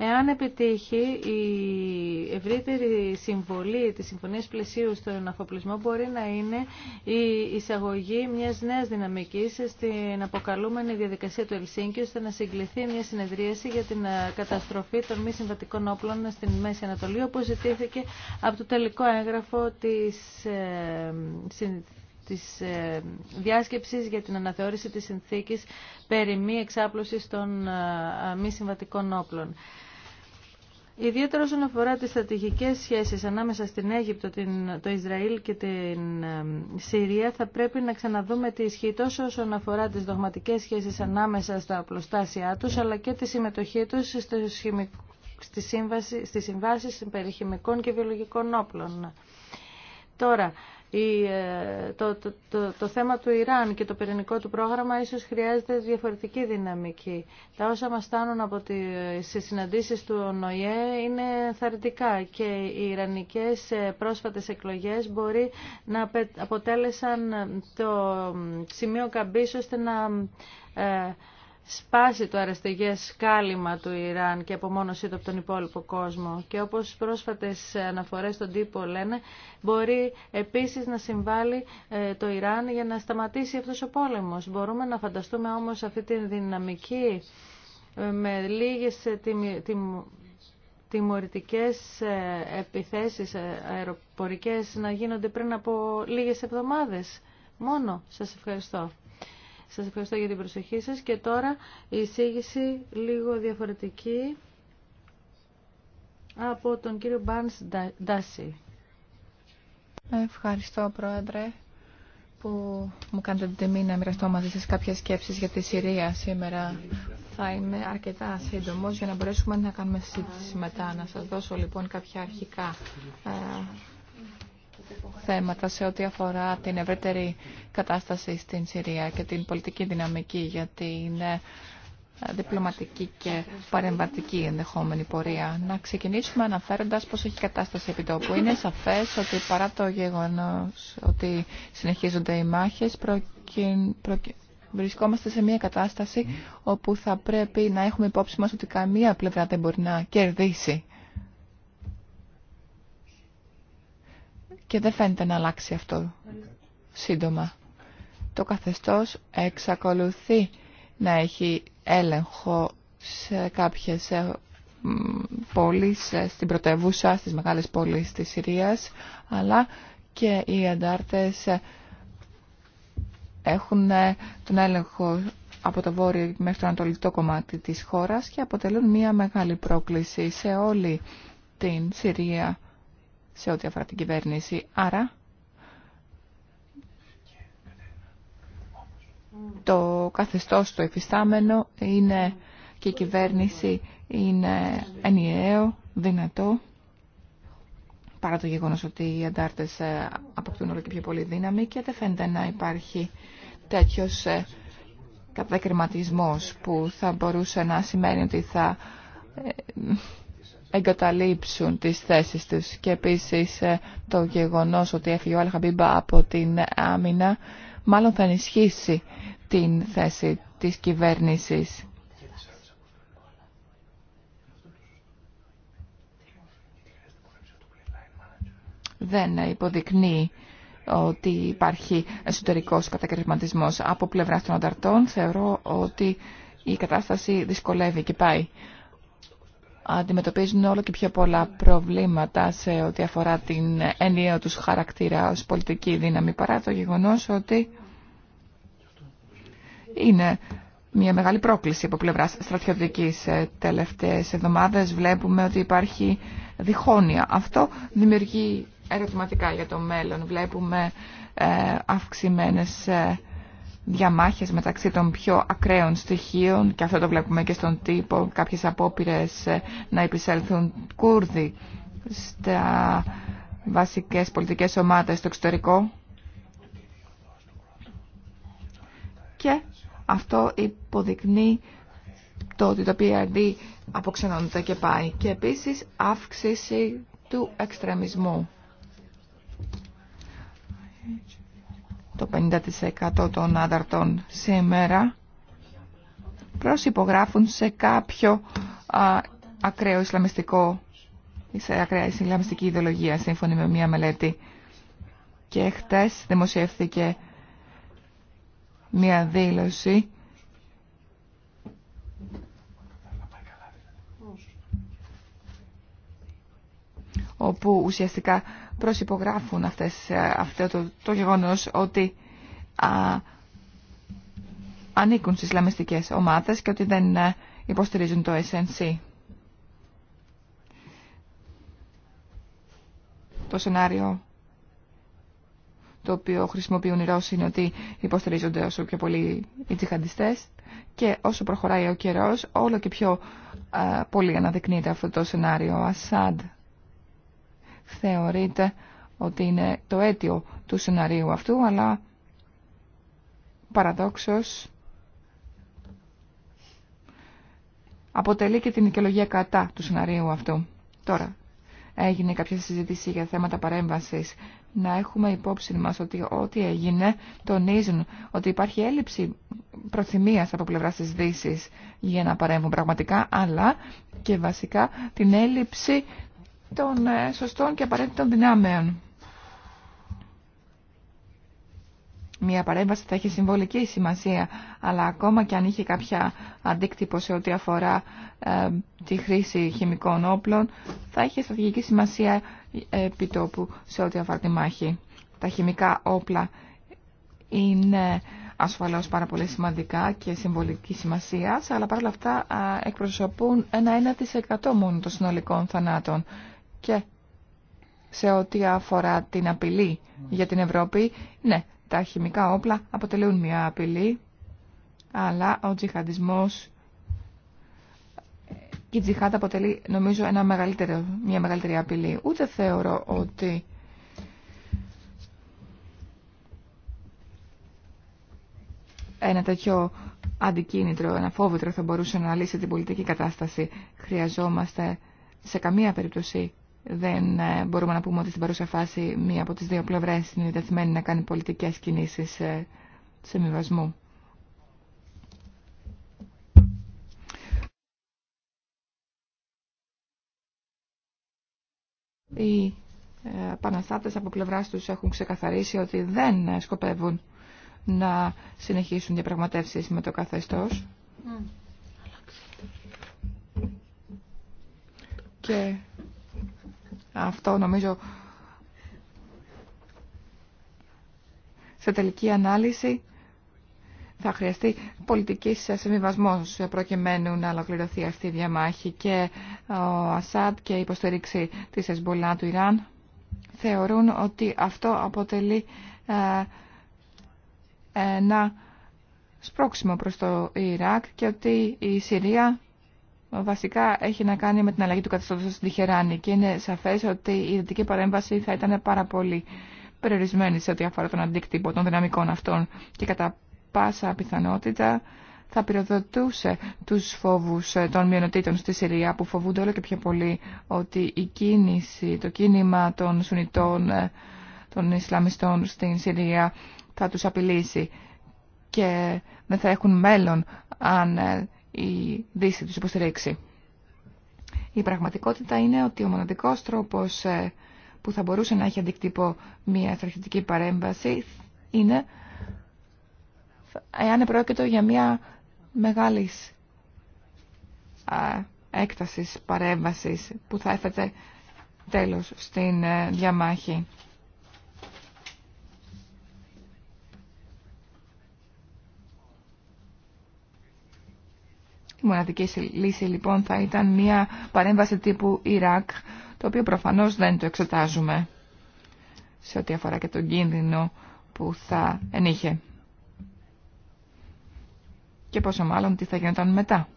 Εάν επιτύχει, η ευρύτερη συμβολή της Συμφωνίας Πλαισίου στον αφοπλισμό μπορεί να είναι η εισαγωγή μιας νέας δυναμικής στην αποκαλούμενη διαδικασία του Ελσίνκη, ώστε να συγκληθεί μια συνεδρίαση για την ε, καταστροφή των μη συμβατικών όπλων στην Μέση Ανατολή, όπως ζητήθηκε από το τελικό έγγραφο της ε, της ε, διάσκεψης για την αναθεώρηση της συνθήκης περί μη εξάπλωσης των μη συμβατικών όπλων. Ιδιαίτερα όσον αφορά τις στρατηγικές σχέσεις ανάμεσα στην Αίγυπτο, την, το Ισραήλ και την Συρία, θα πρέπει να ξαναδούμε τι ισχύει τόσο όσον αφορά τις δογματικές σχέσεις ανάμεσα στα απλοστάσια τους, αλλά και τη συμμετοχή τους στις, στη σύμβαση, στις συμβάσεις και βιολογικών όπλων. Τώρα, ε, το, το, θέμα του Ιράν και το πυρηνικό του πρόγραμμα ίσως χρειάζεται διαφορετική δυναμική. Τα όσα μας στάνουν από τις συναντήσεις του ΝΟΙΕ είναι θαρρυντικά και οι Ιρανικές ε, πρόσφατες εκλογές μπορεί να αποτέλεσαν ε, το σημείο καμπής ώστε να σπάσει το αραστεγές κάλυμα του Ιράν και απομόνωσή του από τον υπόλοιπο κόσμο. Και όπως πρόσφατες αναφορές στον τύπο λένε, μπορεί επίσης να συμβάλλει ε, το Ιράν για να σταματήσει αυτός ο πόλεμος. Μπορούμε να φανταστούμε όμως αυτή τη δυναμική ε, με λίγες ε, τιμωρητικές επιθέσεις αεροπορικές να γίνονται πριν από λίγες εβδομάδες. Μόνο. Σας ευχαριστώ. Σας ευχαριστώ για την προσοχή σας και τώρα η εισήγηση λίγο διαφορετική από τον κύριο Μπάνς Ντάση. Ευχαριστώ Πρόεδρε που μου κάνετε την τιμή να μοιραστώ μαζί σας κάποιες σκέψεις για τη Συρία σήμερα. Θα είμαι αρκετά σύντομος για να μπορέσουμε να κάνουμε συζήτηση μετά. Να σας δώσω λοιπόν κάποια αρχικά ε, θέματα σε ό,τι αφορά την ευρύτερη κατάσταση στην Συρία και την πολιτική δυναμική για την ε, διπλωματική και παρεμβατική ενδεχόμενη πορεία. Να ξεκινήσουμε αναφέροντας πώς έχει κατάσταση επί τόπου. Είναι σαφές ότι παρά το γεγονός ότι συνεχίζονται οι μάχες, βρισκόμαστε σε μια κατάσταση όπου θα πρέπει να έχουμε υπόψη μας ότι καμία πλευρά δεν μπορεί να κερδίσει. και δεν φαίνεται να αλλάξει αυτό σύντομα. Το καθεστώς εξακολουθεί να έχει έλεγχο σε κάποιες ε, πόλεις ε, στην πρωτεύουσα, στις μεγάλες πόλεις της Συρίας, αλλά και οι αντάρτες ε, έχουν τον έλεγχο από το βόρειο μέχρι το ανατολικό κομμάτι της χώρας και αποτελούν μια μεγάλη πρόκληση σε όλη την Συρία σε ό,τι αφορά την κυβέρνηση. Άρα, το καθεστώς το εφιστάμενο είναι και η κυβέρνηση είναι ενιαίο, δυνατό, παρά το γεγονός ότι οι αντάρτες ε, αποκτούν όλο και πιο πολύ δύναμη και δεν φαίνεται να υπάρχει τέτοιος ε, κατακριματισμός που θα μπορούσε να σημαίνει ότι θα ε, εγκαταλείψουν τις θέσεις τους. Και επίσης ε, το γεγονός ότι έφυγε ο Αλχαμπίμπα από την άμυνα μάλλον θα ενισχύσει την θέση της κυβέρνησης. Δεν υποδεικνύει ότι υπάρχει εσωτερικός κατακαιρματισμός από πλευρά των ανταρτών. Θεωρώ ότι η κατάσταση δυσκολεύει και πάει αντιμετωπίζουν όλο και πιο πολλά προβλήματα σε ό,τι αφορά την ενιαία τους χαρακτήρα ως πολιτική δύναμη παρά το γεγονός ότι είναι μια μεγάλη πρόκληση από πλευρά στρατιωτικής τελευταίες εβδομάδε βλέπουμε ότι υπάρχει διχόνοια. Αυτό δημιουργεί ερωτηματικά για το μέλλον. Βλέπουμε ε, αυξημένες ε, διαμάχες μεταξύ των πιο ακραίων στοιχείων και αυτό το βλέπουμε και στον τύπο κάποιες απόπειρες ε, να επισέλθουν Κούρδοι στα βασικές πολιτικές ομάδες στο εξωτερικό και αυτό υποδεικνύει το ότι το PRD αποξενώνεται και πάει και επίσης αύξηση του εξτρεμισμού το 50% των άνταρτων σήμερα προσυπογράφουν σε κάποιο ακραίο ισλαμιστικό ή σε ακραία ισλαμιστική ιδεολογία σύμφωνη με μια μελέτη και χτες δημοσιεύθηκε μια δήλωση όπου ουσιαστικά προσυπογράφουν αυτές, ε, αυτό το, το γεγονός ότι α, ανήκουν στις Ισλαμιστικές ομάδες και ότι δεν ε, υποστηρίζουν το SNC. Το σενάριο το οποίο χρησιμοποιούν οι Ρώσοι είναι ότι υποστηρίζονται όσο πιο πολύ οι τσιχαντιστές και όσο προχωράει ο καιρός όλο και πιο πολύ αναδεικνύεται αυτό το σενάριο Ασάντ θεωρείται ότι είναι το αίτιο του σενάριου αυτού, αλλά παραδόξως αποτελεί και την οικολογία κατά του σενάριου αυτού. Τώρα, έγινε κάποια συζήτηση για θέματα παρέμβασης. Να έχουμε υπόψη μας ότι ό,τι έγινε τονίζουν ότι υπάρχει έλλειψη προθυμίας από πλευράς της Δύσης για να παρέμβουν πραγματικά, αλλά και βασικά την έλλειψη των ε, σωστών και απαραίτητων δυνάμεων. Μία παρέμβαση θα έχει συμβολική σημασία, αλλά ακόμα και αν είχε κάποια αντίκτυπο σε ό,τι αφορά ε, τη χρήση χημικών όπλων, θα είχε στρατηγική σημασία ε, επιτόπου σε ό,τι αφορά τη μάχη. Τα χημικά όπλα είναι ασφαλώς πάρα πολύ σημαντικά και συμβολική σημασία, αλλά παρόλα αυτά εκπροσωπούν ένα 1% μόνο των συνολικών θανάτων και σε ό,τι αφορά την απειλή για την Ευρώπη, ναι, τα χημικά όπλα αποτελούν μια απειλή, αλλά ο τζιχαντισμός και η τζιχάτα αποτελεί νομίζω ένα μεγαλύτερο, μια μεγαλύτερη απειλή. Ούτε θεωρώ ότι ένα τέτοιο αντικίνητρο, ένα φόβητρο θα μπορούσε να λύσει την πολιτική κατάσταση. Χρειαζόμαστε σε καμία περίπτωση δεν ε, μπορούμε να πούμε ότι στην παρούσα φάση μία από τις δύο πλευρές είναι δεθμένη να κάνει πολιτικές κινήσεις ε, βασμού. Οι ε, επαναστάτες από πλευράς τους έχουν ξεκαθαρίσει ότι δεν σκοπεύουν να συνεχίσουν διαπραγματεύσεις με το καθεστώς. Και αυτό νομίζω σε τελική ανάλυση θα χρειαστεί πολιτική συμβιβασμό προκειμένου να ολοκληρωθεί αυτή η διαμάχη και ο Ασάντ και η υποστήριξη της Εσμπολά του Ιράν θεωρούν ότι αυτό αποτελεί ε, ένα σπρώξιμο προς το Ιράκ και ότι η Συρία βασικά έχει να κάνει με την αλλαγή του καθεστώτος στην Τιχεράνη και είναι σαφές ότι η δυτική παρέμβαση θα ήταν πάρα πολύ περιορισμένη σε ό,τι αφορά τον αντίκτυπο των δυναμικών αυτών και κατά πάσα πιθανότητα θα πυροδοτούσε τους φόβους ε, των μειονοτήτων στη Συρία που φοβούνται όλο και πιο πολύ ότι η κίνηση, το κίνημα των Σουνιτών, ε, των Ισλαμιστών στην Συρία θα τους απειλήσει και δεν θα έχουν μέλλον αν ε, η Δύση τους υποστηρίξει. Η πραγματικότητα είναι ότι ο μοναδικός τρόπος ε, που θα μπορούσε να έχει αντικτύπω μια στρατιωτική παρέμβαση είναι εάν πρόκειτο για μια μεγάλη έκτασης παρέμβασης που θα έφερε τέλος στην ε, διαμάχη. Η μοναδική λύση λοιπόν θα ήταν μια παρέμβαση τύπου Ιράκ, το οποίο προφανώς δεν το εξετάζουμε σε ό,τι αφορά και τον κίνδυνο που θα ενείχε. Και πόσο μάλλον τι θα γινόταν μετά.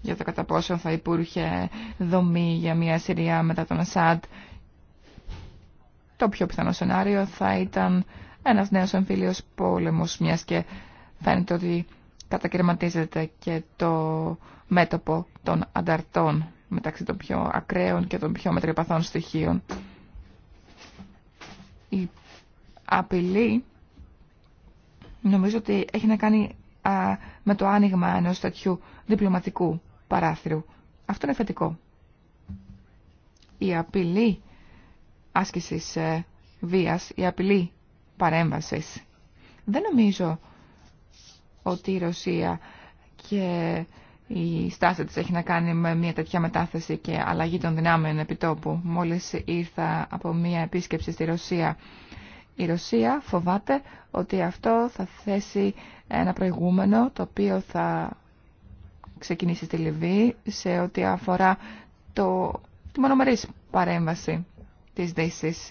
Για το κατά πόσο θα υπήρχε δομή για μια Συρία μετά τον Ασάντ. Το πιο πιθανό σενάριο θα ήταν ένας νέος εμφύλιος πόλεμος, μιας και φαίνεται ότι κατακαιρματίζεται και το μέτωπο των ανταρτών μεταξύ των πιο ακραίων και των πιο μετριοπαθών στοιχείων. Η απειλή νομίζω ότι έχει να κάνει με το άνοιγμα ενός τέτοιου διπλωματικού παράθυρου. Αυτό είναι θετικό. Η απειλή άσκησης ε, βίας, η απειλή παρέμβασης. Δεν νομίζω ότι η Ρωσία και η στάση της έχει να κάνει με μια τέτοια μετάθεση και αλλαγή των δυνάμεων επιτόπου. Μόλις ήρθα από μια επίσκεψη στη Ρωσία. Η Ρωσία φοβάται ότι αυτό θα θέσει ένα προηγούμενο το οποίο θα ξεκινήσει στη Λιβύη σε ό,τι αφορά το, τη μονομερής παρέμβαση της Δύσης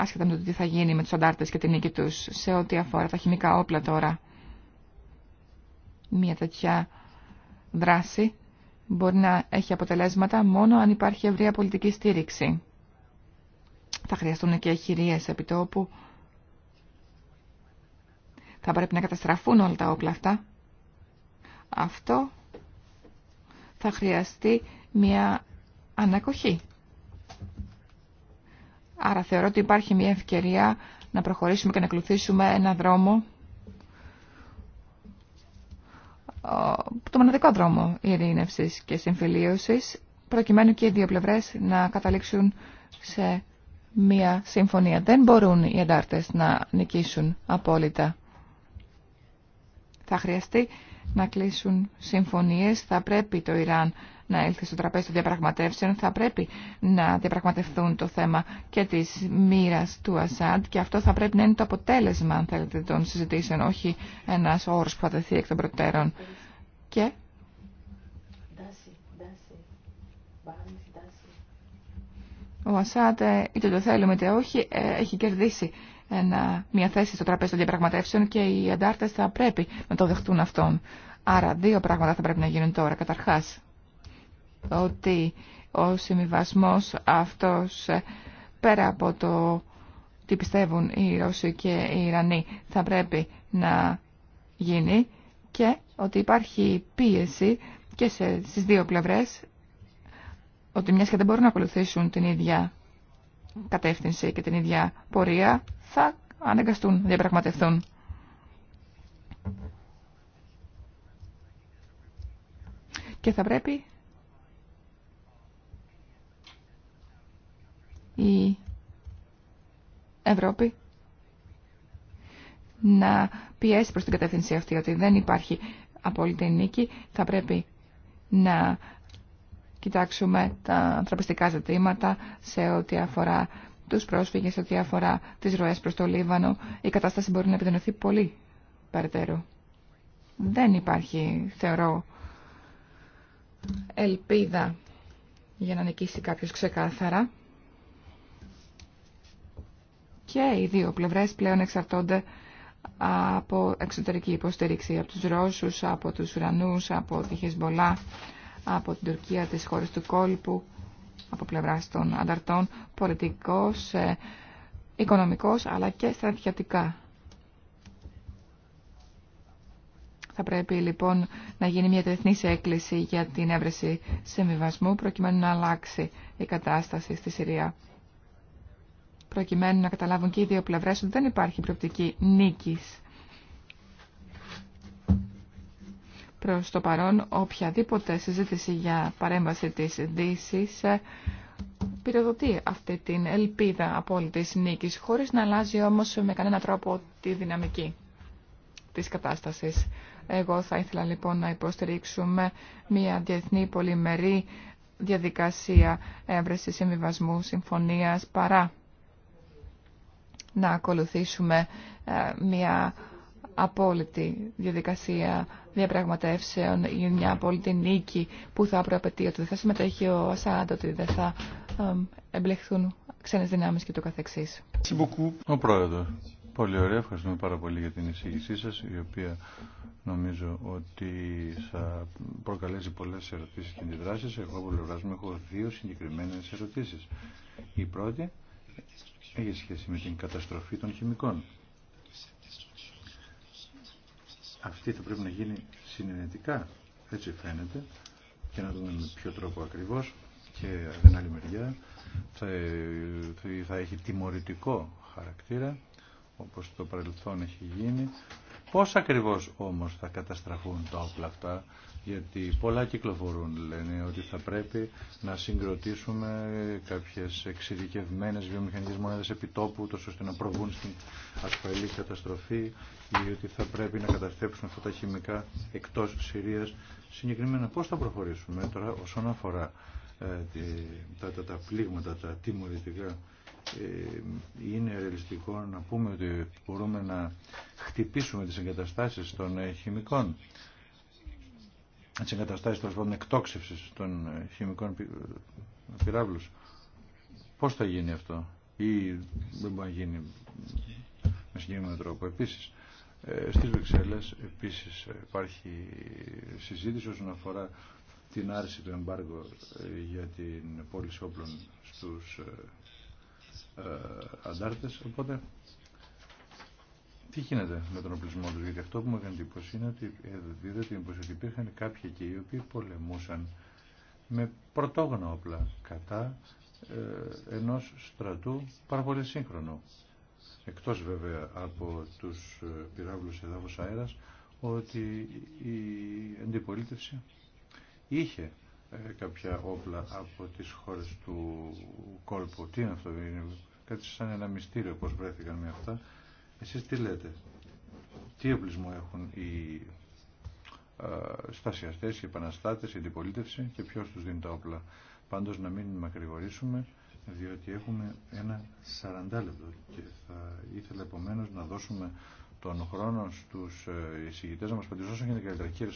άσχετα με το τι θα γίνει με τους αντάρτες και την νίκη τους σε ό,τι αφορά τα χημικά όπλα τώρα. Μία τέτοια δράση μπορεί να έχει αποτελέσματα μόνο αν υπάρχει ευρεία πολιτική στήριξη. Θα χρειαστούν και χειρίες επιτόπου. Θα πρέπει να καταστραφούν όλα τα όπλα αυτά. Αυτό θα χρειαστεί μια ανακοχή Άρα θεωρώ ότι υπάρχει μια ευκαιρία να προχωρήσουμε και να ακολουθήσουμε ένα δρόμο, το μοναδικό δρόμο ειρήνευσης και συμφιλίωσης, προκειμένου και οι δύο πλευρές να καταλήξουν σε μια συμφωνία. Δεν μπορούν οι εντάρτες να νικήσουν απόλυτα. Θα χρειαστεί να κλείσουν συμφωνίες, θα πρέπει το Ιράν να έλθει στο τραπέζι των διαπραγματεύσεων, θα πρέπει να διαπραγματευτούν το θέμα και της μοίρα του Ασάντ και αυτό θα πρέπει να είναι το αποτέλεσμα, αν θέλετε, των συζητήσεων, όχι ένας όρος που θα δεθεί εκ των προτέρων. Και... Ο Ασάντ, ε, είτε το θέλουμε είτε όχι, ε, έχει κερδίσει ένα, μια θέση στο τραπέζι των διαπραγματεύσεων και οι αντάρτε θα πρέπει να το δεχτούν αυτόν. Άρα δύο πράγματα θα πρέπει να γίνουν τώρα. Καταρχάς, ότι ο συμβιβασμός αυτός ε, πέρα από το τι πιστεύουν οι Ρώσοι και οι Ιρανοί θα πρέπει να γίνει και ότι υπάρχει πίεση και σε, στις δύο πλευρές ότι μιας και δεν μπορούν να ακολουθήσουν την ίδια κατεύθυνση και την ίδια πορεία θα αναγκαστούν να διαπραγματευτούν. Και θα πρέπει η Ευρώπη να πιέσει προς την κατεύθυνση αυτή ότι δεν υπάρχει απόλυτη νίκη. Θα πρέπει να κοιτάξουμε τα ανθρωπιστικά ζητήματα σε ό,τι αφορά τους πρόσφυγες, σε ό,τι αφορά τις ροές προς το Λίβανο. Η κατάσταση μπορεί να επιδεινωθεί πολύ περαιτέρω. Δεν υπάρχει, θεωρώ, ελπίδα για να νικήσει κάποιος ξεκάθαρα και οι δύο πλευρές πλέον εξαρτώνται από εξωτερική υποστήριξη από τους Ρώσους, από τους Ουρανούς, από τη Χεσμολά, από την Τουρκία, τις χώρες του κόλπου, από πλευράς των ανταρτών, πολιτικός, ε, οικονομικός αλλά και στρατιωτικά. Θα πρέπει λοιπόν να γίνει μια τεθνή έκκληση για την έβρεση συμβιβασμού προκειμένου να αλλάξει η κατάσταση στη Συρία προκειμένου να καταλάβουν και οι δύο πλευρές ότι δεν υπάρχει προοπτική νίκης. Προς το παρόν, οποιαδήποτε συζήτηση για παρέμβαση της δύση ε, πυροδοτεί αυτή την ελπίδα απόλυτης νίκης, χωρίς να αλλάζει όμως με κανένα τρόπο τη δυναμική της κατάστασης. Εγώ θα ήθελα λοιπόν να υποστηρίξουμε μια διεθνή πολυμερή διαδικασία έβρεση συμβιβασμού συμφωνίας παρά να ακολουθήσουμε ε, μια απόλυτη διαδικασία διαπραγματεύσεων ή μια απόλυτη νίκη που θα προαπαιτεί ότι δεν θα συμμετέχει ο Ασάντ, ότι δεν θα εμπλεχθούν ξένες δυνάμεις και το καθεξής. Ο Πρόεδρος. Πολύ ωραία. Ευχαριστούμε πάρα πολύ για την εισήγησή σας, η οποία νομίζω ότι θα προκαλέσει πολλές ερωτήσεις και αντιδράσεις. Εγώ από πλευράς μου έχω δύο συγκεκριμένες ερωτήσεις. Η πρώτη έχει σχέση με την καταστροφή των χημικών. Αυτή θα πρέπει να γίνει συνενετικά, έτσι φαίνεται, και να δούμε με ποιο τρόπο ακριβώς και από την άλλη μεριά θα, θα έχει τιμωρητικό χαρακτήρα, όπως το παρελθόν έχει γίνει. Πώς ακριβώς όμως θα καταστραφούν τα όπλα αυτά, γιατί πολλά κυκλοφορούν λένε ότι θα πρέπει να συγκροτήσουμε κάποιες εξειδικευμένες βιομηχανικές μονάδες επιτόπου τόσο ώστε να προβούν στην ασφαλή καταστροφή ή ότι θα πρέπει να καταστρέψουν αυτά τα χημικά εκτός Συρίας. Συγκεκριμένα πώς θα προχωρήσουμε τώρα όσον αφορά ε, τα, τα, τα πλήγματα, τα τιμωρητικά ε, είναι ρεαλιστικό να πούμε ότι μπορούμε να χτυπήσουμε τις εγκαταστάσεις των ε, χημικών τις εγκαταστάσεις τέλο πάντων εκτόξευση των χημικών πυράβλους. Πώς θα γίνει αυτό, ή δεν μπορεί να γίνει με συγκεκριμένο τρόπο. Επίση, ε, Στις Βεξέλλες επίσης ε, υπάρχει συζήτηση όσον αφορά την άρση του εμπάργου ε, για την πώληση όπλων στους αντάρτες οπότε τι γίνεται με τον οπλισμό του, γιατί αυτό που μου έκανε εντύπωση είναι ότι ε, δείτε την εντύπωση ότι υπήρχαν κάποιοι εκεί οι οποίοι πολεμούσαν με πρωτόγωνα όπλα κατά ε, ενός στρατού πάρα πολύ σύγχρονο. Εκτός βέβαια από τους ε, πυράβλους εδάφους αέρας, ότι η αντιπολίτευση είχε ε, κάποια όπλα από τις χώρες του κόλπου. Τι είναι αυτό, κάτι σαν ένα μυστήριο πώς βρέθηκαν με αυτά εσείς τι λέτε, τι οπλισμό έχουν οι ε, στασιαστές, οι επαναστάτες, η αντιπολίτευση και ποιος τους δίνει τα όπλα. Πάντως να μην μακρηγορήσουμε διότι έχουμε ένα 40 και θα ήθελα επομένω να δώσουμε τον χρόνο στους ε, εισηγητές να μας παντήσουν για την καλύτερα. Κύριε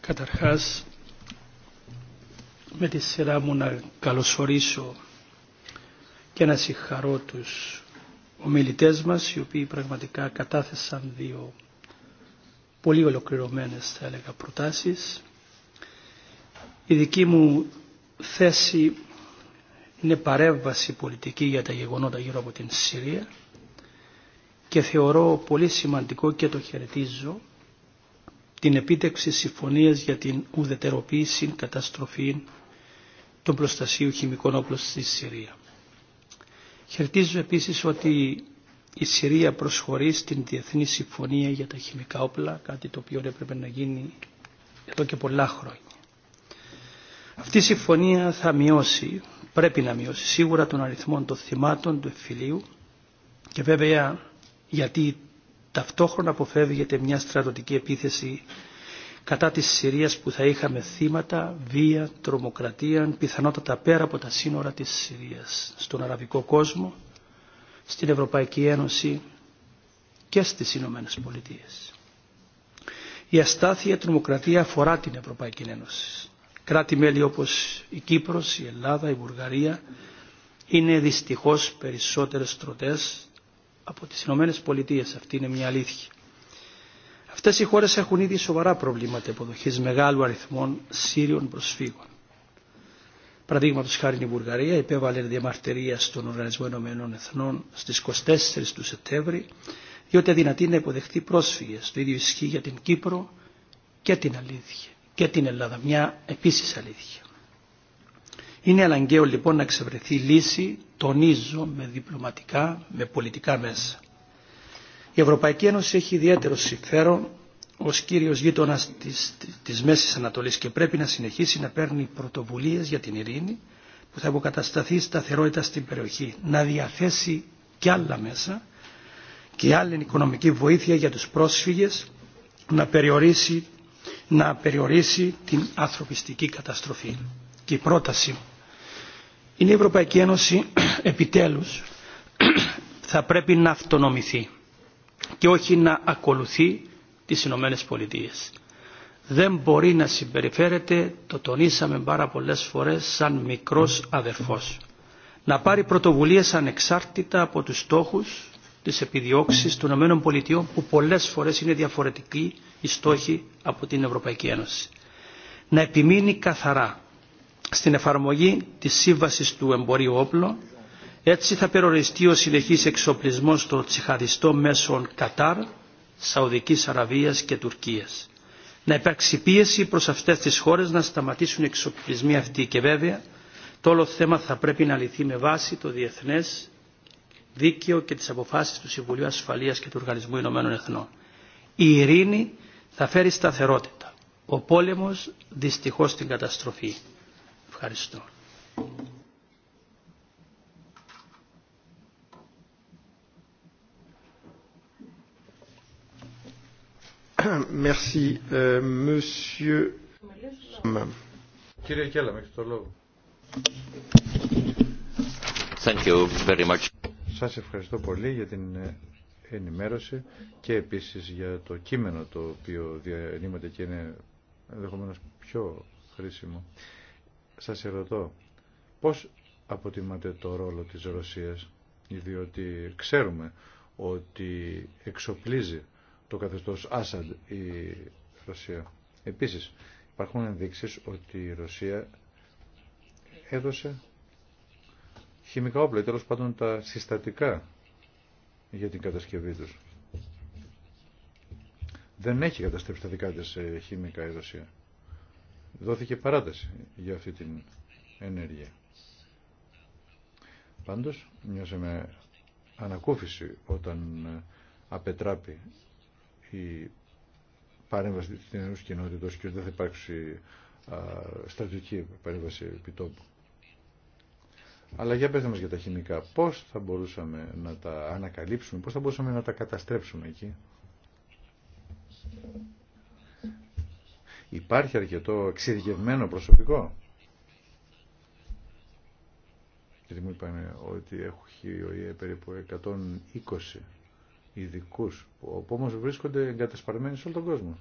Καταρχάς, με τη σειρά μου να καλωσορίσω και να συγχαρώ τους ομιλητές μας οι οποίοι πραγματικά κατάθεσαν δύο πολύ ολοκληρωμένες θα έλεγα προτάσεις. Η δική μου θέση είναι παρέμβαση πολιτική για τα γεγονότα γύρω από την Συρία και θεωρώ πολύ σημαντικό και το χαιρετίζω την επίτευξη συμφωνίας για την ουδετεροποίηση καταστροφή των προστασίου χημικών όπλων στη Συρία. Χαιρετίζω επίση ότι η Συρία προσχωρεί στην Διεθνή Συμφωνία για τα Χημικά Όπλα, κάτι το οποίο έπρεπε να γίνει εδώ και πολλά χρόνια. Αυτή η συμφωνία θα μειώσει, πρέπει να μειώσει σίγουρα τον αριθμό των θυμάτων του εφηλίου και βέβαια γιατί ταυτόχρονα αποφεύγεται μια στρατοτική επίθεση κατά της Συρίας που θα είχαμε θύματα, βία, τρομοκρατία, πιθανότατα πέρα από τα σύνορα της Συρίας, στον αραβικό κόσμο, στην Ευρωπαϊκή Ένωση και στις Ηνωμένες Πολιτείες. Η αστάθεια τρομοκρατία αφορά την Ευρωπαϊκή Ένωση. Κράτη-μέλη όπως η Κύπρος, η Ελλάδα, η Βουλγαρία είναι δυστυχώς περισσότερες τροτές από τις Ηνωμένες Πολιτείες. Αυτή είναι μια αλήθεια. Αυτές οι χώρες έχουν ήδη σοβαρά προβλήματα υποδοχής μεγάλου αριθμών Σύριων προσφύγων. Παραδείγματο χάρη η Βουλγαρία υπέβαλε διαμαρτυρία στον Οργανισμό Ενωμένων Εθνών στι 24 του Σεπτέμβρη, διότι αδυνατεί να υποδεχθεί πρόσφυγε Το ίδιο ισχύει για την Κύπρο και την αλήθεια. Και την Ελλάδα, μια επίση αλήθεια. Είναι αναγκαίο λοιπόν να εξευρεθεί λύση, τονίζω, με διπλωματικά, με πολιτικά μέσα. Η Ευρωπαϊκή Ένωση έχει ιδιαίτερο συμφέρον ως κύριος γείτονας της, της Μέσης Ανατολής και πρέπει να συνεχίσει να παίρνει πρωτοβουλίες για την ειρήνη που θα αποκατασταθεί σταθερότητα στην περιοχή, να διαθέσει και άλλα μέσα και άλλη οικονομική βοήθεια για τους πρόσφυγες να περιορίσει, να περιορίσει την ανθρωπιστική καταστροφή. Και η πρόταση είναι η Ευρωπαϊκή Ένωση επιτέλους θα πρέπει να αυτονομηθεί και όχι να ακολουθεί τις Ηνωμένε Πολιτείες. Δεν μπορεί να συμπεριφέρεται, το τονίσαμε πάρα πολλές φορές, σαν μικρός αδερφός. Να πάρει πρωτοβουλίες ανεξάρτητα από τους στόχους, της επιδιώξεις των Ηνωμένων Πολιτειών που πολλές φορές είναι διαφορετικοί οι στόχοι από την Ευρωπαϊκή Ένωση. Να επιμείνει καθαρά στην εφαρμογή της σύμβασης του εμπορίου όπλων έτσι θα περιοριστεί ο συνεχής εξοπλισμός των τσιχαδιστών μέσων Κατάρ, Σαουδικής Αραβίας και Τουρκίας. Να υπάρξει πίεση προς αυτές τις χώρες να σταματήσουν οι εξοπλισμοί αυτοί και βέβαια το όλο θέμα θα πρέπει να λυθεί με βάση το διεθνές δίκαιο και τις αποφάσεις του Συμβουλίου Ασφαλείας και του Οργανισμού Ηνωμένων Εθνών. Η ειρήνη θα φέρει σταθερότητα. Ο πόλεμος δυστυχώς την καταστροφή. Ευχαριστώ. Merci, Σας ευχαριστώ πολύ για την ε, ενημέρωση και επίσης για το κείμενο το οποίο διανύμεται και είναι ενδεχομένω πιο χρήσιμο. Σας ερωτώ, πώς αποτιμάτε το ρόλο της Ρωσίας, διότι ξέρουμε ότι εξοπλίζει το καθεστώς Άσαντ η Ρωσία. Επίσης υπάρχουν ενδείξεις ότι η Ρωσία έδωσε χημικά όπλα ή τέλος πάντων τα συστατικά για την κατασκευή τους. Δεν έχει καταστρέψει τα δικά της ε, χημικά η Ρωσία. Δόθηκε παράταση για αυτή την ενέργεια. Πάντως νιώσαμε ανακούφιση όταν ε, απετράπη η παρέμβαση της νέας κοινότητας και ότι δεν θα υπάρξει στρατιωτική παρέμβαση επιτόπου. Αλλά για πέστε μας για τα χημικά. Πώς θα μπορούσαμε να τα ανακαλύψουμε, πώς θα μπορούσαμε να τα καταστρέψουμε εκεί. Υπάρχει αρκετό εξειδικευμένο προσωπικό. Γιατί μου είπαν ότι η περίπου 120 ειδικού, που όμως βρίσκονται εγκατασπαρμένοι σε όλο τον κόσμο.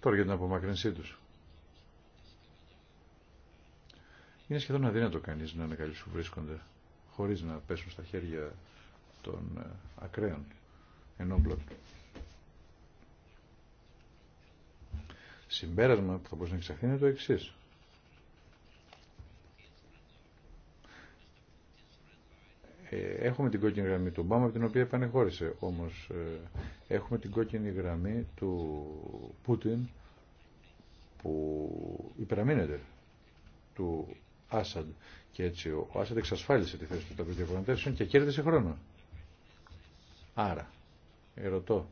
Τώρα για την απομακρυνσή τους. Είναι σχεδόν αδύνατο κανείς να ανακαλύψει που βρίσκονται χωρίς να πέσουν στα χέρια των ε, ακραίων ενόπλων. Συμπέρασμα που θα μπορούσε να εξαχθεί είναι το εξής. Ε, έχουμε την κόκκινη γραμμή του Ομπάμα, από την οποία επανεχώρησε. Όμως ε, έχουμε την κόκκινη γραμμή του Πούτιν που υπεραμείνεται του Άσαντ. Και έτσι ο Άσαντ εξασφάλισε τη θέση του των διαπραγματεύσεων και κέρδισε χρόνο. Άρα, ερωτώ,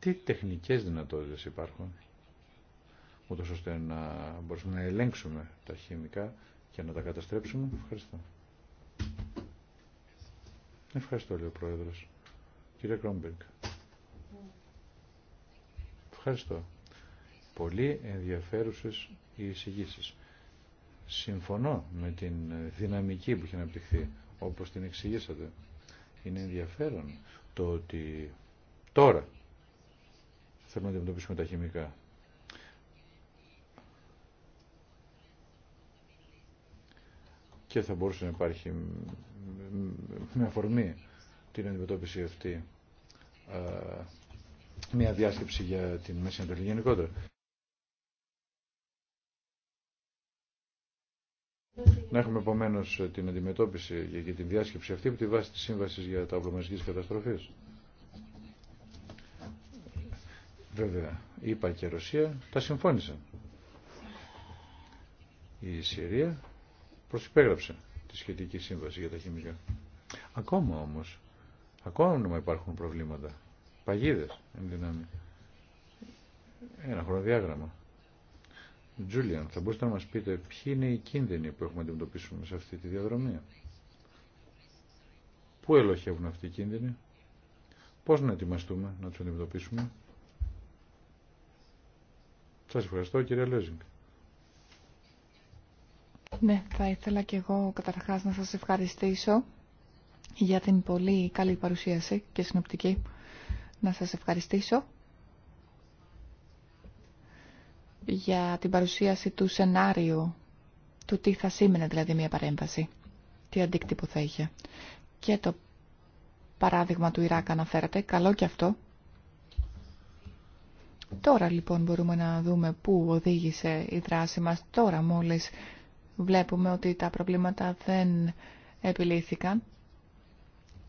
τι τεχνικές δυνατότητες υπάρχουν, ούτως ώστε να μπορούμε να ελέγξουμε τα χημικά και να τα καταστρέψουμε. Ευχαριστώ. Ευχαριστώ, λέει ο Πρόεδρο. Κύριε Κρόμπεργκ. Ευχαριστώ. Πολύ ενδιαφέρουσε οι εισηγήσει. Συμφωνώ με την δυναμική που έχει αναπτυχθεί, όπως την εξηγήσατε. Είναι ενδιαφέρον το ότι τώρα θέλουμε να αντιμετωπίσουμε τα χημικά και θα μπορούσε να υπάρχει με αφορμή την αντιμετώπιση αυτή μια διάσκεψη για την Μέση Ανατολή γενικότερα. Να έχουμε επομένω την αντιμετώπιση και την διάσκεψη αυτή από τη βάση τη Σύμβαση για τα Οπλομαζική Καταστροφή. Βέβαια, είπα και η Ρωσία τα συμφώνησαν. Η Συρία προσυπέγραψε τη σχετική σύμβαση για τα χημικά. Ακόμα όμως, ακόμα υπάρχουν προβλήματα. Παγίδες, εν δυνάμει. Ένα χρονοδιάγραμμα. Τζούλιαν, θα μπορούσατε να μας πείτε ποιοι είναι οι κίνδυνοι που έχουμε να αντιμετωπίσουμε σε αυτή τη διαδρομή. Πού ελοχεύουν αυτοί οι κίνδυνοι. Πώς να ετοιμαστούμε να τους αντιμετωπίσουμε. Σας ευχαριστώ κύριε Λέζινγκ. Ναι, θα ήθελα και εγώ καταρχάς να σας ευχαριστήσω για την πολύ καλή παρουσίαση και συνοπτική. Να σας ευχαριστήσω για την παρουσίαση του σενάριου, του τι θα σήμαινε δηλαδή μια παρέμβαση, τι αντίκτυπο θα είχε. Και το παράδειγμα του Ιράκ αναφέρατε, καλό και αυτό. Τώρα λοιπόν μπορούμε να δούμε πού οδήγησε η δράση μας, τώρα μόλις Βλέπουμε ότι τα προβλήματα δεν επιλύθηκαν,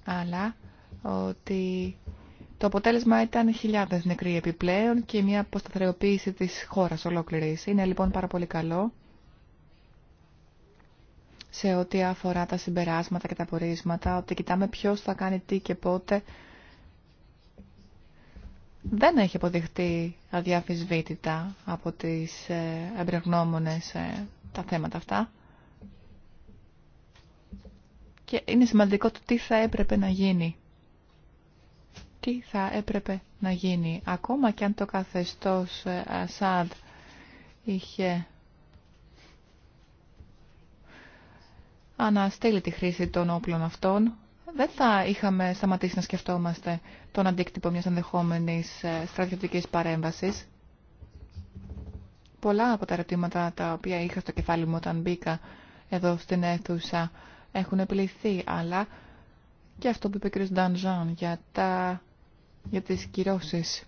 αλλά ότι το αποτέλεσμα ήταν χιλιάδες νεκροί επιπλέον και μια αποσταθεροποίηση της χώρας ολόκληρης. Είναι λοιπόν πάρα πολύ καλό σε ό,τι αφορά τα συμπεράσματα και τα πορίσματα, ότι κοιτάμε ποιος θα κάνει τι και πότε. Δεν έχει αποδειχτεί αδιαφυσβήτητα από τις ε, εμπρεγνώμονες ε, τα θέματα αυτά. Και είναι σημαντικό το τι θα έπρεπε να γίνει. Τι θα έπρεπε να γίνει. Ακόμα και αν το καθεστώς ε, Ασάντ είχε αναστείλει τη χρήση των όπλων αυτών, δεν θα είχαμε σταματήσει να σκεφτόμαστε τον αντίκτυπο μιας ενδεχόμενης ε, στρατιωτικής παρέμβασης. Πολλά από τα ερωτήματα τα οποία είχα στο κεφάλι μου όταν μπήκα εδώ στην αίθουσα έχουν επιληθεί, αλλά και αυτό που είπε ο κ. Ντανζάν για, τα... για τις κυρώσεις.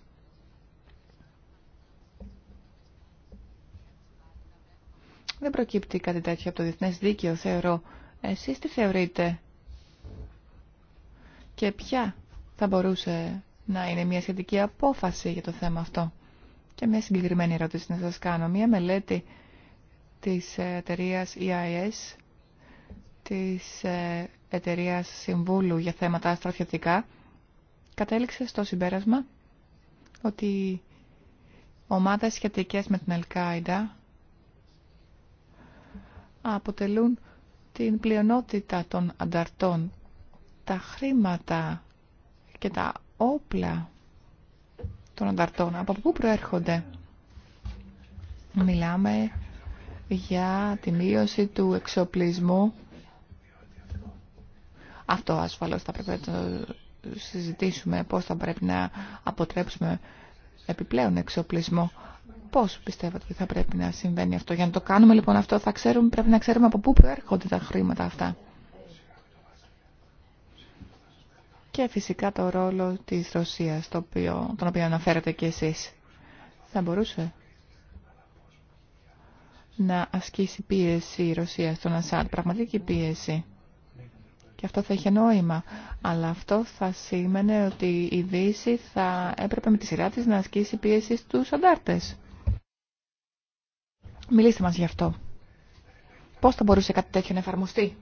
Δεν προκύπτει κάτι τέτοιο από το διεθνές δίκαιο, θεωρώ. Εσείς τι θεωρείτε και ποια θα μπορούσε να είναι μια σχετική απόφαση για το θέμα αυτό. Και μια συγκεκριμένη ερώτηση να σας κάνω. Μια μελέτη της εταιρεία EIS, της ε, εταιρεία Συμβούλου για θέματα στρατιωτικά, κατέληξε στο συμπέρασμα ότι ομάδες σχετικές με την Αλκάιντα αποτελούν την πλειονότητα των ανταρτών. Τα χρήματα και τα όπλα των Από πού προέρχονται. Μιλάμε για τη μείωση του εξοπλισμού. Αυτό ασφαλώς θα πρέπει να συζητήσουμε πώς θα πρέπει να αποτρέψουμε επιπλέον εξοπλισμό. Πώς πιστεύετε ότι θα πρέπει να συμβαίνει αυτό. Για να το κάνουμε λοιπόν αυτό θα ξέρουμε, πρέπει να ξέρουμε από πού προέρχονται τα χρήματα αυτά. και φυσικά το ρόλο της Ρωσίας, το οποίο, τον οποίο αναφέρατε και εσείς. Θα μπορούσε να ασκήσει πίεση η Ρωσία στον Ασάντ, πραγματική πίεση. Και αυτό θα είχε νόημα. Αλλά αυτό θα σήμαινε ότι η Δύση θα έπρεπε με τη σειρά της να ασκήσει πίεση στους αντάρτες. Μιλήστε μας γι' αυτό. Πώς θα μπορούσε κάτι τέτοιο να εφαρμοστεί.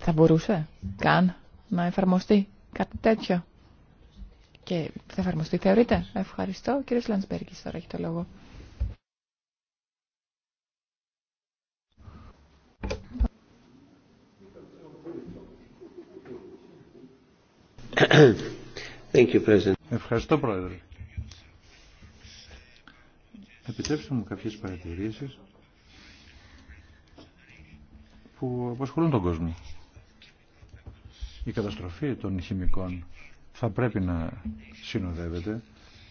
Θα μπορούσε. Καν να εφαρμοστεί κάτι τέτοιο. Και θα εφαρμοστεί, θεωρείτε. Ευχαριστώ. Κύριε Λανσμπέργκης τώρα έχει το λόγο. Thank you, President. Ευχαριστώ, Πρόεδρε. Επιτρέψτε μου κάποιες παρατηρήσεις που απασχολούν τον κόσμο η καταστροφή των χημικών θα πρέπει να συνοδεύεται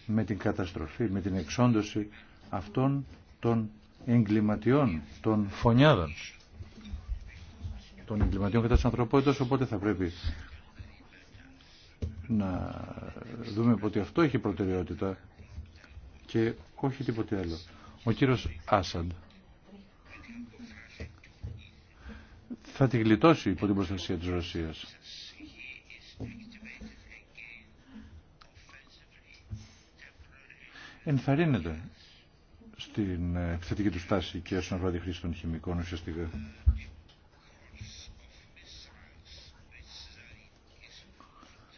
με την καταστροφή, με την εξόντωση αυτών των εγκληματιών, των φωνιάδων, των εγκληματιών κατά της ανθρωπότητας, οπότε θα πρέπει να δούμε ότι αυτό έχει προτεραιότητα και όχι τίποτε άλλο. Ο κύριος Άσαντ θα τη γλιτώσει υπό την προστασία της Ρωσίας. ενθαρρύνεται στην επιθετική του στάση και όσον αφορά τη χρήση των χημικών ουσιαστικά.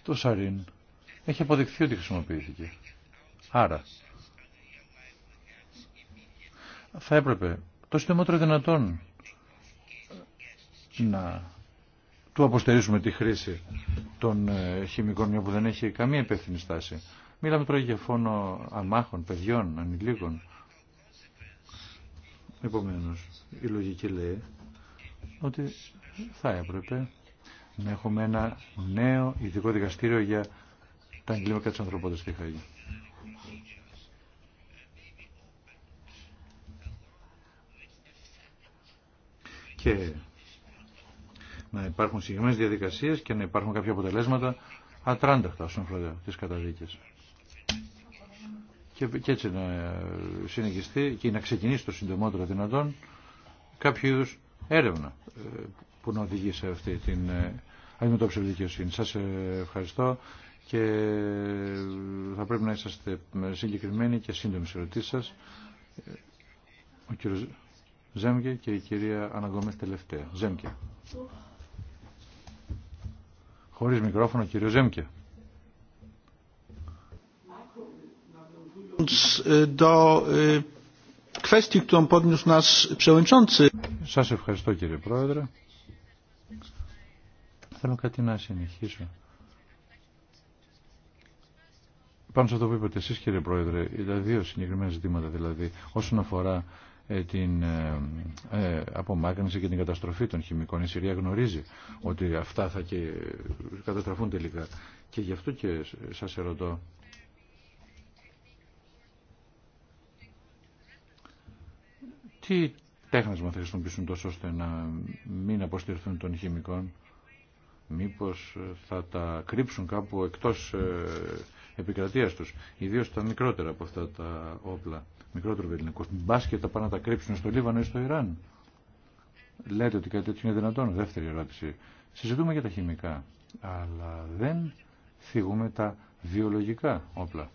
Το σαρίν έχει αποδειχθεί ότι χρησιμοποιήθηκε. Άρα, θα έπρεπε το συντομότερο δυνατόν να του αποστερήσουμε τη χρήση των ε, χημικών, μια που δεν έχει καμία υπεύθυνη στάση. Μίλαμε τώρα για φόνο αμάχων, παιδιών, ανηλίκων. Επομένως, η λογική λέει ότι θα έπρεπε να έχουμε ένα νέο ειδικό δικαστήριο για τα εγκλήματα της ανθρωπότητας στη Χάγη. Και να υπάρχουν συγκεκριμένες διαδικασίες και να υπάρχουν κάποια αποτελέσματα ατράνταχτα όσον αφορά τις καταδίκες και, έτσι να ε, συνεχιστεί και να ξεκινήσει το συντομότερο δυνατόν κάποιο είδου έρευνα ε, που να οδηγεί σε αυτή την ε, αντιμετώπιση δικαιοσύνη. Σας ευχαριστώ και θα πρέπει να είσαστε συγκεκριμένοι και σύντομοι σε ερωτήσει σα. Ο κύριο Ζέμκε και η κυρία Αναγκόμε τελευταία. Ζέμκε. Χωρίς μικρόφωνο, κύριο Ζέμκε. Σας e, e, ευχαριστώ κύριε Πρόεδρε. Θέλω κάτι να συνεχίσω. Πάνω σε αυτό που είπατε εσείς κύριε Πρόεδρε, τα δύο συγκεκριμένα ζητήματα δηλαδή, όσον αφορά ε, την ε, ε, απομάκρυνση και την καταστροφή των χημικών. Η Συρία γνωρίζει ότι αυτά θα και ε, καταστραφούν τελικά. Και γι' αυτό και σας ερωτώ, Τι τέχνασμα θα χρησιμοποιήσουν τόσο ώστε να μην αποστηρθούν των χημικών. Μήπως ε, θα τα κρύψουν κάπου εκτός ε, επικρατείας τους. Ιδίως τα μικρότερα από αυτά τα όπλα. Μικρότερο βελληνικό. Μπάς και τα πάνε να τα κρύψουν στο Λίβανο ή στο Ιράν. Λέτε ότι κάτι τέτοιο είναι δυνατόν. Δεύτερη ερώτηση. Συζητούμε για τα χημικά. Αλλά δεν φύγουμε τα βιολογικά όπλα.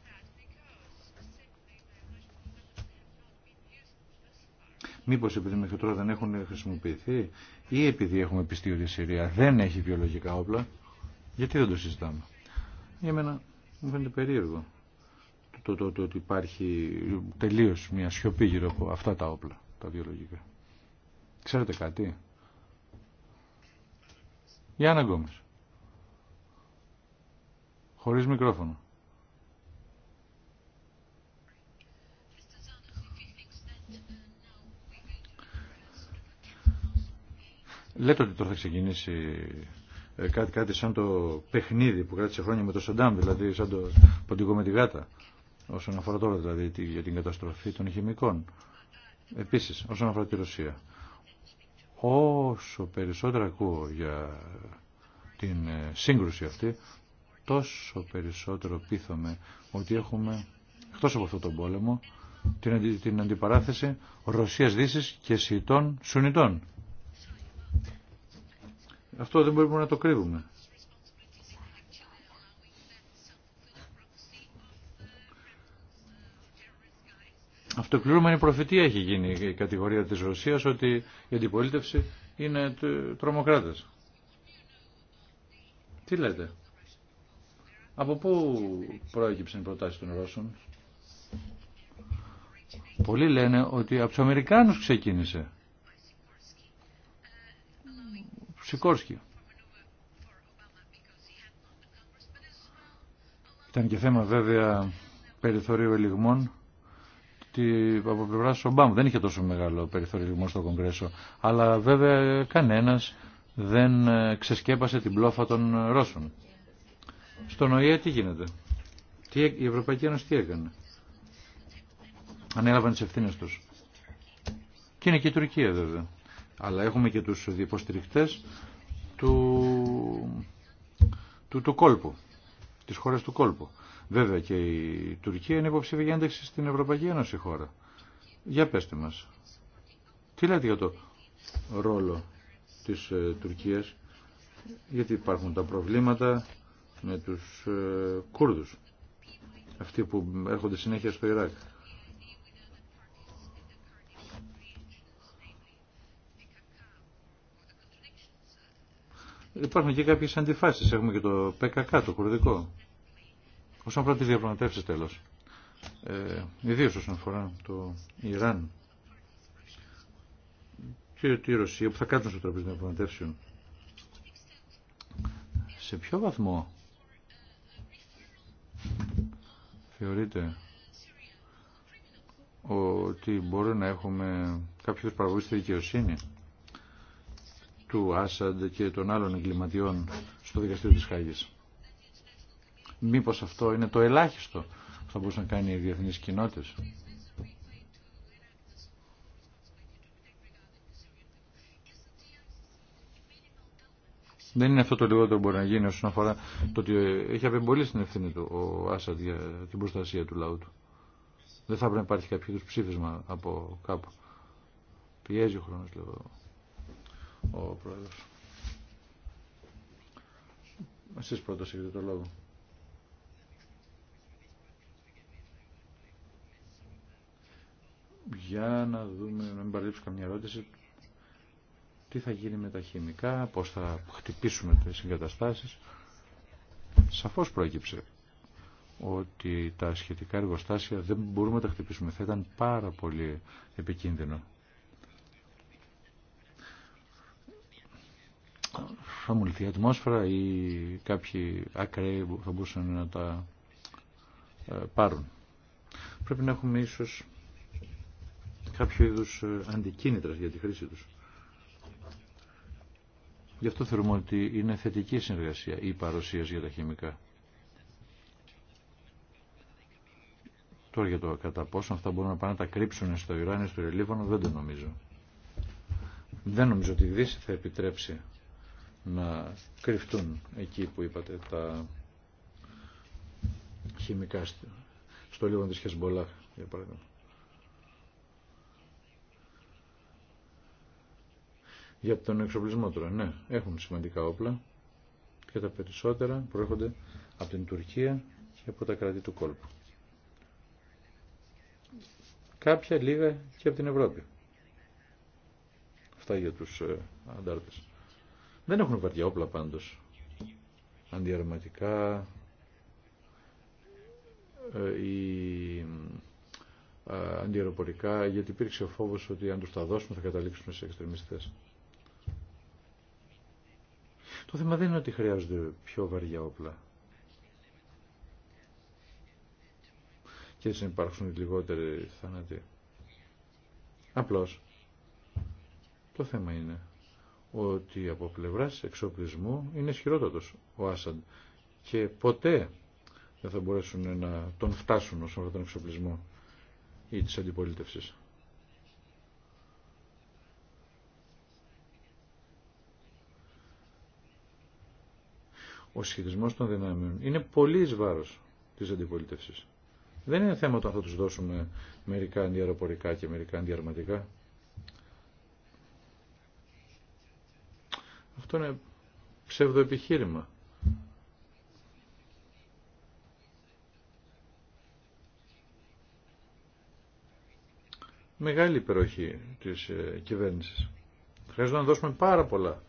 Μήπως επειδή μέχρι τώρα δεν έχουν χρησιμοποιηθεί ή επειδή έχουμε πιστεί ότι η Συρία δεν έχει βιολογικά όπλα, γιατί δεν το συζητάμε. Για μένα μου φαίνεται περίεργο το, το, το, ότι υπάρχει τελείως μια σιωπή γύρω από αυτά τα όπλα, τα βιολογικά. Ξέρετε κάτι. Για να Χωρίς μικρόφωνο. Λέτε ότι τώρα θα ξεκινήσει ε, κάτι, κάτι σαν το παιχνίδι που κράτησε χρόνια με το Σαντάμ, δηλαδή σαν το ποντικό με τη γάτα, όσον αφορά τώρα δηλαδή για την καταστροφή των χημικών. Επίσης, όσον αφορά τη Ρωσία. Όσο περισσότερο ακούω για την ε, σύγκρουση αυτή, τόσο περισσότερο πείθομαι ότι έχουμε, εκτός από αυτόν τον πόλεμο, την, την αντιπαράθεση Ρωσίας Δύσης και Σιητών Σουνιτών. Αυτό δεν μπορούμε να το κρύβουμε. η προφητεία έχει γίνει η κατηγορία της Ρωσίας ότι η αντιπολίτευση είναι τρομοκράτες. Τι λέτε. Από πού προέκυψαν οι προτάσεις των Ρώσων. Πολλοί λένε ότι από τους Αμερικάνους ξεκίνησε. Σικόρσκι. Ήταν και θέμα βέβαια περιθωρίου ελιγμών από πλευρά Ομπάμα. Δεν είχε τόσο μεγάλο περιθώριο ελιγμών στο Κογκρέσο. Αλλά βέβαια κανένας δεν ε, ξεσκέπασε την πλόφα των ε, Ρώσων. Στον ΟΗΕ τι γίνεται. Τι, η Ευρωπαϊκή Ένωση τι έκανε. Ανέλαβαν τις ευθύνες τους. Και είναι και η Τουρκία βέβαια αλλά έχουμε και τους υποστηρικτές του, του, του κόλπου, της χώρας του κόλπου. Βέβαια και η Τουρκία είναι υποψήφια για ένταξη στην Ευρωπαϊκή Ένωση χώρα. Για πέστε μας. Τι λέτε για το ρόλο της ε, Τουρκίας, γιατί υπάρχουν τα προβλήματα με τους ε, Κούρδους, αυτοί που έρχονται συνέχεια στο Ιράκ. Υπάρχουν και κάποιες αντιφάσεις. Έχουμε και το ΠΚΚ, το κουρδικό. Όσον αφορά τις διαπραγματεύσει, τέλος. Ε, ιδίως όσον αφορά το Ιράν και τη Ρωσία που θα κάτσουν στο τραπέζι διαπραγματεύσεων. Σε ποιο βαθμό θεωρείτε ότι μπορεί να έχουμε κάποιους παραγωγούς στη δικαιοσύνη του Άσαντ και των άλλων εγκληματιών στο δικαστήριο της Χάγης. Μήπως αυτό είναι το ελάχιστο που θα μπορούσαν να κάνει οι διεθνείς κοινότητες. Δεν είναι αυτό το λιγότερο που μπορεί να γίνει όσον αφορά το ότι έχει απεμπολίσει την ευθύνη του ο Άσαντ για την προστασία του λαού του. Δεν θα πρέπει να υπάρχει κάποιο ψήφισμα από κάπου. Πιέζει ο χρόνος, λέω ο Πρόεδρος. Εσείς έχετε το λόγο. Για να δούμε, να μην παραλείψω καμιά ερώτηση, τι θα γίνει με τα χημικά, πώς θα χτυπήσουμε τις συγκαταστάσεις. Σαφώς προέκυψε ότι τα σχετικά εργοστάσια δεν μπορούμε να τα χτυπήσουμε. Θα ήταν πάρα πολύ επικίνδυνο. θα λυθεί η ατμόσφαιρα ή κάποιοι ακραίοι θα μπορούσαν να τα ε, πάρουν. Πρέπει να έχουμε ίσως κάποιο είδους ε, αντικίνητρα για τη χρήση τους. Γι' αυτό θεωρούμε ότι είναι θετική συνεργασία ή παρουσία για τα χημικά. Τώρα για το κατά πόσο αυτά μπορούν να πάνε να τα κρύψουν στο Ιράν ή στο Ρελίβανο, δεν το νομίζω. Δεν νομίζω ότι η Δύση θα επιτρέψει να κρυφτούν εκεί που είπατε τα χημικά στο λίγο της Χεσμπολάχ για παράδειγμα. Για τον εξοπλισμό τώρα, ναι, έχουν σημαντικά όπλα και τα περισσότερα προέρχονται από την Τουρκία και από τα κράτη του κόλπου. Κάποια λίγα και από την Ευρώπη. Αυτά για τους ε, αντάρτες. Δεν έχουν βαριά όπλα πάντως. Αντιαρματικά, ή ε, ε, αντιεροπορικά, γιατί υπήρξε ο φόβος ότι αν τους τα δώσουμε θα καταλήξουμε σε εξτρεμιστές. Το θέμα δεν είναι ότι χρειάζονται πιο βαριά όπλα. Και έτσι να υπάρξουν λιγότεροι θάνατοι. Απλώς. Το θέμα είναι ότι από πλευράς εξοπλισμού είναι ισχυρότατος ο Άσαντ και ποτέ δεν θα μπορέσουν να τον φτάσουν όσον αφορά τον εξοπλισμό ή τις αντιπολίτευσης. Ο σχετισμός των δυνάμεων είναι πολύ εις βάρος της αντιπολίτευσης. Δεν είναι θέμα το αν θα τους δώσουμε μερικά αντιαεροπορικά και μερικά αντιαρματικά. Αυτό είναι ψευδοεπιχείρημα. Μεγάλη υπεροχή της ε, κυβέρνησης. Χρειάζεται να δώσουμε πάρα πολλά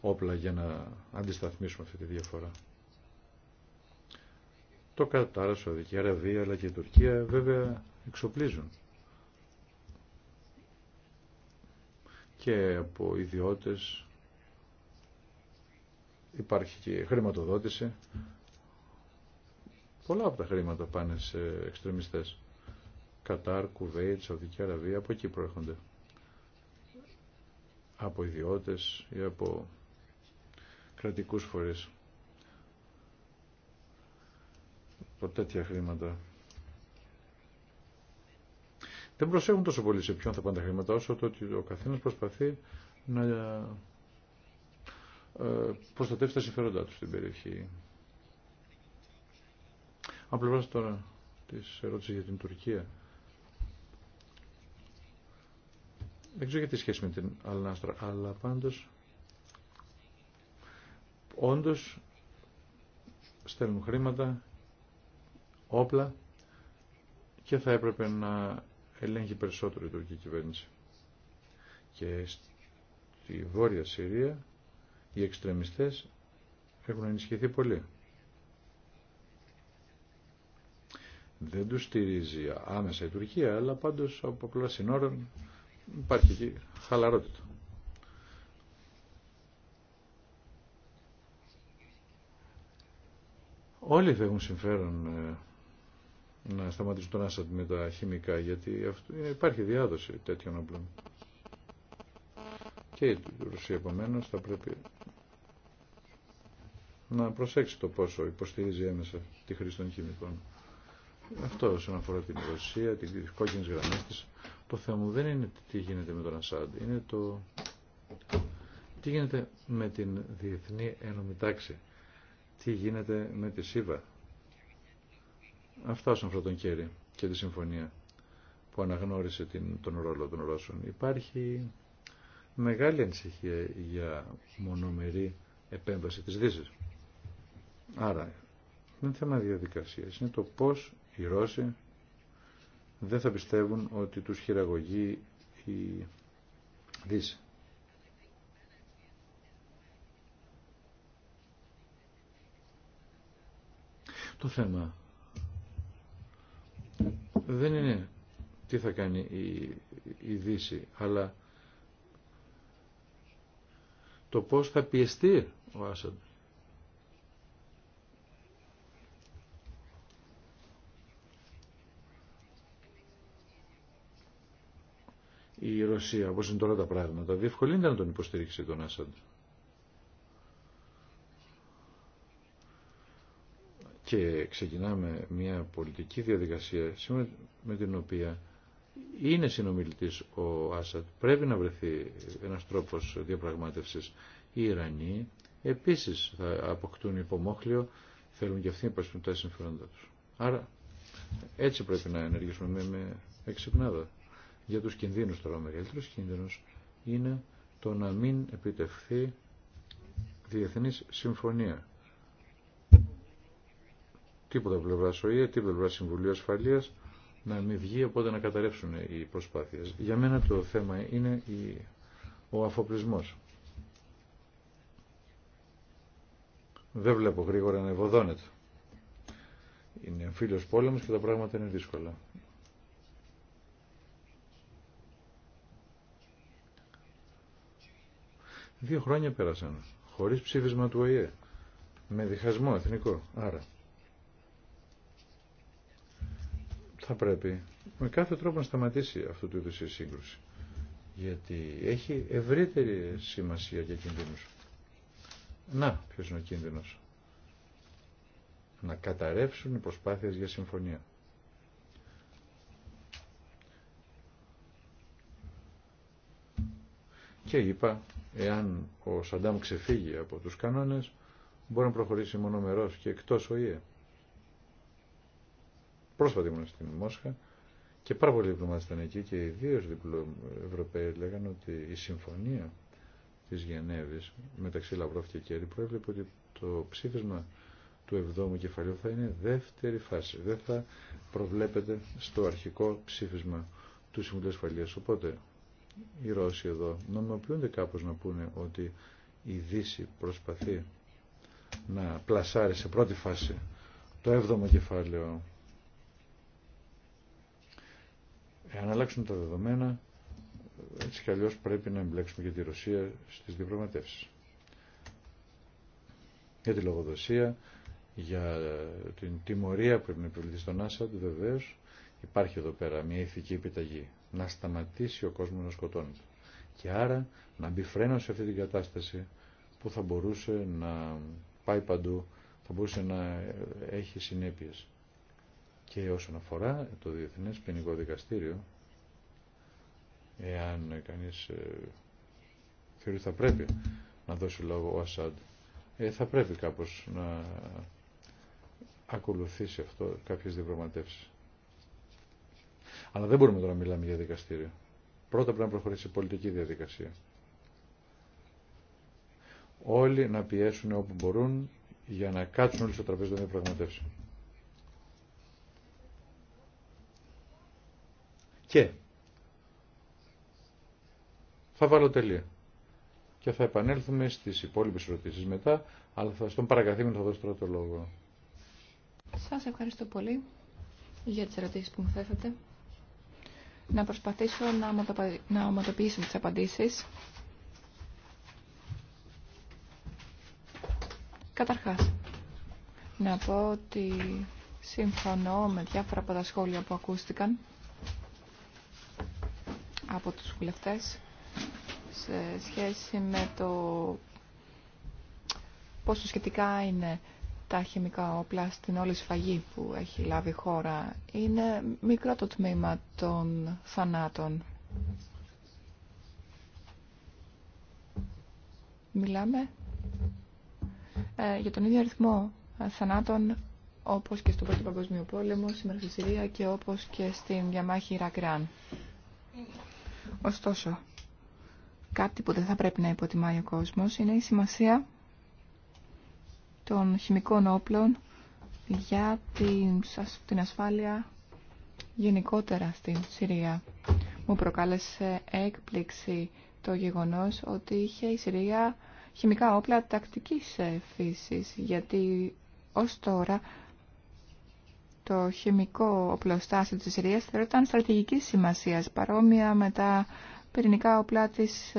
όπλα για να αντισταθμίσουμε αυτή τη διαφορά. Το Κατάρα, η Αραβία αλλά και η Τουρκία βέβαια εξοπλίζουν. Και από ιδιώτες υπάρχει και χρηματοδότηση. Πολλά από τα χρήματα πάνε σε εξτρεμιστές. Κατάρ, Κουβέιτ, Σαουδική Αραβία, από εκεί προέρχονται. Από ιδιώτες ή από κρατικούς φορείς. Από τέτοια χρήματα. Δεν προσέχουν τόσο πολύ σε ποιον θα πάνε τα χρήματα όσο το ότι ο καθένας προσπαθεί να ε, προστατεύσει τα συμφέροντά του στην περιοχή. Αν τώρα τις ερώτηση για την Τουρκία. Δεν ξέρω γιατί σχέση με την Αλνάστρα, αλλά πάντως όντως στέλνουν χρήματα, όπλα και θα έπρεπε να ελέγχει περισσότερο η τουρκική κυβέρνηση. Και στη Βόρεια Συρία οι εξτρεμιστές έχουν ενισχυθεί πολύ. Δεν τους στηρίζει άμεσα η Τουρκία, αλλά πάντως από απλά συνόρων υπάρχει χαλαρότητα. Όλοι θα έχουν συμφέρον ε, να σταματήσουν τον Άσαντ με τα χημικά, γιατί ε, υπάρχει διάδοση τέτοιων όπλων. Και η Ρωσία επομένω θα πρέπει να προσέξει το πόσο υποστηρίζει έμεσα τη χρήση των χημικών. Αυτό όσον αφορά την Ρωσία, τι κόκκινε γραμμέ τη, το θέμα μου δεν είναι τι γίνεται με τον Ασάντ, είναι το τι γίνεται με την διεθνή ένωμη τάξη, τι γίνεται με τη ΣΥΒΑ. Αυτά όσον αφορά τον Κέρι και τη συμφωνία που αναγνώρισε την, τον ρόλο των Ρώσων. Υπάρχει μεγάλη ανησυχία για μονομερή επέμβαση της δύση. Άρα, δεν είναι θέμα διαδικασία. Είναι το πώς οι Ρώσοι δεν θα πιστεύουν ότι τους χειραγωγεί η Δύση. Το θέμα δεν είναι τι θα κάνει η, η Δύση, αλλά το πώς θα πιεστεί ο Άσαντ. Η Ρωσία, όπως είναι τώρα τα πράγματα, διευκολύνεται να τον υποστηρίξει τον Άσαντ. Και ξεκινάμε μια πολιτική διαδικασία σήμερα με την οποία είναι συνομιλητής ο Άσαντ. Πρέπει να βρεθεί ένας τρόπος διαπραγμάτευσης. Οι Ιρανοί επίσης θα αποκτούν υπομόχλιο, θέλουν και αυτοί να υπασπιστούν τα συμφέροντά τους. Άρα έτσι πρέπει να ενεργήσουμε με, εξυπνάδα. Για τους κινδύνους τώρα ο μεγαλύτερος κίνδυνος είναι το να μην επιτευχθεί διεθνής συμφωνία. Τίποτα πλευρά ΟΗΕ, τίποτα πλευρά Συμβουλίου Ασφαλείας, να μην βγει, οπότε να καταρρεύσουν οι προσπάθειες. Για μένα το θέμα είναι η, ο αφοπλισμός. Δεν βλέπω γρήγορα να ευωδώνεται. Είναι φίλος πόλεμος και τα πράγματα είναι δύσκολα. Δύο χρόνια πέρασαν, χωρίς ψήφισμα του ΟΗΕ, με διχασμό εθνικό, άρα. θα πρέπει με κάθε τρόπο να σταματήσει αυτού του είδους η σύγκρουση. Γιατί έχει ευρύτερη σημασία για κινδύνους. Να, ποιος είναι ο κίνδυνος. Να καταρρεύσουν οι προσπάθειες για συμφωνία. Και είπα, εάν ο Σαντάμ ξεφύγει από τους κανόνες, μπορεί να προχωρήσει μονομερός και εκτός ΙΕ. Πρόσφατα ήμουν στην Μόσχα και πάρα πολλοί διπλωμάτες ήταν εκεί και οι δύο Ευρωπαίοι λέγανε ότι η συμφωνία της Γενέβης μεταξύ Λαυρόφ και Κέρι προέβλεπε ότι το ψήφισμα του 7ου κεφαλαίου θα είναι δεύτερη φάση. Δεν θα προβλέπεται στο αρχικό ψήφισμα του Συμβουλίου Ασφαλείας. Οπότε οι Ρώσοι εδώ νομιμοποιούνται κάπως να πούνε ότι η Δύση προσπαθεί να πλασάρει σε πρώτη φάση το 7ο κεφάλαιο Εάν αλλάξουν τα δεδομένα, έτσι κι πρέπει να εμπλέξουμε και τη Ρωσία στις διπλωματεύσεις. Για τη λογοδοσία, για την τιμωρία που πρέπει να επιβληθεί στον Άσαντ, βεβαίω υπάρχει εδώ πέρα μια ηθική επιταγή. Να σταματήσει ο κόσμος να σκοτώνεται. Και άρα να μπει φρένο σε αυτή την κατάσταση που θα μπορούσε να πάει παντού, θα μπορούσε να έχει συνέπειες. Και όσον αφορά το Διεθνές Ποινικό Δικαστήριο, εάν κανείς ε, θεωρεί θα πρέπει να δώσει λόγο ο Ασάντ, ε, θα πρέπει κάπως να ακολουθήσει αυτό κάποιες διπλωματεύσεις. Αλλά δεν μπορούμε τώρα να μιλάμε για δικαστήριο. Πρώτα πρέπει να προχωρήσει η πολιτική διαδικασία. Όλοι να πιέσουν όπου μπορούν για να κάτσουν όλοι στο τραπέζι των διαπραγματεύσεων. και. Θα βάλω τελεία. Και θα επανέλθουμε στις υπόλοιπες ερωτήσεις μετά, αλλά θα στον παρακαθήμενο θα δώσω τώρα το λόγο. Σας ευχαριστώ πολύ για τις ερωτήσεις που μου θέσατε. Να προσπαθήσω να, να ομοτοποιήσω τις απαντήσεις. Καταρχάς, να πω ότι συμφωνώ με διάφορα από τα σχόλια που ακούστηκαν από τους βουλευτές σε σχέση με το πόσο σχετικά είναι τα χημικά όπλα στην όλη σφαγή που έχει λάβει η χώρα. Είναι μικρό το τμήμα των θανάτων. Μιλάμε ε, για τον ίδιο αριθμό ε, θανάτων όπως και στον Πρώτο Παγκόσμιο Πόλεμο, σήμερα στη Συρία και όπως και στην διαμάχη Ιρακράν. Ωστόσο, κάτι που δεν θα πρέπει να υποτιμάει ο κόσμος είναι η σημασία των χημικών όπλων για την ασφάλεια γενικότερα στην Συρία. Μου προκάλεσε έκπληξη το γεγονός ότι είχε η Συρία χημικά όπλα τακτικής ε, φύσης, γιατί ως τώρα το χημικό οπλοστάσιο της Συρίας θεωρείται στρατηγική σημασίας, παρόμοια με τα πυρηνικά όπλα της,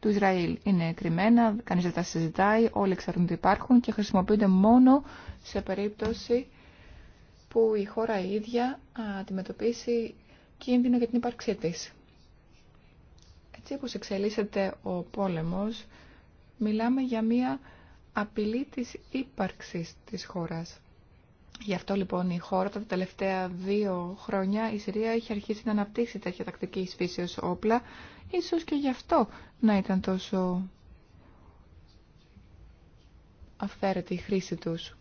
του Ισραήλ. Είναι κρυμμένα, κανείς δεν τα συζητάει, όλοι ξέρουν ότι υπάρχουν και χρησιμοποιούνται μόνο σε περίπτωση που η χώρα η ίδια αντιμετωπίσει κίνδυνο για την ύπαρξή της. Έτσι όπως εξελίσσεται ο πόλεμος, μιλάμε για μία απειλή της ύπαρξης της χώρας. Γι' αυτό λοιπόν η χώρα τα τελευταία δύο χρόνια η Συρία έχει αρχίσει να αναπτύσσει τέτοια τακτική φύσεω όπλα, ίσως και γι' αυτό να ήταν τόσο αυθαίρετη η χρήση τους.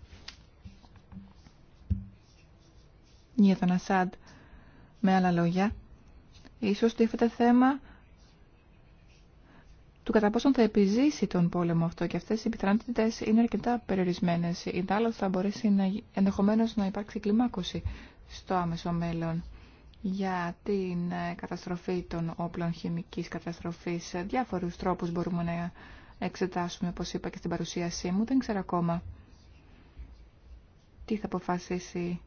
Για τον Ασάντ, με άλλα λόγια, ίσως τίθεται θέμα του κατά πόσον θα επιζήσει τον πόλεμο αυτό και αυτές οι πιθανότητες είναι αρκετά περιορισμένες. Η Ντάλλος θα μπορέσει να, ενδεχομένως να υπάρξει κλιμάκωση στο άμεσο μέλλον για την ε, καταστροφή των όπλων χημικής καταστροφής. Σε διάφορους τρόπους μπορούμε να εξετάσουμε, όπως είπα και στην παρουσίασή μου, δεν ξέρω ακόμα τι θα αποφασίσει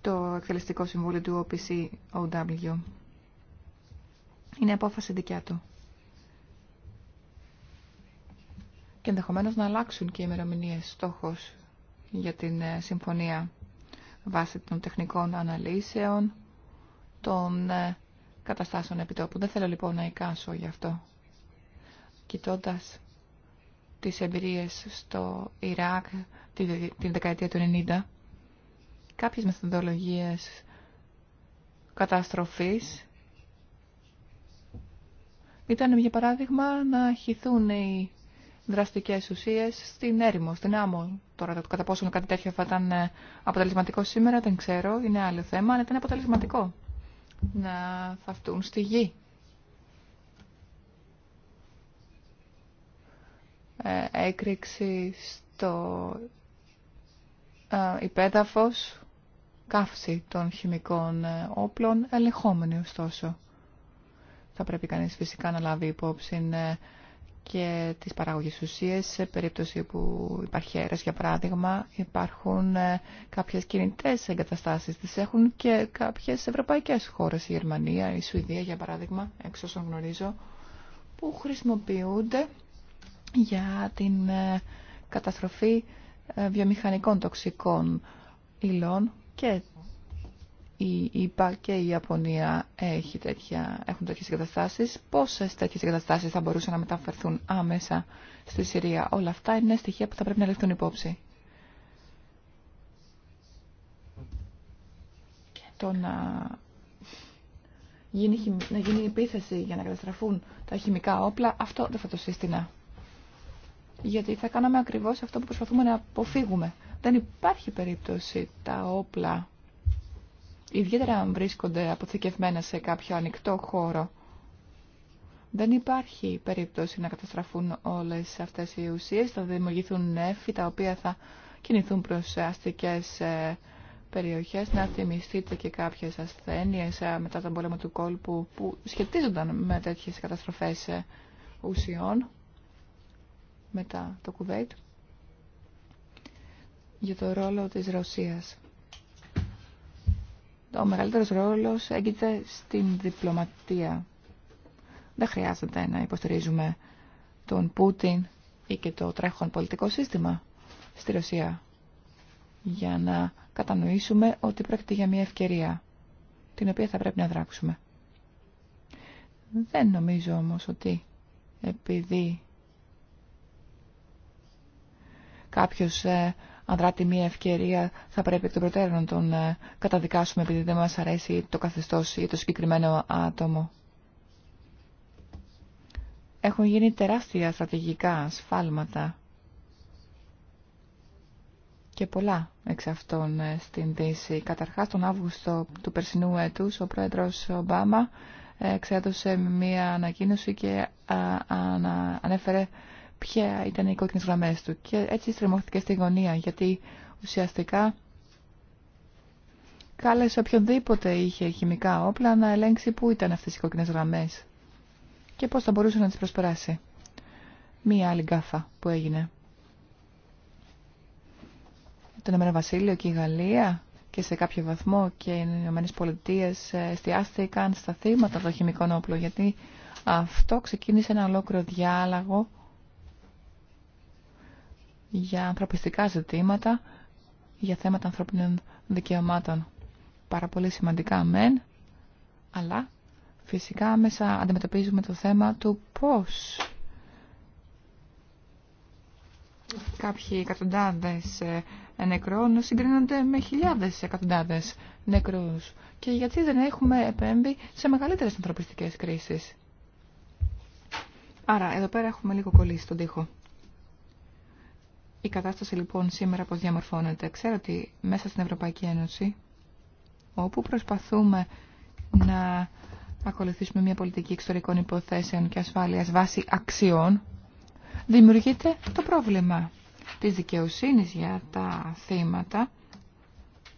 το εκτελεστικό συμβούλιο του OPCOW. Είναι απόφαση δικιά του. και ενδεχομένως να αλλάξουν και οι ημερομηνίε στόχος για την ε, συμφωνία βάσει των τεχνικών αναλύσεων των ε, καταστάσεων επιτόπου. Δεν θέλω λοιπόν να εικάσω γι' αυτό. Κοιτώντα τις εμπειρίες στο Ιράκ την δεκαετία του 90, κάποιες μεθοδολογίες καταστροφής ήταν για παράδειγμα να χυθούν οι Δραστικέ ουσίε στην έρημο, στην άμμο. Τώρα το κατά πόσο κάτι τέτοιο θα ήταν ε, αποτελεσματικό σήμερα δεν ξέρω, είναι άλλο θέμα, αλλά ήταν αποτελεσματικό να θαυτούν στη γη. Ε, έκρηξη στο ε, υπέδαφος, καύση των χημικών όπλων, ελεγχόμενη ωστόσο. Θα πρέπει κανείς φυσικά να λάβει υπόψη και τις παράγωγες ουσίες σε περίπτωση που υπάρχει αέρας για παράδειγμα υπάρχουν ε, κάποιες κινητές εγκαταστάσεις τις έχουν και κάποιες ευρωπαϊκές χώρες η Γερμανία, η Σουηδία για παράδειγμα εξ όσων γνωρίζω που χρησιμοποιούνται για την ε, καταστροφή ε, βιομηχανικών τοξικών υλών και η ΙΠΑ και η Ιαπωνία έχει τέτοια, έχουν τέτοιες εγκαταστάσεις. Πόσες τέτοιες εγκαταστάσεις θα μπορούσαν να μεταφερθούν άμεσα στη Συρία. Όλα αυτά είναι στοιχεία που θα πρέπει να λεφτούν υπόψη. Το να γίνει, να γίνει επίθεση για να καταστραφούν τα χημικά όπλα, αυτό δεν θα το σύστηνα. Γιατί θα κάναμε ακριβώς αυτό που προσπαθούμε να αποφύγουμε. Δεν υπάρχει περίπτωση τα όπλα ιδιαίτερα αν βρίσκονται αποθηκευμένα σε κάποιο ανοιχτό χώρο. Δεν υπάρχει περίπτωση να καταστραφούν όλες αυτές οι ουσίες, θα δημιουργηθούν νέφη τα οποία θα κινηθούν προς αστικές ε, περιοχές. Να θυμηθείτε και κάποιες ασθένειες ε, μετά τον πόλεμο του κόλπου που σχετίζονταν με τέτοιες καταστροφές ε, ουσιών μετά το κουβέιτ για το ρόλο της Ρωσίας. Ο μεγαλύτερος ρόλος έγκυται στην διπλωματία. Δεν χρειάζεται να υποστηρίζουμε τον Πούτιν ή και το τρέχον πολιτικό σύστημα στη Ρωσία για να κατανοήσουμε ότι πρόκειται για μια ευκαιρία την οποία θα πρέπει να δράξουμε. Δεν νομίζω όμως ότι επειδή κάποιος ε, αν δράτει μια ευκαιρία θα πρέπει εκ των προτέρων να τον ε, καταδικάσουμε επειδή δεν μας αρέσει το καθεστώς ή το συγκεκριμένο άτομο. Έχουν γίνει τεράστια στρατηγικά σφάλματα και πολλά εξ αυτών ε, στην Δύση. Καταρχάς τον Αύγουστο του περσινού έτους ο πρόεδρος Ομπάμα ε, εξέδωσε μια ανακοίνωση και ανέφερε ποια ήταν οι κόκκινες γραμμές του και έτσι στριμώχθηκε στη γωνία γιατί ουσιαστικά κάλεσε οποιονδήποτε είχε χημικά όπλα να ελέγξει πού ήταν αυτές οι κόκκινες γραμμές και πώς θα μπορούσε να τις προσπεράσει. Μία άλλη γκάφα που έγινε. Το Ηνωμένο Βασίλειο και η Γαλλία και σε κάποιο βαθμό και οι Ηνωμένε Πολιτείε εστιάστηκαν στα θύματα των χημικών όπλων γιατί αυτό ξεκίνησε ένα ολόκληρο διάλογο για ανθρωπιστικά ζητήματα, για θέματα ανθρώπινων δικαιωμάτων. Πάρα πολύ σημαντικά μεν, αλλά φυσικά μέσα αντιμετωπίζουμε το θέμα του πώς κάποιοι εκατοντάδες ε, νεκρών συγκρίνονται με χιλιάδες εκατοντάδες νεκρούς. Και γιατί δεν έχουμε επέμβει σε μεγαλύτερες ανθρωπιστικές κρίσεις. Άρα εδώ πέρα έχουμε λίγο κολλήσει τον τοίχο. Η κατάσταση λοιπόν σήμερα πώς διαμορφώνεται. Ξέρω ότι μέσα στην Ευρωπαϊκή Ένωση, όπου προσπαθούμε να ακολουθήσουμε μια πολιτική εξωτερικών υποθέσεων και ασφάλειας βάσει αξιών, δημιουργείται το πρόβλημα της δικαιοσύνης για τα θύματα,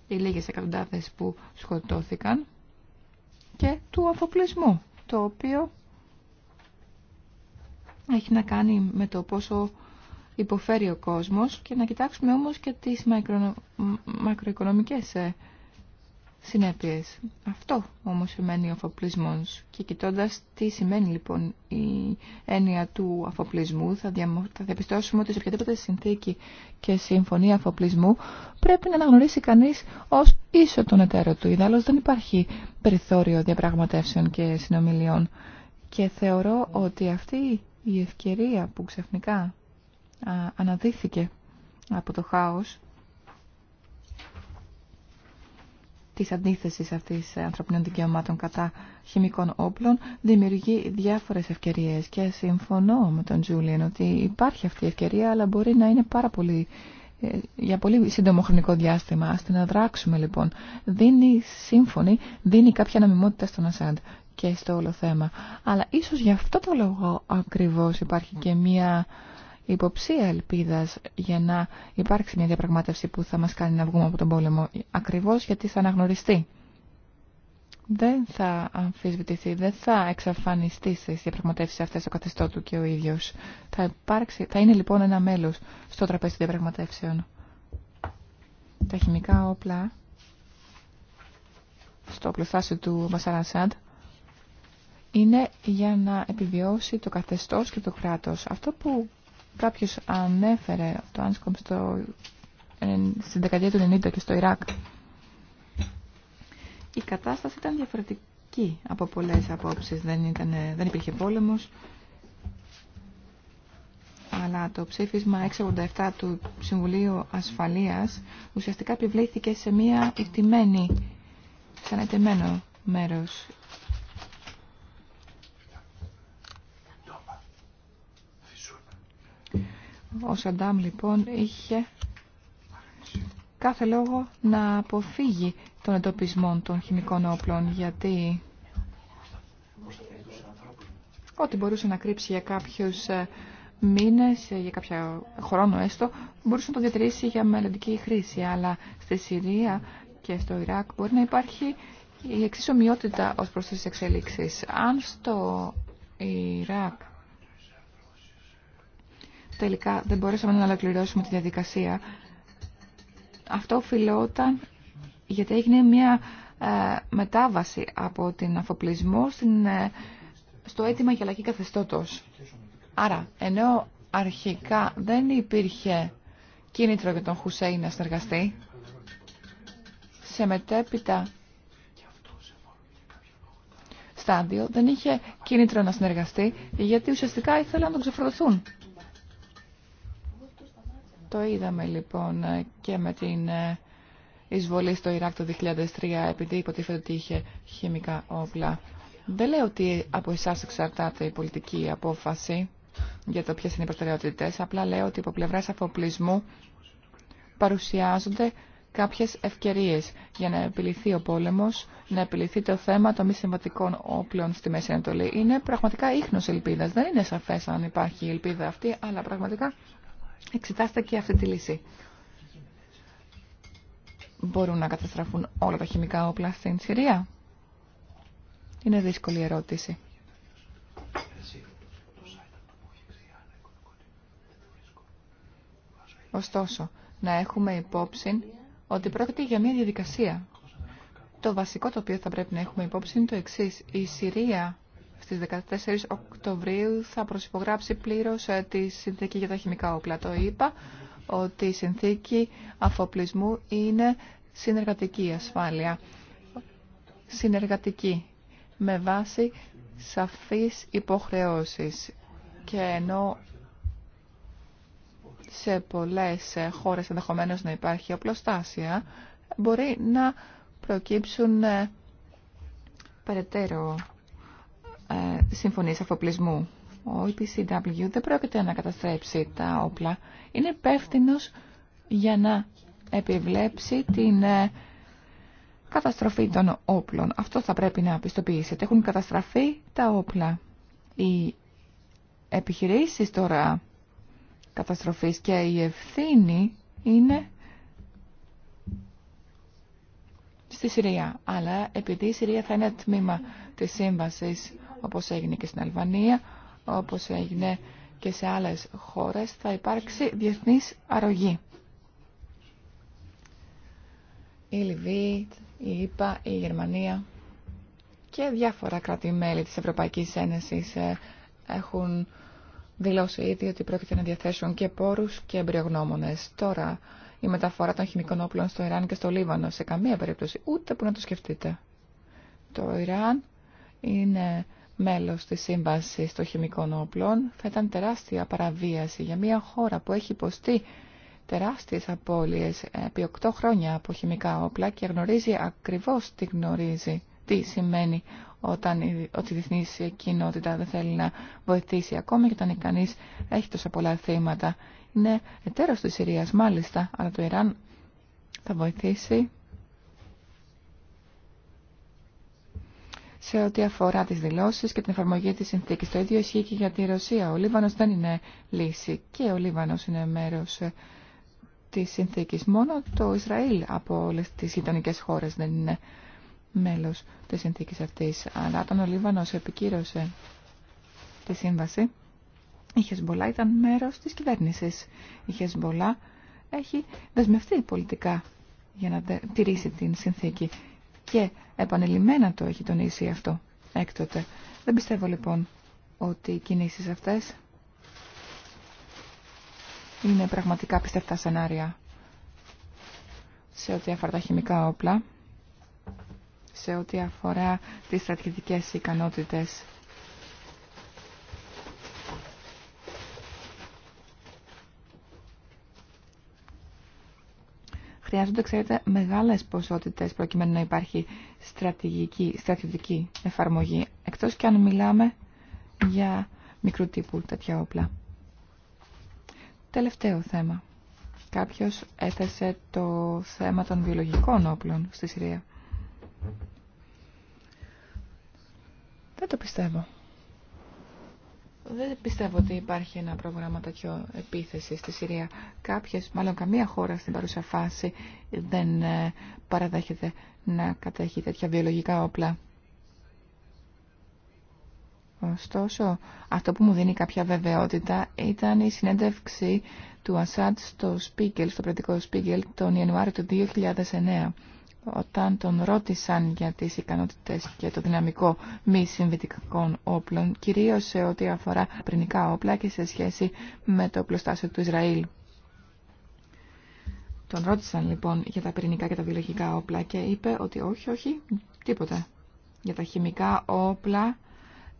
οι λίγες εκατοντάδες που σκοτώθηκαν, και του αφοπλισμού, το οποίο έχει να κάνει με το πόσο υποφέρει ο κόσμος και να κοιτάξουμε όμως και τις μακρο, μακροοικονομικές ε, συνέπειες. Αυτό όμως σημαίνει ο αφοπλισμός. Και κοιτώντας τι σημαίνει λοιπόν η έννοια του αφοπλισμού, θα, θα διαπιστώσουμε ότι σε οποιαδήποτε συνθήκη και συμφωνία αφοπλισμού πρέπει να αναγνωρίσει κανείς ως ίσο τον εταίρο του. Ιδάλλως δεν υπάρχει περιθώριο διαπραγματεύσεων και συνομιλιών. Και θεωρώ ότι αυτή η ευκαιρία που ξαφνικά αναδύθηκε από το χάος της αντίθεσης αυτής ανθρωπινών δικαιωμάτων κατά χημικών όπλων δημιουργεί διάφορες ευκαιρίες και συμφωνώ με τον Τζούλιεν ότι υπάρχει αυτή η ευκαιρία αλλά μπορεί να είναι πάρα πολύ ε, για πολύ σύντομο χρονικό διάστημα. Ας την αδράξουμε λοιπόν. Δίνει σύμφωνη, δίνει κάποια νομιμότητα στον Ασάντ και στο όλο θέμα. Αλλά ίσως γι' αυτό το λόγο ακριβώς υπάρχει και μία υποψία ελπίδας για να υπάρξει μια διαπραγμάτευση που θα μας κάνει να βγούμε από τον πόλεμο, ακριβώς γιατί θα αναγνωριστεί. Δεν θα αμφισβητηθεί, δεν θα εξαφανιστεί στις διαπραγματεύσεις αυτές το καθεστώ του και ο ίδιος. Θα, υπάρξει, θα είναι λοιπόν ένα μέλος στο τραπέζι των διαπραγματεύσεων. Τα χημικά όπλα στο πλουστάσιο του Σαντ είναι για να επιβιώσει το καθεστώς και το κράτος. Αυτό που Κάποιος ανέφερε το Άνσκομπ στο, στην δεκαετία του 90 και στο Ιράκ. Η κατάσταση ήταν διαφορετική από πολλές απόψεις. Δεν, ήταν, δεν υπήρχε πόλεμος. Αλλά το ψήφισμα 687 του Συμβουλίου Ασφαλείας ουσιαστικά επιβλήθηκε σε μια ευτυμένη, σαν μέρος. Ο Σαντάμ λοιπόν είχε κάθε λόγο να αποφύγει τον εντοπισμό των χημικών όπλων γιατί ό,τι μπορούσε να κρύψει για κάποιους ε, μήνες, ε, για κάποιο χρόνο έστω, μπορούσε να το διατηρήσει για μελλοντική χρήση. Αλλά στη Συρία και στο Ιράκ μπορεί να υπάρχει η εξής ως προς τις εξελίξεις. Αν στο Ιράκ τελικά δεν μπορέσαμε να ολοκληρώσουμε τη διαδικασία. Αυτό οφειλόταν γιατί έγινε μια ε, μετάβαση από την αφοπλισμό στην, ε, στο αίτημα για αλλαγή καθεστώτος. Άρα, ενώ αρχικά δεν υπήρχε κίνητρο για τον Χουσέι να συνεργαστεί, σε μετέπειτα στάδιο δεν είχε κίνητρο να συνεργαστεί, γιατί ουσιαστικά ήθελαν να τον ξεφροντωθούν. Το είδαμε λοιπόν και με την ε, εισβολή στο Ιράκ το 2003 επειδή υποτίθεται ότι είχε χημικά όπλα. Δεν λέω ότι από εσά εξαρτάται η πολιτική απόφαση για το ποιε είναι οι προτεραιότητε. Απλά λέω ότι από πλευρά αφοπλισμού παρουσιάζονται κάποιε ευκαιρίε για να επιληθεί ο πόλεμο, να επιληθεί το θέμα των μη συμβατικών όπλων στη Μέση Ανατολή. Είναι πραγματικά ίχνος ελπίδα. Δεν είναι σαφέ αν υπάρχει η ελπίδα αυτή, αλλά πραγματικά εξετάστε και αυτή τη λύση. Μπορούν να καταστραφούν όλα τα χημικά όπλα στην Συρία. Είναι δύσκολη ερώτηση. Ωστόσο, να έχουμε υπόψη ότι πρόκειται για μια διαδικασία. Το βασικό το οποίο θα πρέπει να έχουμε υπόψη είναι το εξής. Η Συρία στις 14 Οκτωβρίου θα προσυπογράψει πλήρως ε, τη συνθήκη για τα χημικά όπλα. Το είπα ότι η συνθήκη αφοπλισμού είναι συνεργατική ασφάλεια. Συνεργατική με βάση σαφείς υποχρεώσεις. Και ενώ σε πολλές ε, χώρες ενδεχομένως να υπάρχει οπλοστάσια, μπορεί να προκύψουν ε, περαιτέρω ε, συμφωνίες αφοπλισμού. Ο EPCW δεν πρόκειται να καταστρέψει τα όπλα. Είναι υπεύθυνο για να επιβλέψει την ε, καταστροφή των όπλων. Αυτό θα πρέπει να πιστοποιήσετε. Έχουν καταστραφεί τα όπλα. Οι επιχειρήσεις τώρα καταστροφής και η ευθύνη είναι στη Συρία. Αλλά επειδή η Συρία θα είναι τμήμα της σύμβασης όπως έγινε και στην Αλβανία, όπως έγινε και σε άλλες χώρες, θα υπάρξει διεθνής αρρωγή. Η Λιβύη, η ΙΠΑ, η Γερμανία και διάφορα κράτη-μέλη της Ευρωπαϊκής Ένωσης ε, έχουν δηλώσει ήδη ότι πρόκειται να διαθέσουν και πόρους και εμπριογνώμονες. Τώρα η μεταφορά των χημικών όπλων στο Ιράν και στο Λίβανο σε καμία περίπτωση ούτε που να το σκεφτείτε. Το Ιράν είναι μέλος της Σύμβασης των Χημικών Όπλων θα ήταν τεράστια παραβίαση για μια χώρα που έχει υποστεί τεράστιες απώλειες επί 8 χρόνια από χημικά όπλα και γνωρίζει ακριβώς τι γνωρίζει, τι σημαίνει όταν ότι η διεθνής κοινότητα δεν θέλει να βοηθήσει ακόμη και όταν κανείς έχει τόσα πολλά θύματα. Είναι εταίρος της Συρίας μάλιστα, αλλά το Ιράν θα βοηθήσει σε ό,τι αφορά τις δηλώσεις και την εφαρμογή της συνθήκης. Το ίδιο ισχύει και για τη Ρωσία. Ο Λίβανος δεν είναι λύση και ο Λίβανος είναι μέρος ε, της συνθήκης. Μόνο το Ισραήλ από όλες τις γειτονικές χώρες δεν είναι μέλος της συνθήκης αυτής. Αλλά όταν ο Λίβανος επικύρωσε τη σύμβαση, η Χεσμολά ήταν μέρος της κυβέρνησης. Η Χεσμολά έχει δεσμευτεί πολιτικά για να τηρήσει την συνθήκη και επανελειμμένα το έχει τονίσει αυτό έκτοτε. Δεν πιστεύω λοιπόν ότι οι κινήσεις αυτές είναι πραγματικά πιστευτά σενάρια σε ό,τι αφορά τα χημικά όπλα, σε ό,τι αφορά τις στρατηγικές ικανότητες Χρειάζονται, ξέρετε, μεγάλες ποσότητες προκειμένου να υπάρχει στρατηγική, στρατιωτική εφαρμογή, εκτός και αν μιλάμε για μικρού τύπου τέτοια όπλα. Τελευταίο θέμα. Κάποιος έθεσε το θέμα των βιολογικών όπλων στη Συρία. Δεν το πιστεύω. Δεν πιστεύω ότι υπάρχει ένα πρόγραμμα τέτοιο επίθεση στη Συρία. Κάποιες, μάλλον καμία χώρα στην παρούσα φάση δεν ε, παραδέχεται να κατέχει τέτοια βιολογικά όπλα. Ωστόσο, αυτό που μου δίνει κάποια βεβαιότητα ήταν η συνέντευξη του Ασάντ στο Σπίγκελ, στο πρακτικό Σπίγκελ, τον Ιανουάριο του 2009 όταν τον ρώτησαν για τις ικανότητες και το δυναμικό μη συμβητικών όπλων, κυρίως σε ό,τι αφορά πρινικά όπλα και σε σχέση με το πλωστάσιο του Ισραήλ. Τον ρώτησαν λοιπόν για τα πυρηνικά και τα βιολογικά όπλα και είπε ότι όχι, όχι, τίποτα. Για τα χημικά όπλα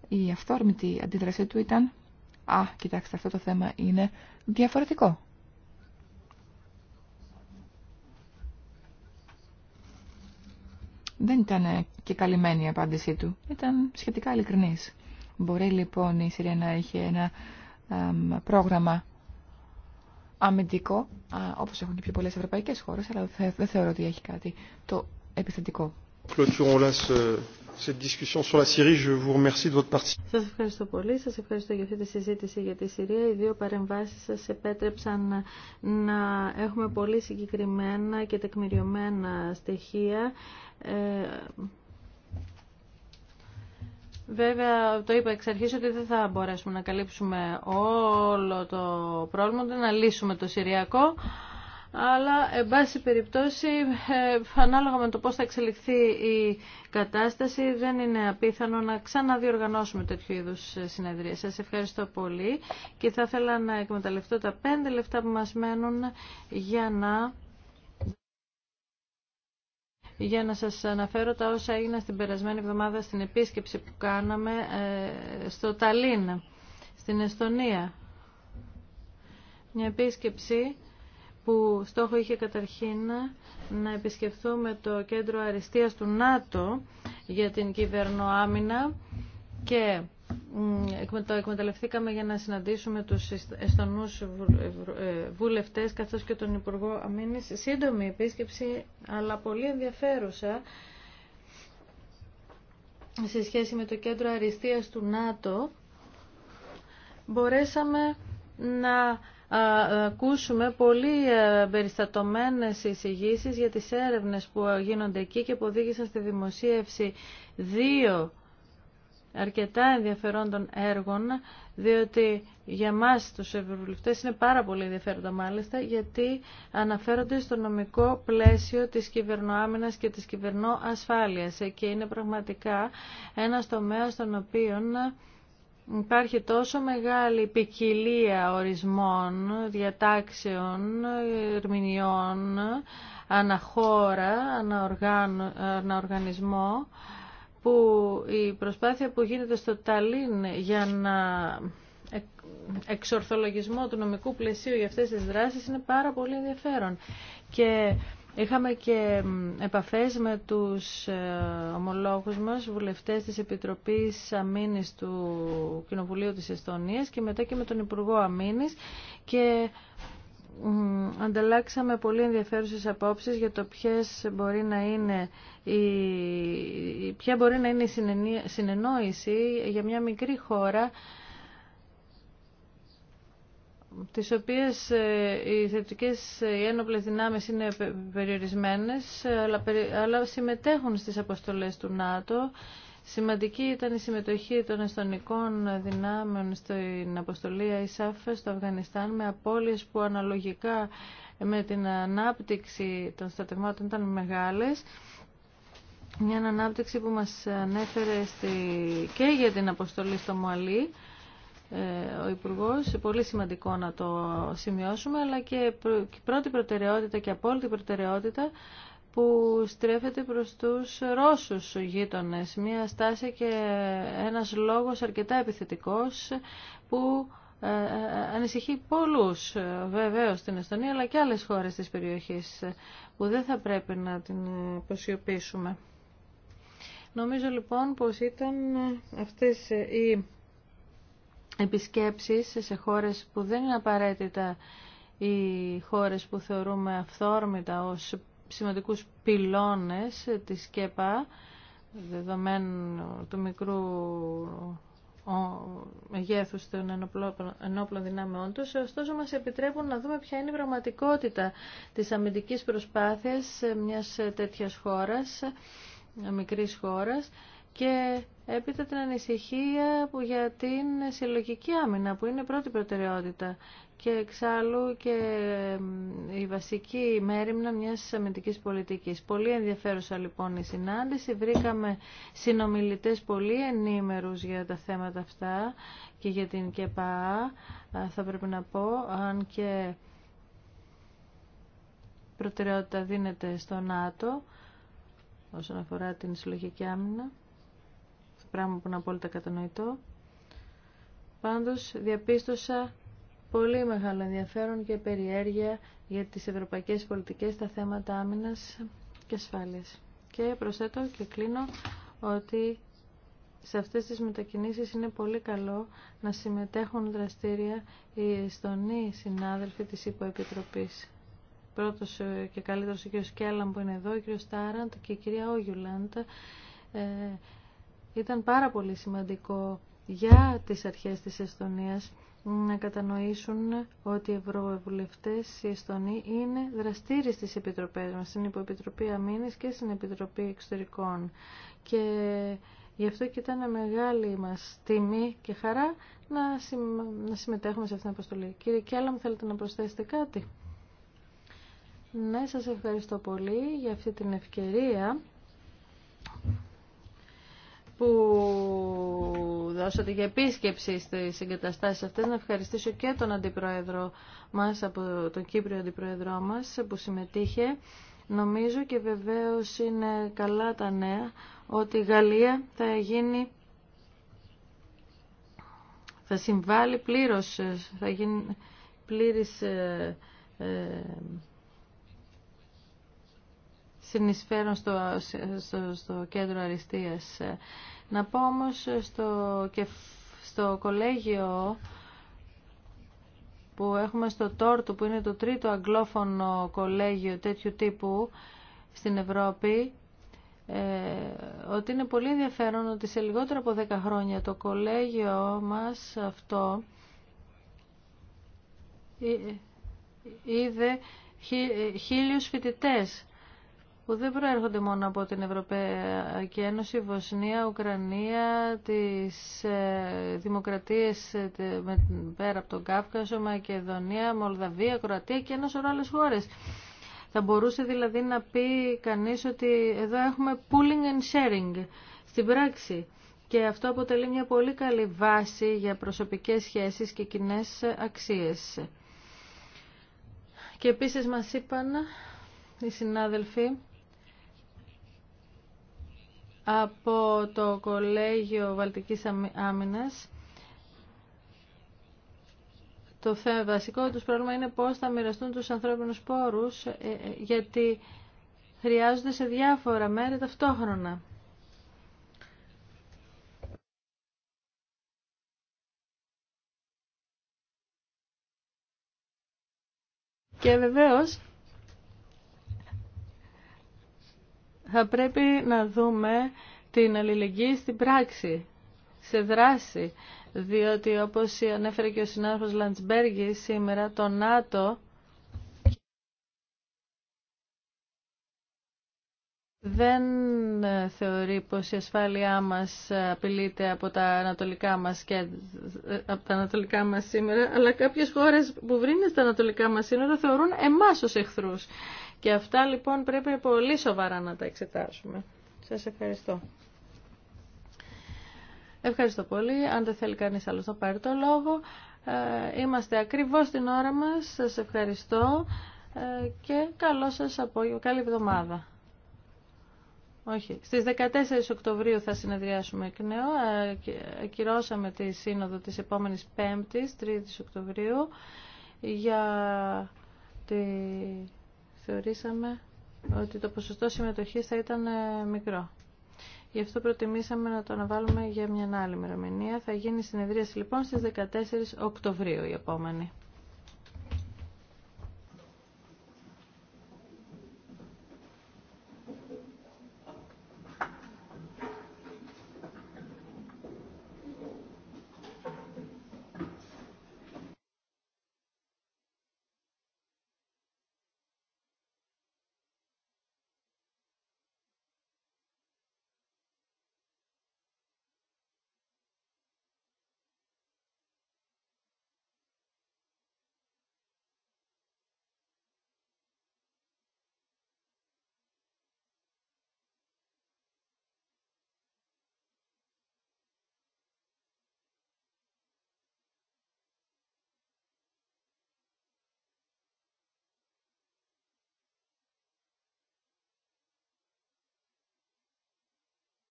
η αυθόρμητη αντίδρασή του ήταν «Α, κοιτάξτε, αυτό το θέμα είναι διαφορετικό». Δεν ήταν και καλυμμένη η απάντησή του. Ήταν σχετικά ειλικρινής. Μπορεί λοιπόν η Συρία να έχει ένα πρόγραμμα αμυντικό, όπως έχουν και πιο πολλές ευρωπαϊκές χώρες, αλλά δεν θεωρώ ότι έχει κάτι το επιθετικό cette Σας ευχαριστώ πολύ. Σας ευχαριστώ για αυτή τη συζήτηση για τη Συρία. Οι δύο παρεμβάσεις σας επέτρεψαν να έχουμε πολύ συγκεκριμένα και τεκμηριωμένα στοιχεία. Ε, βέβαια, το είπα εξ αρχής ότι δεν θα μπορέσουμε να καλύψουμε όλο το πρόβλημα, να λύσουμε το Συριακό αλλά εν πάση περιπτώσει ε, ανάλογα με το πώς θα εξελιχθεί η κατάσταση δεν είναι απίθανο να ξαναδιοργανώσουμε τέτοιου είδους ε, συνεδρίες. Σας ευχαριστώ πολύ και θα ήθελα να εκμεταλλευτώ τα πέντε λεπτά που μας μένουν για να για να σας αναφέρω τα όσα έγιναν στην περασμένη εβδομάδα στην επίσκεψη που κάναμε ε, στο Ταλίν, στην Εστονία. Μια επίσκεψη που στόχο είχε καταρχήν να επισκεφθούμε το κέντρο αριστείας του ΝΑΤΟ για την κυβερνοάμυνα και το εκμεταλλευτήκαμε για να συναντήσουμε τους εστονούς ε, βουλευτές καθώς και τον Υπουργό Αμήνης. Σύντομη επίσκεψη, αλλά πολύ ενδιαφέρουσα σε σχέση με το κέντρο αριστείας του ΝΑΤΟ. Μπορέσαμε να ακούσουμε πολύ ε, περιστατωμένες εισηγήσεις για τις έρευνες που γίνονται εκεί και που οδήγησαν στη δημοσίευση δύο αρκετά ενδιαφερόντων έργων, διότι για μας τους ευρωβουλευτές είναι πάρα πολύ ενδιαφέροντα μάλιστα, γιατί αναφέρονται στο νομικό πλαίσιο της κυβερνοάμυνας και της κυβερνοασφάλειας ε, και είναι πραγματικά ένα τομέας στον οποίο Υπάρχει τόσο μεγάλη ποικιλία ορισμών, διατάξεων, ερμηνεών, αναχώρα, αναοργανισμό, που η προσπάθεια που γίνεται στο Ταλίν για να εξορθολογισμό του νομικού πλαισίου για αυτές τις δράσεις είναι πάρα πολύ ενδιαφέρον. Και Είχαμε και επαφές με τους ε, ομολόγους μας, βουλευτές της Επιτροπής Αμήνης του Κοινοβουλίου της Εστονίας και μετά και με τον Υπουργό Αμήνης και ανταλλάξαμε πολύ ενδιαφέρουσες απόψεις για το ποιες μπορεί να είναι η, ποια μπορεί να είναι η συνεννόηση για μια μικρή χώρα τις οποίες ε, οι θρεπτικές ε, οι ένοπλες δυνάμεις είναι περιορισμένες, αλλά συμμετέχουν στις αποστολές του ΝΑΤΟ. Σημαντική ήταν η συμμετοχή των εστονικών δυνάμεων στην αποστολή ISAF στο Αφγανιστάν με απώλειες που αναλογικά με την ανάπτυξη των στρατευμάτων ήταν μεγάλες. Μια ανάπτυξη που μας ανέφερε στη... και για την αποστολή στο Μουαλή ε, ο Υπουργός. Πολύ σημαντικό να το σημειώσουμε, αλλά και πρώτη προτεραιότητα και απόλυτη προτεραιότητα που στρέφεται προς τους Ρώσους γείτονες. Μία στάση και ένας λόγος αρκετά επιθετικός που ε, ε, ανησυχεί πολλούς βεβαίως στην Εστονία αλλά και άλλες χώρες της περιοχής που δεν θα πρέπει να την προσιοποιήσουμε. Νομίζω λοιπόν πως ήταν αυτές οι επισκέψεις σε χώρες που δεν είναι απαραίτητα οι χώρες που θεωρούμε αυθόρμητα ως σημαντικούς πυλώνες της ΚΕΠΑ, δεδομένου του μικρού μεγέθου των ενόπλων δυνάμεών τους, ωστόσο μας επιτρέπουν να δούμε ποια είναι η πραγματικότητα της αμυντικής προσπάθειας μιας τέτοιας χώρας, μικρής χώρας και έπειτα την ανησυχία που για την συλλογική άμυνα που είναι πρώτη προτεραιότητα και εξάλλου και η βασική μέρημνα μιας αμυντικής πολιτικής. Πολύ ενδιαφέρουσα λοιπόν η συνάντηση. Βρήκαμε συνομιλητές πολύ ενήμερους για τα θέματα αυτά και για την ΚΕΠΑ θα πρέπει να πω, αν και προτεραιότητα δίνεται στο ΝΑΤΟ όσον αφορά την συλλογική άμυνα πράγμα που είναι απόλυτα κατανοητό. Πάντως διαπίστωσα πολύ μεγάλο ενδιαφέρον και περιέργεια για τις ευρωπαϊκές πολιτικές στα θέματα άμυνας και ασφάλειας. Και προσθέτω και κλείνω ότι σε αυτές τις μετακινήσεις είναι πολύ καλό να συμμετέχουν δραστήρια οι εστονοί συνάδελφοι της υποεπιτροπής. Πρώτος ε, και καλύτερος ο κ. Κέλλαμ που είναι εδώ, ο κ. Στάραντ και η κυρία Όγιουλαντ ε, ήταν πάρα πολύ σημαντικό για τις αρχές της Εστονίας να κατανοήσουν ότι οι ευρωβουλευτές οι Εστονοί είναι δραστήριοι στις επιτροπές μας, στην Υποεπιτροπή Αμήνης και στην Επιτροπή Εξωτερικών. Και γι' αυτό και ήταν μεγάλη μας τιμή και χαρά να, να συμμετέχουμε σε αυτήν την αποστολή. Κύριε Κέλλα, μου θέλετε να προσθέσετε κάτι. Ναι, σας ευχαριστώ πολύ για αυτή την ευκαιρία που δώσατε για επίσκεψη στις εγκαταστάσεις αυτές να ευχαριστήσω και τον αντιπρόεδρο μας, από τον Κύπριο αντιπρόεδρό μας που συμμετείχε. Νομίζω και βεβαίως είναι καλά τα νέα ότι η Γαλλία θα γίνει θα συμβάλλει πλήρως, θα γίνει πλήρης ε, ε, συνεισφέρουν στο, στο, στο κέντρο αριστείας. Ε, να πω όμως στο, στο κολέγιο που έχουμε στο Τόρτο, που είναι το τρίτο αγγλόφωνο κολέγιο τέτοιου τύπου στην Ευρώπη, ε, ότι είναι πολύ ενδιαφέρον ότι σε λιγότερο από 10 χρόνια το κολέγιο μας αυτό ε, είδε χίλιους φοιτητές που δεν προέρχονται μόνο από την Ευρωπαϊκή Ένωση, Βοσνία, Ουκρανία, τις ε, δημοκρατίες ε, πέρα από τον Κάφκασο, Μακεδονία, Μολδαβία, Κροατία και ένα σωρό άλλες χώρες. Θα μπορούσε δηλαδή να πει κανείς ότι εδώ έχουμε pooling and sharing στην πράξη. Και αυτό αποτελεί μια πολύ καλή βάση για προσωπικές σχέσεις και κοινέ αξίες. Και επίσης μας είπαν οι συνάδελφοι από το Κολέγιο Βαλτικής Άμυνας. Το βασικό τους πρόβλημα είναι πώς θα μοιραστούν τους ανθρώπινους πόρους, ε, ε, γιατί χρειάζονται σε διάφορα μέρη ταυτόχρονα. Και βεβαίως θα πρέπει να δούμε την αλληλεγγύη στην πράξη, σε δράση, διότι όπως ανέφερε και ο συνάδελφος Λαντσμπέργη σήμερα, το ΝΑΤΟ δεν θεωρεί πως η ασφάλειά μας απειλείται από τα ανατολικά μας, και, από τα ανατολικά μας σήμερα, αλλά κάποιες χώρες που βρήνε στα ανατολικά μας σήμερα θεωρούν εμάς ως εχθρούς. Και αυτά λοιπόν πρέπει πολύ σοβαρά να τα εξετάσουμε. Σας ευχαριστώ. Ευχαριστώ πολύ. Αν δεν θέλει κανείς άλλο να πάρει το λόγο. Ε, είμαστε ακριβώς στην ώρα μας. Σας ευχαριστώ ε, και καλό σας απόγευμα. Καλή εβδομάδα. Όχι. Στις 14 Οκτωβρίου θα συνεδριάσουμε εκ νέου. Ε, ακυρώσαμε τη σύνοδο της επόμενης 3ης Οκτωβρίου, για τη θεωρήσαμε ότι το ποσοστό συμμετοχής θα ήταν ε, μικρό. Γι' αυτό προτιμήσαμε να το αναβάλουμε για μια άλλη ημερομηνία. Θα γίνει συνεδρίαση λοιπόν στις 14 Οκτωβρίου η επόμενη.